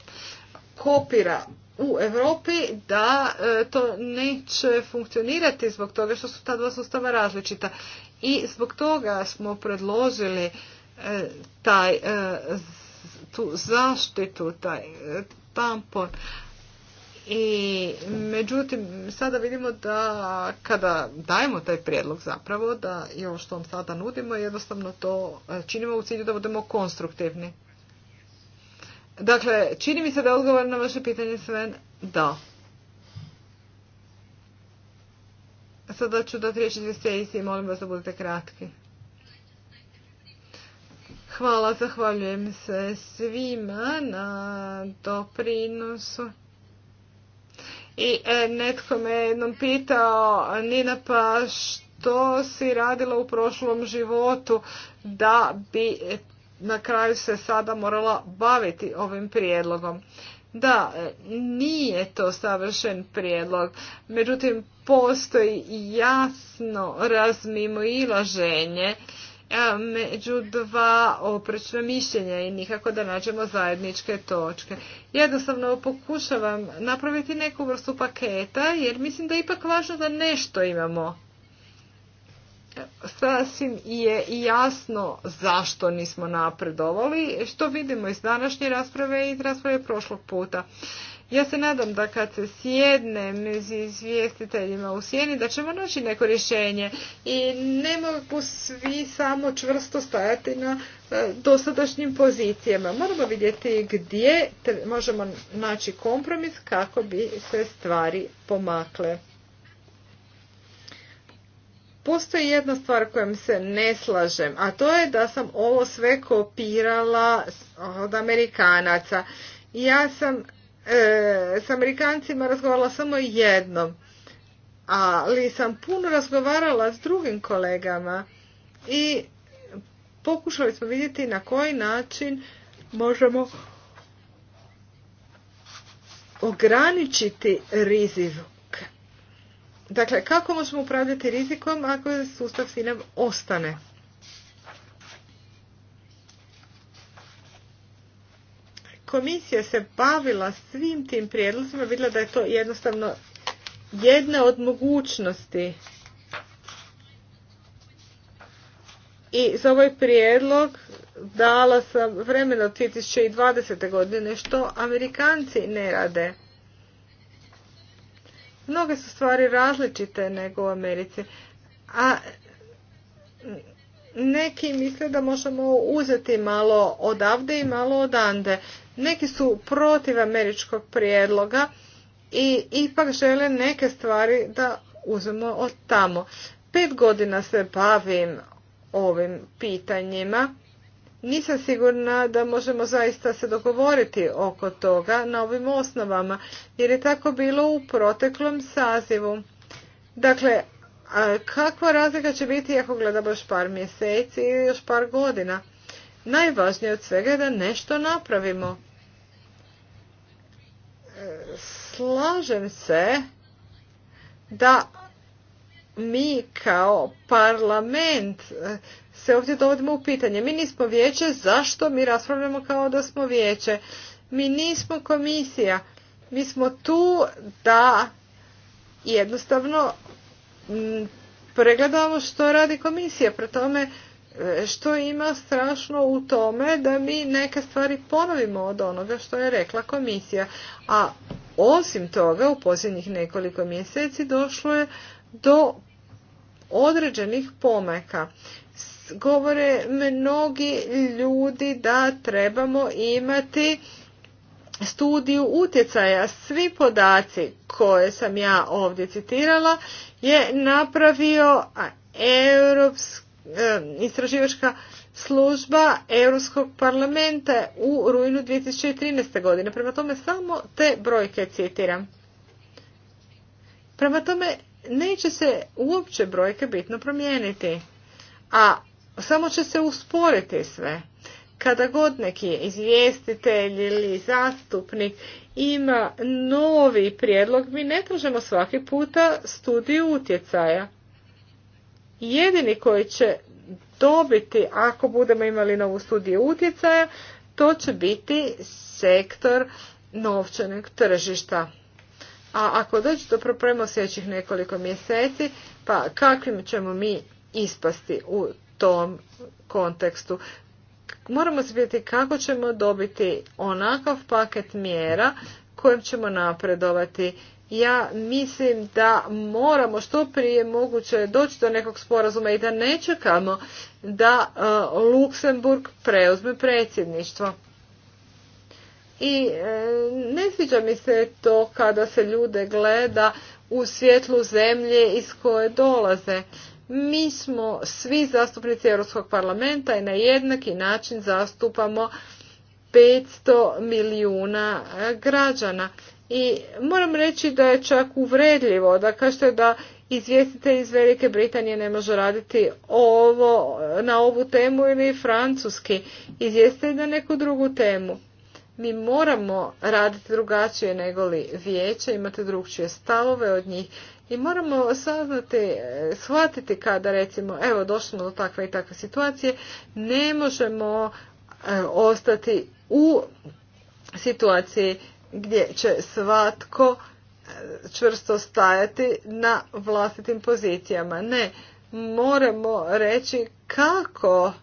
kopira u Europi da e, to neće funkcionirati zbog toga što su ta dva sustava različita. I zbog toga smo predložili taj, e, tu zaštitu, taj e, tampon. I međutim, sada vidimo da kada dajemo taj prijedlog zapravo, da i ovo što vam sada nudimo, jednostavno to e, činimo u cilju da budemo konstruktivni. Dakle, čini mi se da je odgovor na vaše pitanje Sven da. Sada ću dati riječ izvjestiteljici i molim vas da budete kratki. Hvala, zahvaljujem se svima na doprinosu. I e, netko me jednom pitao, Nina pa što si radila u prošlom životu da bi na kraju se sada morala baviti ovim prijedlogom. Da, e, nije to savršen prijedlog, međutim postoji jasno razmimo ilaženje E, među dva oprečna mišljenja i nikako da nađemo zajedničke točke. Jednostavno pokušavam napraviti neku vrstu paketa jer mislim da je ipak važno da nešto imamo. Sasvim je jasno zašto nismo napredovali, što vidimo iz današnje rasprave i iz rasprave prošlog puta. Ja se nadam da kad se sjednem s izvjestiteljima u sjeni da ćemo naći neko rješenje i ne mogu svi samo čvrsto stajati na e, dosadašnjim pozicijama. Moramo vidjeti gdje možemo naći kompromis kako bi se stvari pomakle. Postoji jedna stvar kojom se ne slažem, a to je da sam ovo sve kopirala od Amerikanaca. Ja sam e, s Amerikancima razgovarala samo jednom, ali sam puno razgovarala s drugim kolegama i pokušali smo vidjeti na koji način možemo ograničiti rizik. Dakle, kako možemo upravljati rizikom ako sustav sinem ostane? komisija se bavila svim tim prijedlozima, vidjela da je to jednostavno jedna od mogućnosti. I za ovaj prijedlog dala sam vremena od 2020. godine što Amerikanci ne rade. Mnoge su stvari različite nego u Americi. A neki misle da možemo uzeti malo odavde i malo odande. Neki su protiv američkog prijedloga i ipak žele neke stvari da uzmemo od tamo. Pet godina se bavim ovim pitanjima. Nisam sigurna da možemo zaista se dogovoriti oko toga na ovim osnovama, jer je tako bilo u proteklom sazivu. Dakle, kakva razlika će biti ako gledamo još par mjeseci ili još par godina? Najvažnije od svega je da nešto napravimo. E, slažem se da mi kao parlament e, se ovdje dovodimo u pitanje. Mi nismo vijeće, zašto mi raspravljamo kao da smo vijeće? Mi nismo komisija. Mi smo tu da jednostavno pregledamo što radi komisija. Pre tome što ima strašno u tome da mi neke stvari ponovimo od onoga što je rekla komisija. A osim toga u posljednjih nekoliko mjeseci došlo je do određenih pomeka. Govore mnogi ljudi da trebamo imati studiju utjecaja. Svi podaci koje sam ja ovdje citirala je napravio Europsk E, istraživačka služba Europskog parlamenta u rujnu 2013. godine. Prema tome samo te brojke citiram. Prema tome neće se uopće brojke bitno promijeniti, a samo će se usporiti sve. Kada god neki izvjestitelj ili zastupnik ima novi prijedlog, mi ne tražimo svaki puta studiju utjecaja jedini koji će dobiti ako budemo imali novu studiju utjecaja, to će biti sektor novčanog tržišta. A ako dođe do problema sljedećih nekoliko mjeseci, pa kakvim ćemo mi ispasti u tom kontekstu? Moramo se vidjeti kako ćemo dobiti onakav paket mjera kojim ćemo napredovati ja mislim da moramo što prije moguće doći do nekog sporazuma i da ne čekamo da e, Luksemburg preuzme predsjedništvo. I e, ne sviđa mi se to kada se ljude gleda u svjetlu zemlje iz koje dolaze. Mi smo svi zastupnici Europskog parlamenta i na jednaki način zastupamo 500 milijuna e, građana i moram reći da je čak uvredljivo da kažete da izvjestitelj iz Velike Britanije ne može raditi ovo, na ovu temu ili francuski izvjestitelj na neku drugu temu. Mi moramo raditi drugačije nego li vijeće, imate drugčije stavove od njih i moramo saznati, shvatiti kada recimo, evo došli do takve i takve situacije, ne možemo e, ostati u situaciji gdje će svatko e, čvrsto stajati na vlastitim pozicijama. Ne, moramo reći kako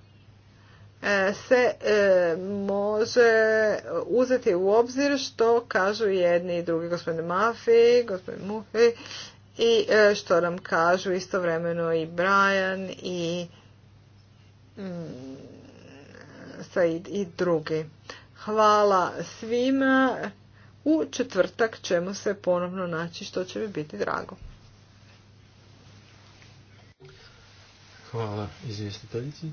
e, se e, može uzeti u obzir što kažu jedni i drugi gospodine Mafi, gospodine Mufi i što nam kažu istovremeno i Brian i mm, Said i drugi. Hvala svima u četvrtak ćemo se ponovno naći što će mi biti drago. Hvala izvjestiteljici.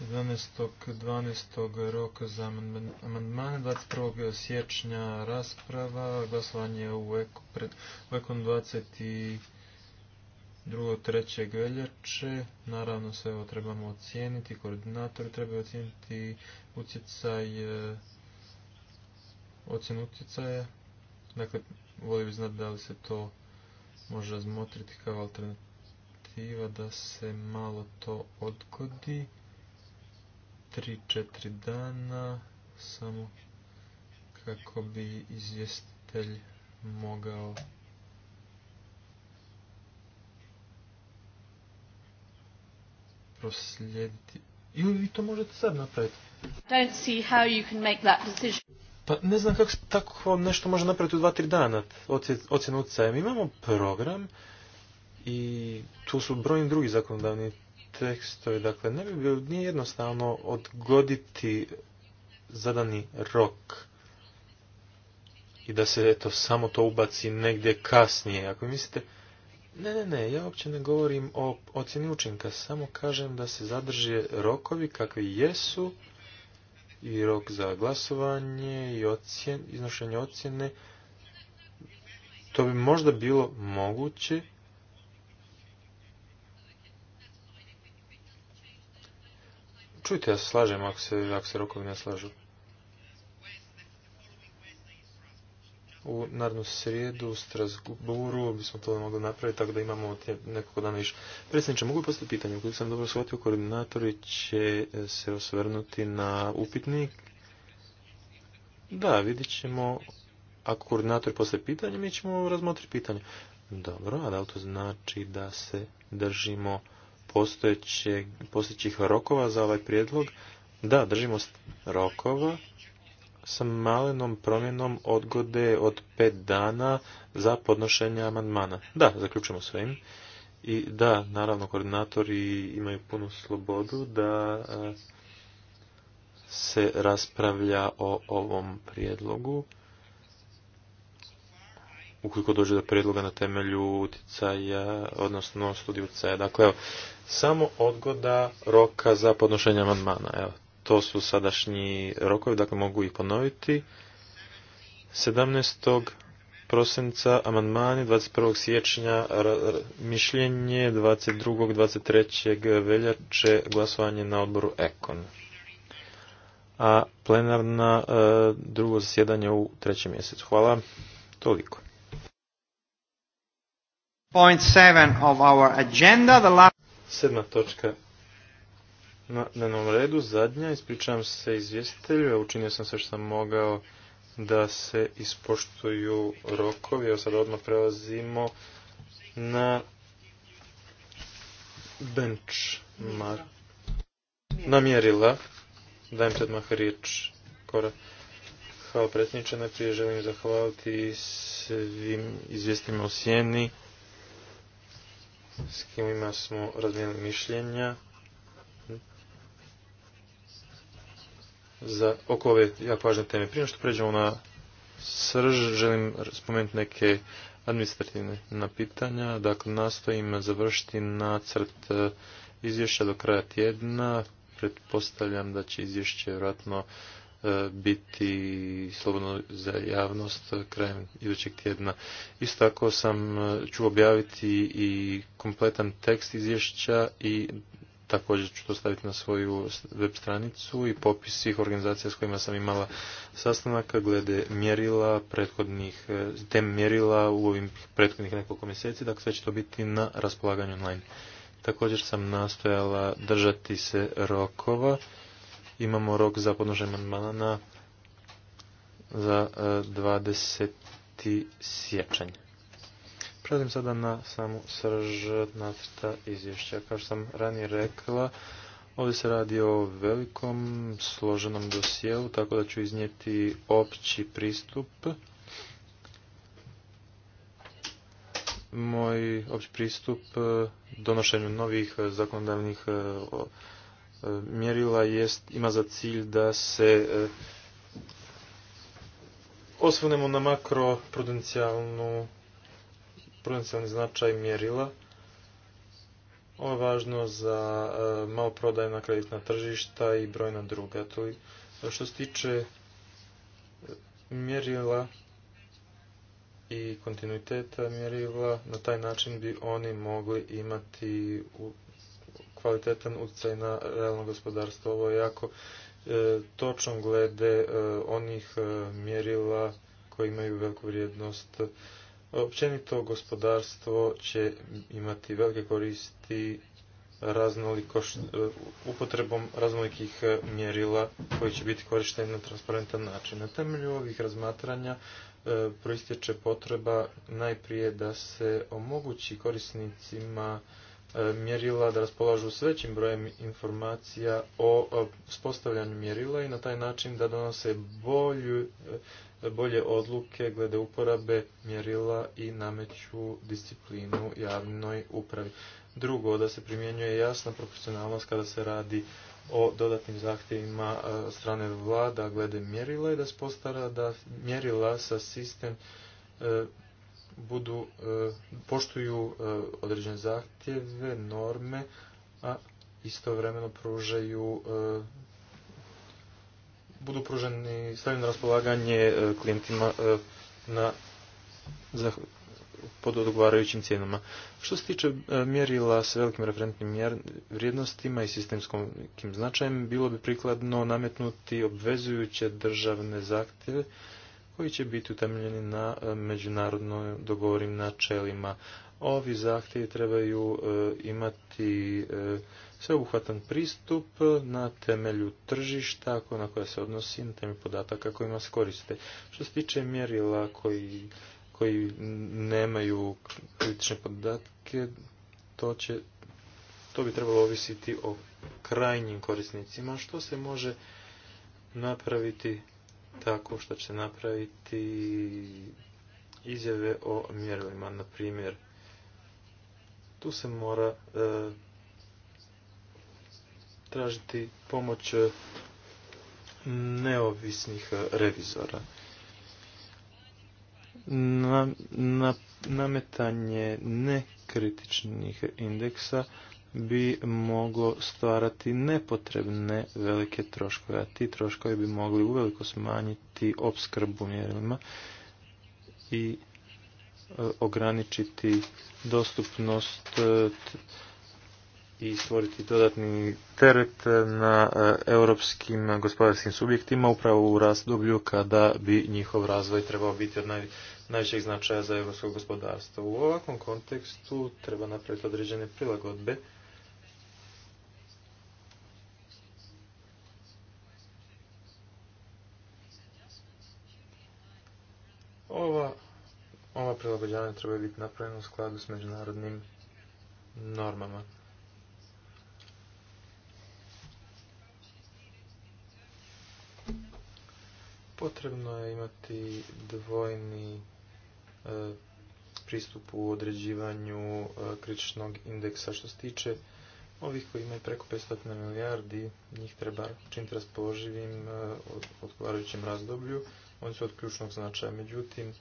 Imamo 11.12. rok za amandman, 21. siječnja rasprava, glasovanje u Ekon 20. 2.3. veljače. Naravno sve ovo trebamo ocijeniti, koordinatori treba ocijeniti utjecaj, e, ocjenu utjecaja. Dakle, volio bi znati da li se to može razmotriti kao alternativa da se malo to odgodi. 3-4 dana samo kako bi izvjestitelj mogao proslijediti. Ili vi to možete sad napraviti? Don't see how you can make that decision. Pa ne znam kako se tako nešto može napraviti u dva, tri dana, ocjenu utjecaja. Mi imamo program i tu su brojni drugi zakonodavni tekstovi. Dakle, ne bi bilo, nije jednostavno odgoditi zadani rok i da se eto, samo to ubaci negdje kasnije. Ako mislite ne, ne, ne, ja uopće ne govorim o ocjeni učinka, samo kažem da se zadrže rokovi kakvi jesu i rok za glasovanje i ocjen, iznošenje ocjene. To bi možda bilo moguće. Čujte, ja se slažem ako se, ako se rokovi ne slažu. u narednu srijedu u Strasburu bismo to mogli napraviti tako da imamo nekoliko dana više. Predsjedniče, mogu postaviti pitanje? Ukoliko sam dobro shvatio, koordinatori će e, se osvrnuti na upitnik. Da, vidjet ćemo. Ako koordinator postavi pitanje, mi ćemo razmotriti pitanje. Dobro, a da li to znači da se držimo postojećih rokova za ovaj prijedlog? Da, držimo rokova sa malenom promjenom odgode od pet dana za podnošenje amandmana. Da, zaključimo svojim. I da, naravno, koordinatori imaju punu slobodu da e, se raspravlja o ovom prijedlogu. Ukoliko dođe do prijedloga na temelju utjecaja, odnosno studiju C. Dakle, evo, samo odgoda roka za podnošenje amandmana. Evo, to su sadašnji rokovi, dakle mogu ih ponoviti. 17. prosinca amandmani, 21. siječnja mišljenje, 22. 23. veljače glasovanje na odboru Ekon. A plenarna e, drugo zasjedanje u trećem mjesecu. Hvala. Toliko. Point seven of our agenda, the last... Sedma točka na dnevnom redu. Zadnja, ispričavam se izvjestitelju, učinio sam sve što sam mogao da se ispoštuju rokovi. Evo sad odmah prelazimo na mark. Namjerila. Dajem se odmah riječ. Kora. Hvala predsjedniče. Najprije želim zahvaliti svim izvjestima u Sjeni s ima smo razmijenili mišljenja za, oko ove jako važne teme. Prije što pređemo na srž, želim spomenuti neke administrativne pitanja. Dakle, nastojim završiti nacrt e, izvješća do kraja tjedna. Pretpostavljam da će izvješće vjerojatno e, biti slobodno za javnost krajem idućeg tjedna. Isto tako sam e, ću objaviti i kompletan tekst izvješća i također ću to staviti na svoju web stranicu i popis svih organizacija s kojima sam imala sastanaka glede mjerila, prethodnih, e, tem mjerila u ovim prethodnih nekoliko mjeseci, dakle sve će to biti na raspolaganju online. Također sam nastojala držati se rokova. Imamo rok za podnoženje amandmana za 20. E, siječanj. Prelazim sada na samu srž nacrta izvješća. Kao što sam ranije rekla, ovdje se radi o velikom složenom dosijelu, tako da ću iznijeti opći pristup. Moj opći pristup donošenju novih zakonodavnih e, e, mjerila jest, ima za cilj da se e, osvrnemo na makroprudencijalnu prudencijalni značaj mjerila. Ovo je važno za e, na kreditna tržišta i brojna druga. To e, što se tiče e, mjerila i kontinuiteta mjerila, na taj način bi oni mogli imati kvalitetan utjecaj na realno gospodarstvo. Ovo je jako točno glede onih mjerila koji imaju veliku vrijednost Općenito gospodarstvo će imati velike koristi upotrebom raznolikih e, mjerila koji će biti korišteni na transparentan način. Na temelju ovih razmatranja e, proistječe potreba najprije da se omogući korisnicima e, mjerila da raspolažu s većim brojem informacija o, o spostavljanju mjerila i na taj način da donose bolju, bolje odluke glede uporabe mjerila i nameću disciplinu javnoj upravi. Drugo, da se primjenjuje jasna profesionalnost kada se radi o dodatnim zahtjevima strane vlada glede mjerila i da se postara da mjerila sa sistem e, budu, e, poštuju e, određene zahtjeve, norme, a istovremeno pružaju budu pruženi, stavljeni na raspolaganje e, klijentima e, na, za, pod odgovarajućim cijenama. Što se tiče e, mjerila s velikim referentnim vrijednostima i sistemskim značajem, bilo bi prikladno nametnuti obvezujuće državne zahtjeve koji će biti utemeljeni na međunarodnoj dogovorim načelima ovi zahtjevi trebaju e, imati e, sveobuhvatan pristup na temelju tržišta na koje se odnosi na temelju podataka kojima se koriste. Što se tiče mjerila koji, koji nemaju kritične podatke, to će to bi trebalo ovisiti o krajnjim korisnicima, što se može napraviti tako što će napraviti izjave o mjerilima, na primjer tu se mora e, tražiti pomoć e, neovisnih e, revizora. Na, nametanje nekritičnih indeksa bi moglo stvarati nepotrebne velike troškove, a ti troškovi bi mogli uveliko smanjiti opskrbu mjerima i ograničiti dostupnost e, i stvoriti dodatni teret na e, europskim gospodarskim subjektima upravo u razdoblju kada bi njihov razvoj trebao biti od najvećeg značaja za europsko gospodarstvo. U ovakvom kontekstu treba napraviti određene prilagodbe prilagođavanje treba biti napravljeno u skladu s međunarodnim normama. Potrebno je imati dvojni e, pristup u određivanju e, kritičnog indeksa. Što se tiče ovih koji imaju preko 500 milijardi, njih treba činiti raspoloživim e, odgovarajućem razdoblju. Oni su od ključnog značaja. Međutim,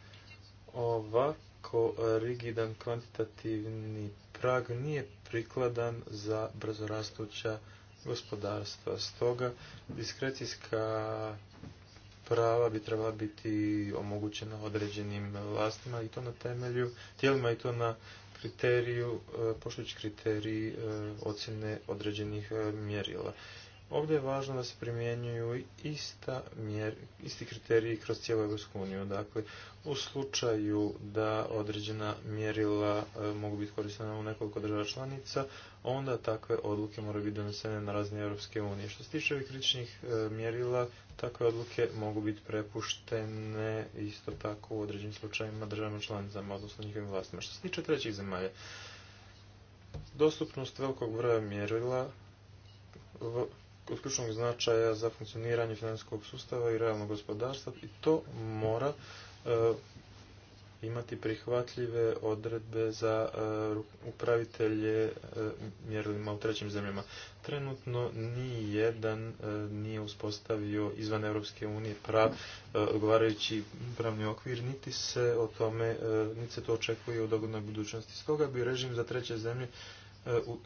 ovako rigidan kvantitativni prag nije prikladan za brzorastuća gospodarstva. Stoga diskrecijska prava bi trebala biti omogućena određenim vlastima i to na temelju tijelima i to na kriteriju, e, poštujući kriteriji e, ocjene određenih e, mjerila. Ovdje je važno da se primjenjuju ista isti kriteriji kroz cijelu Europsku uniju. Dakle, u slučaju da određena mjerila e, mogu biti korištena u nekoliko država članica, onda takve odluke moraju biti donesene na razne Europske unije. Što se tiče ovih kritičnih e, mjerila, takve odluke mogu biti prepuštene isto tako u određenim slučajima državama članicama, odnosno njihovim vlastima. Što se tiče trećih zemalja, dostupnost velikog broja mjerila od ključnog značaja za funkcioniranje financijskog sustava i realnog gospodarstva i to mora e, imati prihvatljive odredbe za e, upravitelje e, u trećim zemljama. Trenutno ni jedan nije uspostavio izvan Europske unije prav odgovarajući pravni okvir, niti se o tome, niti se to očekuje u dogodnoj budućnosti. Stoga bi režim za treće zemlje u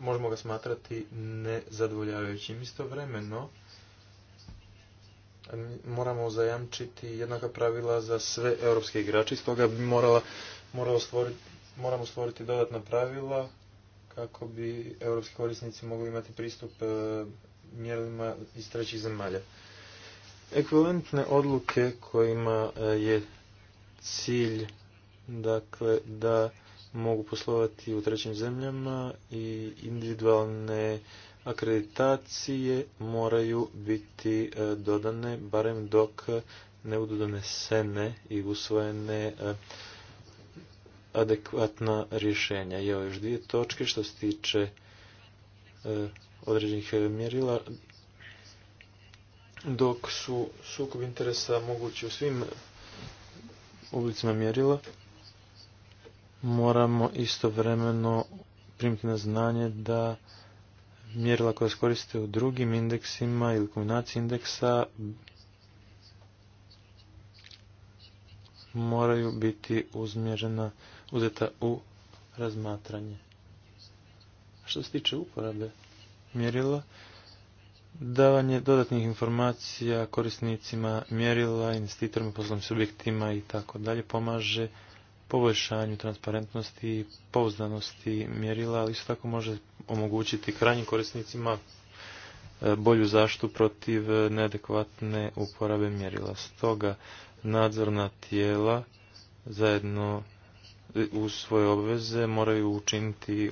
možemo ga smatrati nezadovoljavajućim. Istovremeno moramo zajamčiti jednaka pravila za sve europske igrače, stoga bi morala, stvoriti, moramo stvoriti dodatna pravila kako bi europski korisnici mogli imati pristup e, mjerilima iz trećih zemalja. Ekvivalentne odluke kojima e, je cilj dakle da mogu poslovati u trećim zemljama i individualne akreditacije moraju biti e, dodane barem dok ne budu donesene i usvojene e, adekvatna rješenja. I evo još dvije točke što se tiče e, određenih mjerila dok su sukob interesa mogući u svim oblicima mjerila moramo istovremeno primiti na znanje da mjerila koja se koriste u drugim indeksima ili kombinaciji indeksa moraju biti uzmjerena, uzeta u razmatranje. Što se tiče uporabe mjerila, davanje dodatnih informacija korisnicima mjerila, investitorima, poslovnim subjektima i tako dalje pomaže poboljšanju transparentnosti i pouzdanosti mjerila, ali isto tako može omogućiti krajnjim korisnicima e, bolju zaštitu protiv e, neadekvatne uporabe mjerila. Stoga nadzorna tijela zajedno e, u svoje obveze moraju učiniti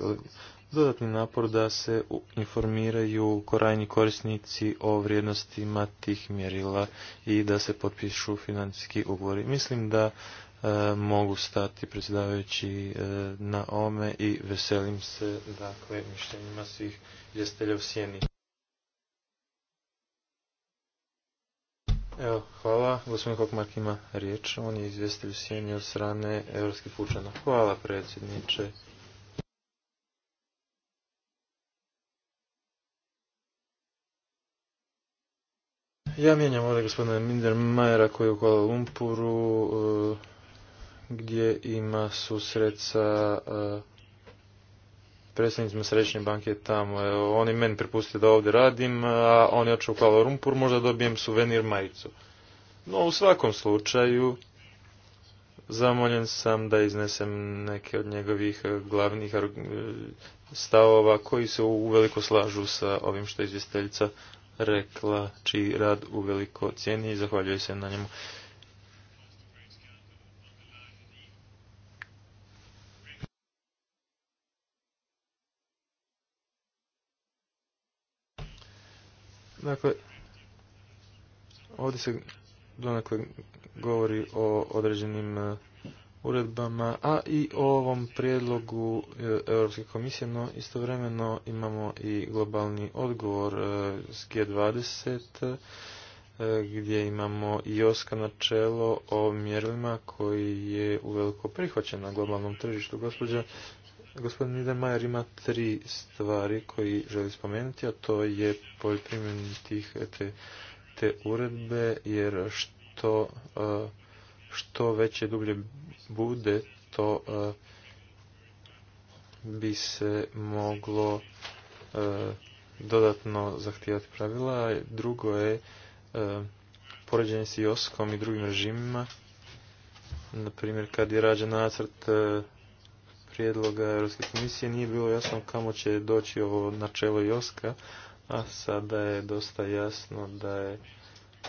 dodatni napor da se informiraju krajnji korisnici o vrijednostima tih mjerila i da se potpišu financijski ugovori. Mislim da E, mogu stati predsjedavajući e, na ome i veselim se dakle mišljenjima svih izvjestitelja u sjeni. Evo, hvala. Gospodin Kokmark ima riječ. On je izvjestitelj u sjeni od strane Europskih pučana. Hvala predsjedniče. Ja mijenjam ovdje gospodina Mindermajera koji je u Kuala Lumpuru. E, gdje ima susret sa e, predstavnicima Središnje banke tamo. oni meni prepustili da ovdje radim, a oni oču u Kuala Rumpur, možda dobijem suvenir majicu. No, u svakom slučaju, zamoljen sam da iznesem neke od njegovih glavnih e, stavova koji se uveliko slažu sa ovim što je izvjestiteljica rekla, čiji rad uveliko cijeni i zahvaljuje se na njemu. Dakle, ovdje se donakle govori o određenim e, uredbama, a i o ovom prijedlogu e, Europske komisije, no istovremeno imamo i globalni odgovor e, s G20, gdje imamo i oska načelo o mjerima koji je uveliko prihvaćen na globalnom tržištu. Gospođa Gospodin Niedermayer ima tri stvari koji želi spomenuti, a to je poljoprimjeni tih te, uredbe, jer što, e, što veće dublje bude, to e, bi se moglo e, dodatno zahtijevati pravila. Drugo je poređenje s joskom i drugim režimima. Naprimjer, kad je rađen nacrt prijedloga Europske komisije nije bilo jasno kamo će doći ovo načelo Joska, a sada je dosta jasno da je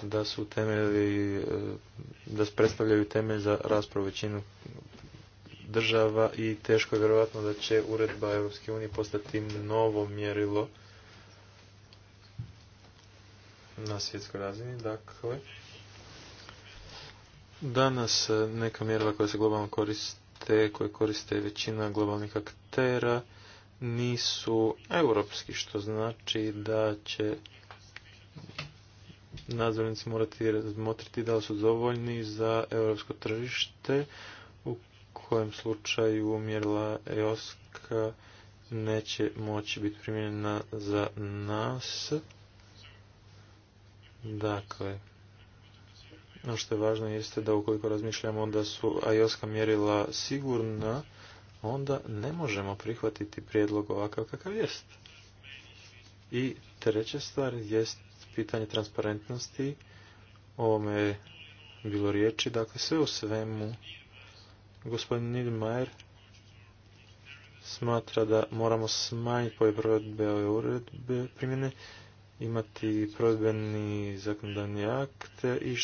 da su temelji, da predstavljaju temelj za raspravu većinu država i teško je vjerojatno da će uredba Europske unije postati novo mjerilo na svjetskoj razini. Dakle, danas neka mjerila koja se globalno koriste te koje koriste većina globalnih aktera nisu europski, što znači da će nadzornici morati razmotriti da li su dovoljni za europsko tržište, u kojem slučaju mjerila EOSKA neće moći biti primijenjena za nas. Dakle, ono što je važno jeste da ukoliko razmišljamo da su IOSKA mjerila sigurna, onda ne možemo prihvatiti prijedlog ovakav kakav jest. I treća stvar jest pitanje transparentnosti. Ovome je bilo riječi. Dakle, sve u svemu, gospodin Nidmajer smatra da moramo smanjiti poje provedbe ove uredbe primjene imati provedbeni zakonodavni akt i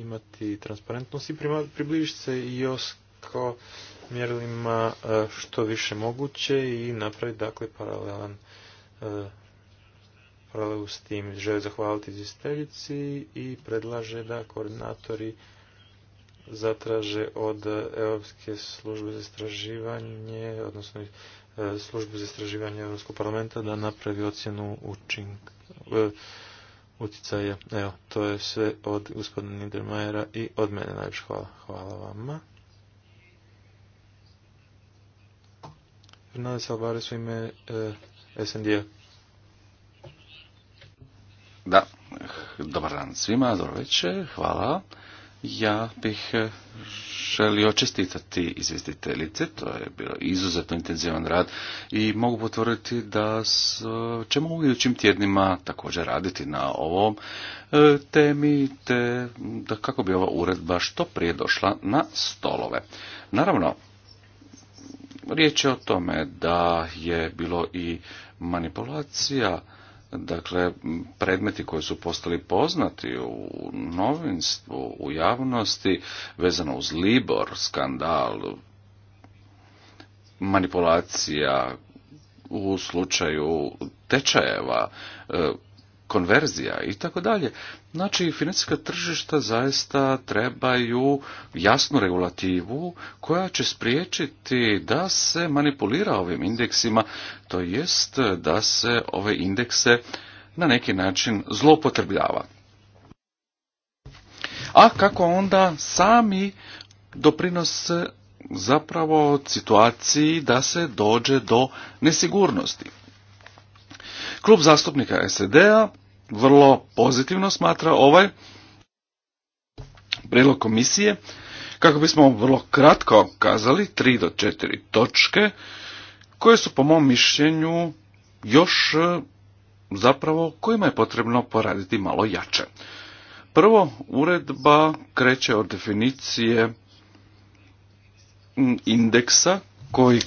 imati transparentnost i približiti se i osko mjerilima e, što više moguće i napraviti dakle paralelan e, paralelu s tim žele zahvaliti izvjestiteljici i predlaže da koordinatori zatraže od Europske službe za istraživanje, odnosno E, službu za istraživanje Europskog parlamenta da napravi ocjenu učinka e, utjecaja. Evo, to je sve od gospodina Niedermayera i od mene najviše hvala. Hvala vama. Fernandez Alvarez u ime e, snd Da, dobar dan svima, dobro večer, hvala. Ja bih eh, želio čestitati izvjestiteljice, to je bilo izuzetno intenzivan rad i mogu potvrditi da eh, ćemo u idućim tjednima također raditi na ovom eh, temi, te da kako bi ova uredba što prije došla na stolove. Naravno, riječ je o tome da je bilo i manipulacija Dakle, predmeti koji su postali poznati u novinstvu, u javnosti, vezano uz Libor, skandal, manipulacija u slučaju tečajeva, e, konverzija i tako dalje. Znači, financijska tržišta zaista trebaju jasnu regulativu koja će spriječiti da se manipulira ovim indeksima, to jest da se ove indekse na neki način zlopotrebljava. A kako onda sami doprinos zapravo situaciji da se dođe do nesigurnosti. Klub zastupnika SED-a vrlo pozitivno smatra ovaj prijedlog komisije kako bismo vrlo kratko kazali 3 do 4 točke koje su po mom mišljenju još e, zapravo kojima je potrebno poraditi malo jače. Prvo, uredba kreće od definicije indeksa koji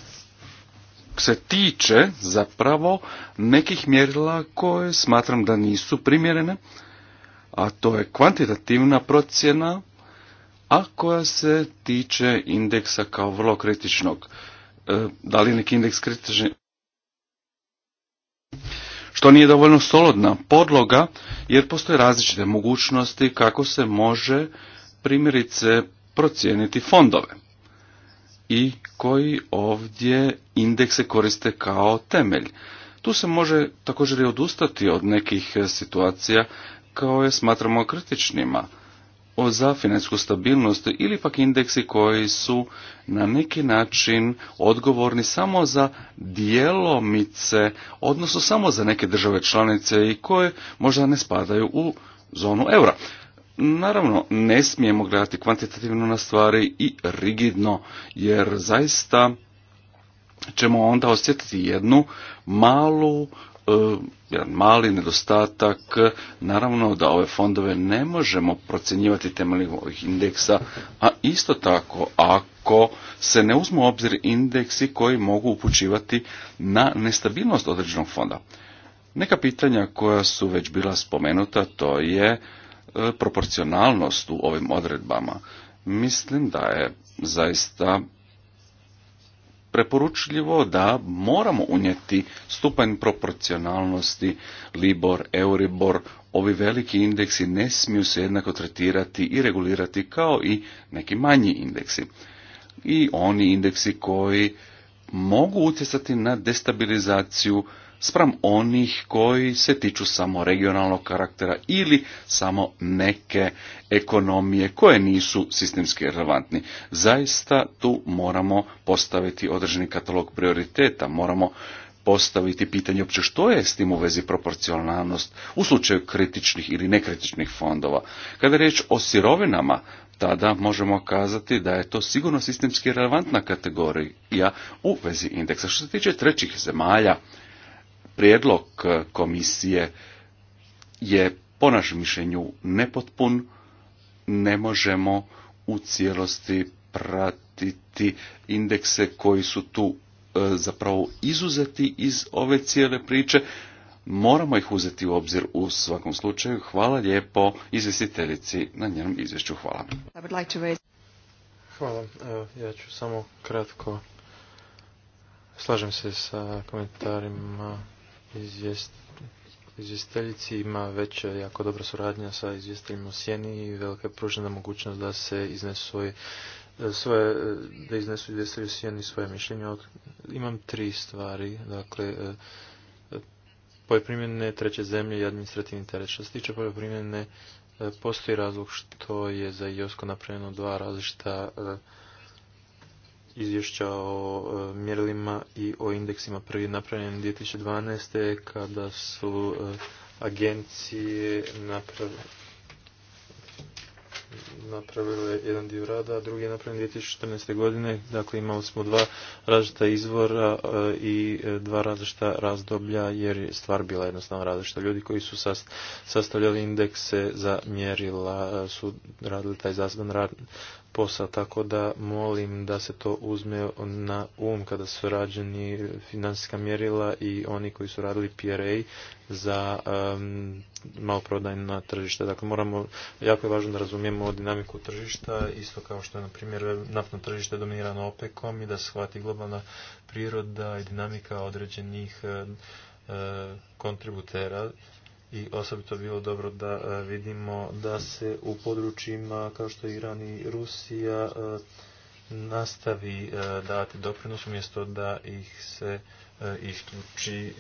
se tiče zapravo nekih mjerila koje smatram da nisu primjerene, a to je kvantitativna procjena, a koja se tiče indeksa kao vrlo kritičnog. E, da li neki indeks kritični? Što nije dovoljno solodna podloga, jer postoje različite mogućnosti kako se može primjerice procijeniti fondove i koji ovdje indekse koriste kao temelj. Tu se može također i odustati od nekih e, situacija kao je smatramo kritičnima za financijsku stabilnost ili pak indeksi koji su na neki način odgovorni samo za dijelomice, odnosno samo za neke države članice i koje možda ne spadaju u zonu eura. Naravno, ne smijemo gledati kvantitativno na stvari i rigidno, jer zaista ćemo onda osjetiti jednu malu e, jedan mali nedostatak, naravno da ove fondove ne možemo procjenjivati temeljem ovih indeksa, a isto tako ako se ne uzmu u obzir indeksi koji mogu upućivati na nestabilnost određenog fonda. Neka pitanja koja su već bila spomenuta, to je E, proporcionalnost u ovim odredbama. Mislim da je zaista preporučljivo da moramo unijeti stupanj proporcionalnosti Libor, Euribor, ovi veliki indeksi ne smiju se jednako tretirati i regulirati kao i neki manji indeksi. I oni indeksi koji mogu utjecati na destabilizaciju spram onih koji se tiču samo regionalnog karaktera ili samo neke ekonomije koje nisu sistemski relevantni. Zaista tu moramo postaviti određeni katalog prioriteta, moramo postaviti pitanje uopće što je s tim u vezi proporcionalnost u slučaju kritičnih ili nekritičnih fondova. Kada je riječ o sirovinama, tada možemo kazati da je to sigurno sistemski relevantna kategorija u vezi indeksa. Što se tiče trećih zemalja, prijedlog komisije je po našem mišljenju nepotpun, ne možemo u cijelosti pratiti indekse koji su tu e, zapravo izuzeti iz ove cijele priče. Moramo ih uzeti u obzir u svakom slučaju. Hvala lijepo izvjestiteljici na njenom izvješću. Hvala. Hvala. E, ja ću samo kratko slažem se sa komentarima izvjestiteljici ima već jako dobra suradnja sa izvjestiteljima u Sjeni i velika je pružena mogućnost da se iznesu svoje, svoje da iznesu izvjestitelji u Sjeni svoje mišljenje. Imam tri stvari, dakle, e, poljoprivredne treće zemlje i administrativni teret. Što se tiče poljoprivredne, e, postoji razlog što je za IOSKO napravljeno dva različita e, izvješća o e, mjerilima i o indeksima prvi napravljen 2012. kada su e, agencije napravile jedan dio rada, a drugi je napravljen 2014. godine. Dakle, imali smo dva različita izvora e, i dva različita razdoblja, jer je stvar bila jednostavno različita. Ljudi koji su sastavljali indekse za mjerila su radili taj zasban rad posa. tako da molim da se to uzme na um kada su rađeni financijska mjerila i oni koji su radili PRA za um, maloprodajna tržišta. Dakle, moramo, jako je važno da razumijemo dinamiku tržišta, isto kao što je, na primjer, naftno tržište dominirano OPEC-om i da se shvati globalna priroda i dinamika određenih e, e, kontributera i osobito bilo dobro da e, vidimo da se u područjima kao što je Iran i Rusija e, nastavi e, dati doprinos umjesto da ih se isključi.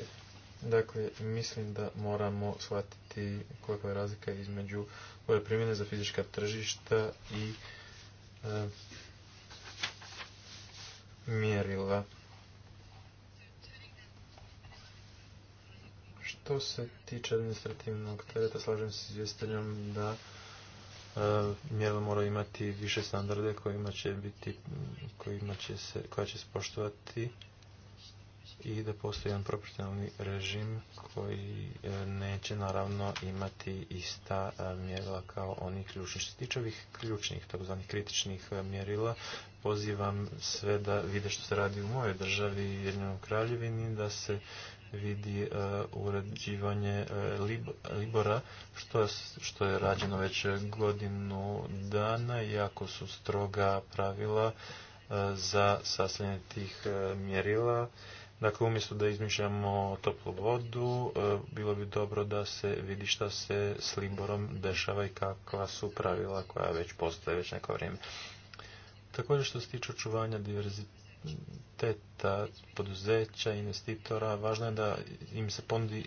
Dakle, mislim da moramo shvatiti kakva je razlika između ove primjene za fizička tržišta i mjerila Što se tiče administrativnog tereta, slažem se s izvjestanjem da e, mjerila mora imati više standarde kojima će biti, se, koja će se poštovati i da postoji jedan proporcionalni režim koji e, neće naravno imati ista e, mjerila kao onih ključnih. Što se tiče ovih ključnih, takozvanih kritičnih mjerila, pozivam sve da vide što se radi u mojoj državi i jednom kraljevini, da se vidi e, uređivanje e, Libora, što je, što je rađeno već godinu dana, jako su stroga pravila e, za sastavljanje tih mjerila. Dakle, umjesto da izmišljamo toplu vodu, bilo bi dobro da se vidi šta se s Liborom dešava i kakva su pravila koja već postoje već neko vrijeme. Također što se tiče očuvanja diverziteta, Teta poduzeća, investitora, važno je da im se ponudi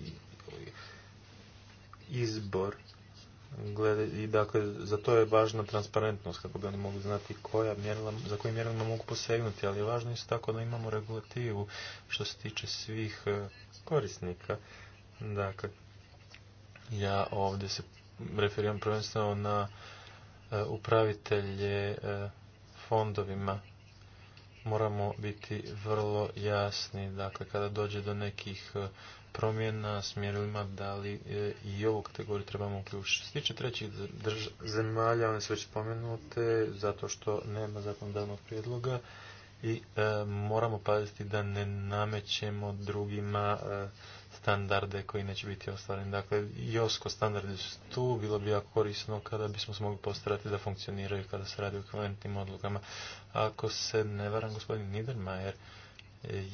izbor i dakle za to je važna transparentnost kako bi oni mogli znati koja mjerila, za kojim mjerilima mogu posegnuti, ali je važno isto tako da imamo regulativu što se tiče svih e, korisnika. Dakle, ja ovdje se referiram prvenstveno na e, upravitelje e, fondovima moramo biti vrlo jasni. Dakle, kada dođe do nekih e, promjena s da li e, i ovu kategoriju trebamo uključiti. Što se tiče trećih zemalja, one su već spomenute, zato što nema zakonodavnog prijedloga i e, moramo paziti da ne namećemo drugima e, standarde koji neće biti ostvareni. Dakle, Josko standardi su tu, bilo bi jako korisno kada bismo se mogli postarati da funkcioniraju kada se radi o kvalitnim odlukama. Ako se ne varam, gospodin Niedermayer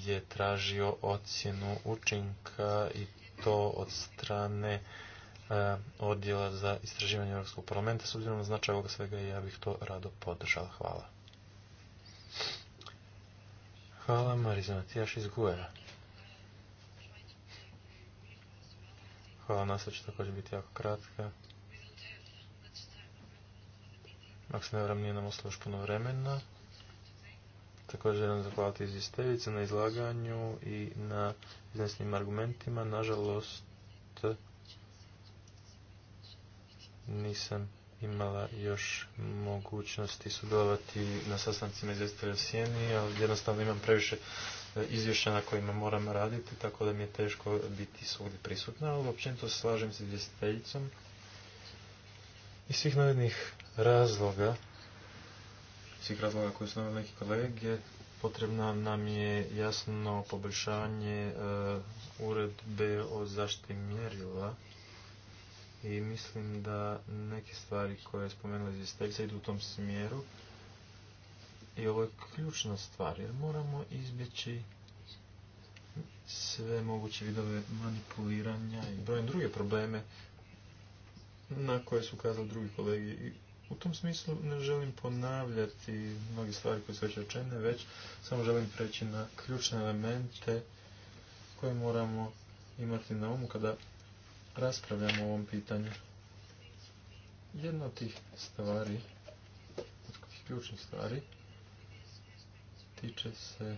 je tražio ocjenu učinka i to od strane e, odjela za istraživanje Europskog parlamenta. S obzirom na značaj ovoga svega ja bih to rado podržao. Hvala. Hvala Marisa Matijaš iz Guera. Hvala, nasa, će također biti jako kratka. Ako se ne vram, nije nam ostalo još puno vremena. Također želim zahvaliti izvjestevice na izlaganju i na iznesenim argumentima. Nažalost, nisam imala još mogućnosti sudjelovati na sastancima izvjestitelja Sjeni, ali jednostavno imam previše e, izvješća na kojima moram raditi, tako da mi je teško biti svugdje prisutna, ali općenito se slažem s izvjestiteljicom. Iz svih navednih razloga, svih razloga koje su naveli neki kolege, potrebna nam je jasno poboljšanje e, uredbe o zaštiti mjerila i mislim da neke stvari koje je spomenula izvjestiteljica idu u tom smjeru i ovo je ključna stvar jer moramo izbjeći sve moguće vidove manipuliranja i brojne druge probleme na koje su ukazali drugi kolegi. I u tom smislu ne želim ponavljati mnoge stvari koje su već rečene, već samo želim preći na ključne elemente koje moramo imati na umu kada raspravljamo o ovom pitanju. Jedna od tih stvari, od tih ključnih stvari, tiče se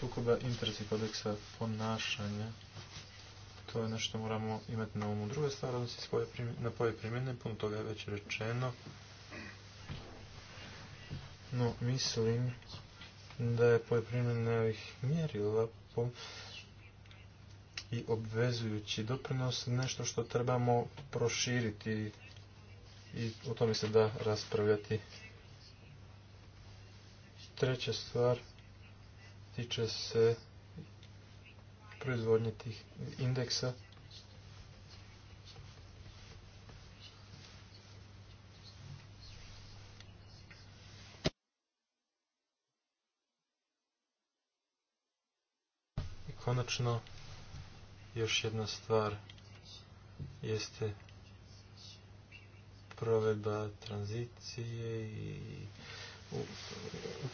sukoba i kodeksa ponašanja. To je nešto moramo imati na umu. Druga stvar odnosi na poje primjene, puno toga je već rečeno. No, mislim da je na ovih mjerila i obvezujući doprinos nešto što trebamo proširiti i o tome se da raspravljati. Treća stvar tiče se proizvodnje tih indeksa konačno, još jedna stvar jeste provedba tranzicije i u,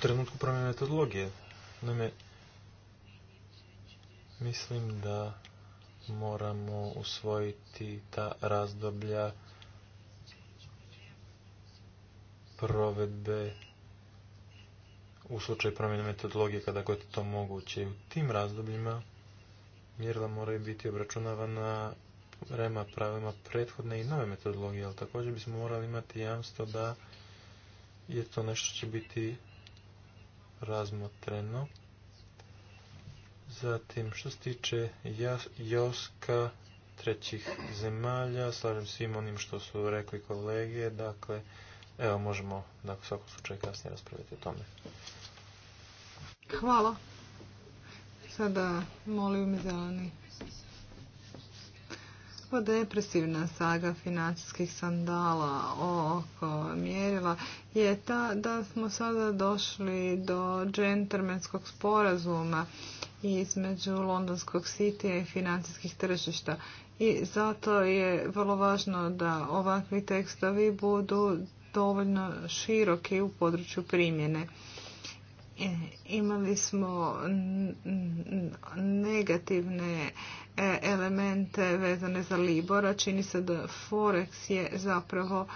trenutku promjene metodologije. Naime, mislim da moramo usvojiti ta razdoblja provedbe u slučaju promjene metodologije kada god je to moguće. U tim razdobljima mjerila moraju biti obračunavana prema pravima prethodne i nove metodologije, ali također bismo morali imati jamstvo da je to nešto će biti razmotreno. Zatim, što se tiče Joska trećih zemalja, slažem svim onim što su rekli kolege, dakle, Evo, možemo nakon dakle, u svakom slučaju kasnije raspraviti o tome. Hvala. Sada molim zeleni. O, pa depresivna saga financijskih sandala oko mjerila je ta da smo sada došli do džentermenskog sporazuma između londonskog sitija i financijskih tržišta. I zato je vrlo važno da ovakvi tekstovi budu dovoljno široki u području primjene. E, imali smo negativne e, elemente vezane za Libora. Čini se da Forex je zapravo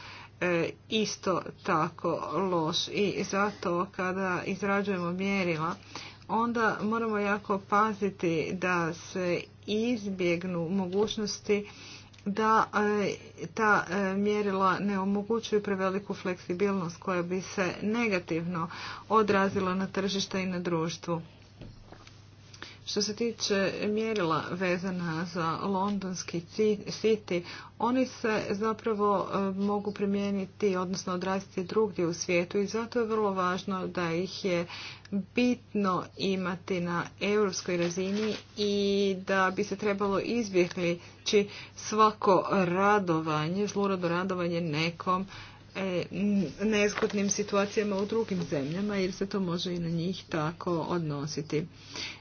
e, isto tako loš i zato kada izrađujemo mjerila onda moramo jako paziti da se izbjegnu mogućnosti da e, ta e, mjerila ne omogućuju preveliku fleksibilnost koja bi se negativno odrazila na tržište i na društvu. Što se tiče mjerila vezana za londonski city, oni se zapravo e, mogu primijeniti, odnosno odraziti drugdje u svijetu i zato je vrlo važno da ih je bitno imati na europskoj razini i da bi se trebalo izbjeglići svako radovanje, zlurado radovanje nekom E, nezgodnim situacijama u drugim zemljama jer se to može i na njih tako odnositi.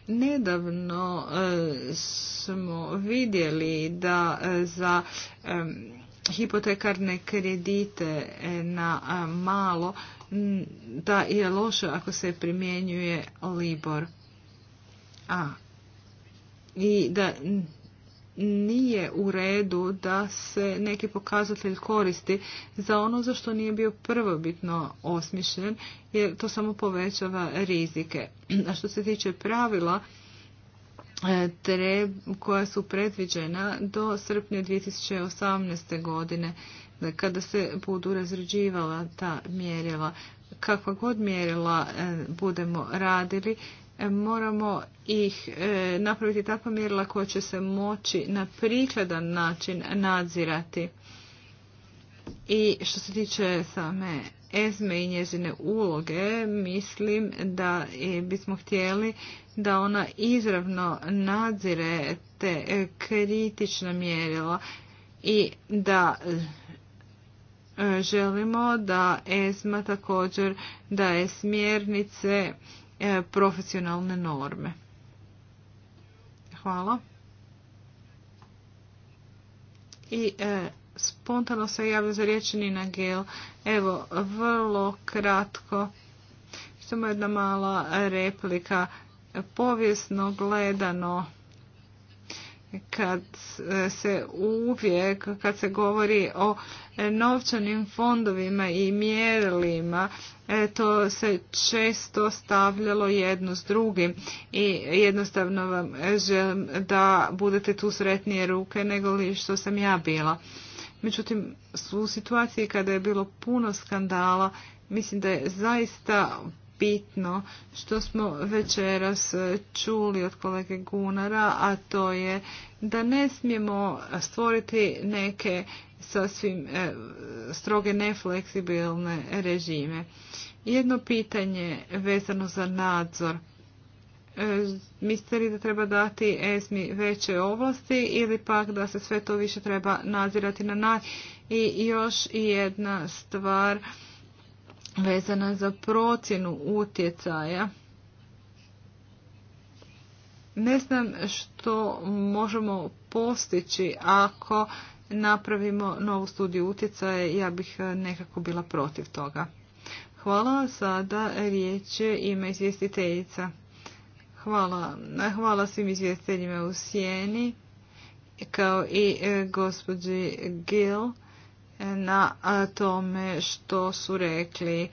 Nedavno e, smo vidjeli da e, za hipotekarne kredite na malo da je loše ako se primjenjuje Libor. A, I da nije u redu da se neki pokazatelj koristi za ono za što nije bio prvobitno osmišljen, jer to samo povećava rizike. A što se tiče pravila e, tre, koja su predviđena do srpnja 2018. godine, kada se budu razređivala ta mjerila, kakva god mjerila e, budemo radili, E, moramo ih e, napraviti takva mjerila koja će se moći na prikladan način nadzirati. I što se tiče same Ezme i njezine uloge, mislim da e, bismo htjeli da ona izravno nadzire te kritična mjerila i da želimo da Ezma također daje smjernice E, profesionalne norme. Hvala. I e, spontano se javio za riječ Nina Gel. Evo, vrlo kratko. Samo jedna mala replika. Povijesno gledano, kad se uvijek kad se govori o novčanim fondovima i mjerilima e, to se često stavljalo jedno s drugim i jednostavno vam želim da budete tu sretnije ruke nego li što sam ja bila. Međutim, u situaciji kada je bilo puno skandala, mislim da je zaista bitno što smo večeras e, čuli od kolege Gunara, a to je da ne smijemo stvoriti neke sasvim e, stroge nefleksibilne režime. Jedno pitanje vezano za nadzor. E, mislite li da treba dati ESMI veće ovlasti ili pak da se sve to više treba nadzirati na nadzor. I još jedna stvar vezana za procjenu utjecaja. Ne znam što možemo postići ako napravimo novu studiju utjecaja, ja bih nekako bila protiv toga. Hvala sada riječ ima izvjestiteljica. Hvala. Hvala svim izvjestiteljima u Sjeni kao i e, gospođi Gill na tome što su rekli.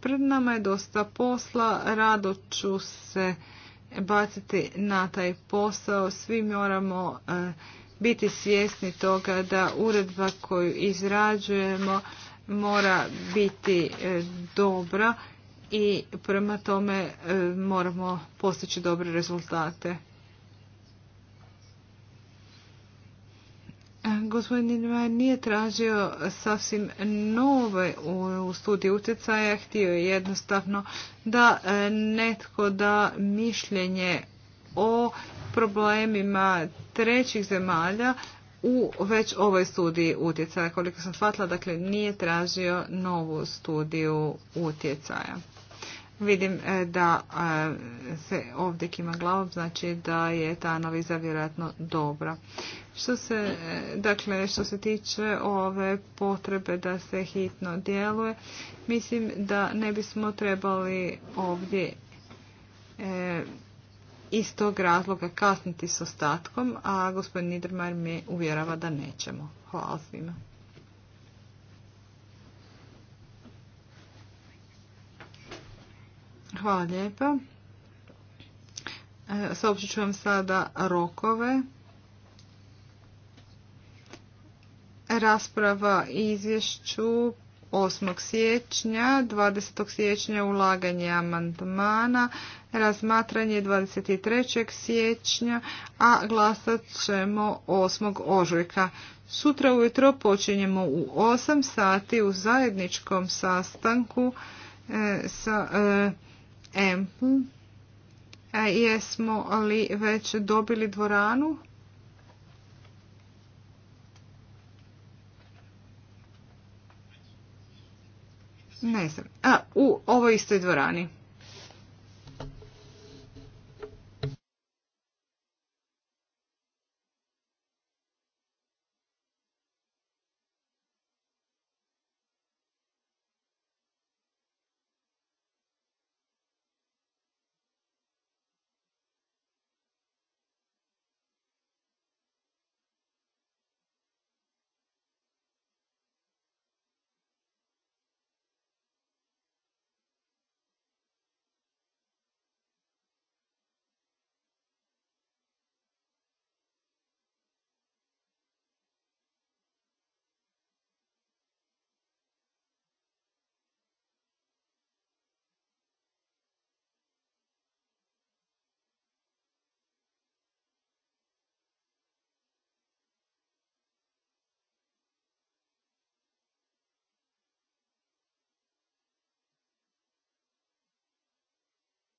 Pred nama je dosta posla, rado ću se baciti na taj posao. Svi moramo biti svjesni toga da uredba koju izrađujemo mora biti e, dobra i prema tome e, moramo postići dobre rezultate. Gospodin Van nije tražio sasvim nove u studiju utjecaja, htio je jednostavno da e, netko da mišljenje o problemima trećih zemalja u već ovoj studiji utjecaja. Koliko sam shvatila, dakle nije tražio novu studiju utjecaja. Vidim e, da e, se ovdje kima glavom, znači da je ta analiza vjerojatno dobra. Što se, e, dakle, što se tiče ove potrebe da se hitno djeluje, mislim da ne bismo trebali ovdje e, iz tog razloga kasniti s ostatkom, a gospodin Niedermayer me uvjerava da nećemo. Hvala svima. Hvala lijepa. E, saopćit ću vam sada rokove. Rasprava izvješću 8. siječnja, 20. siječnja ulaganje amandmana, razmatranje 23. siječnja, a glasat ćemo 8. ožujka. Sutra ujutro počinjemo u 8 sati u zajedničkom sastanku e, sa... E, empu Jesmo li već dobili dvoranu? Ne znam. A, u ovoj istoj dvorani.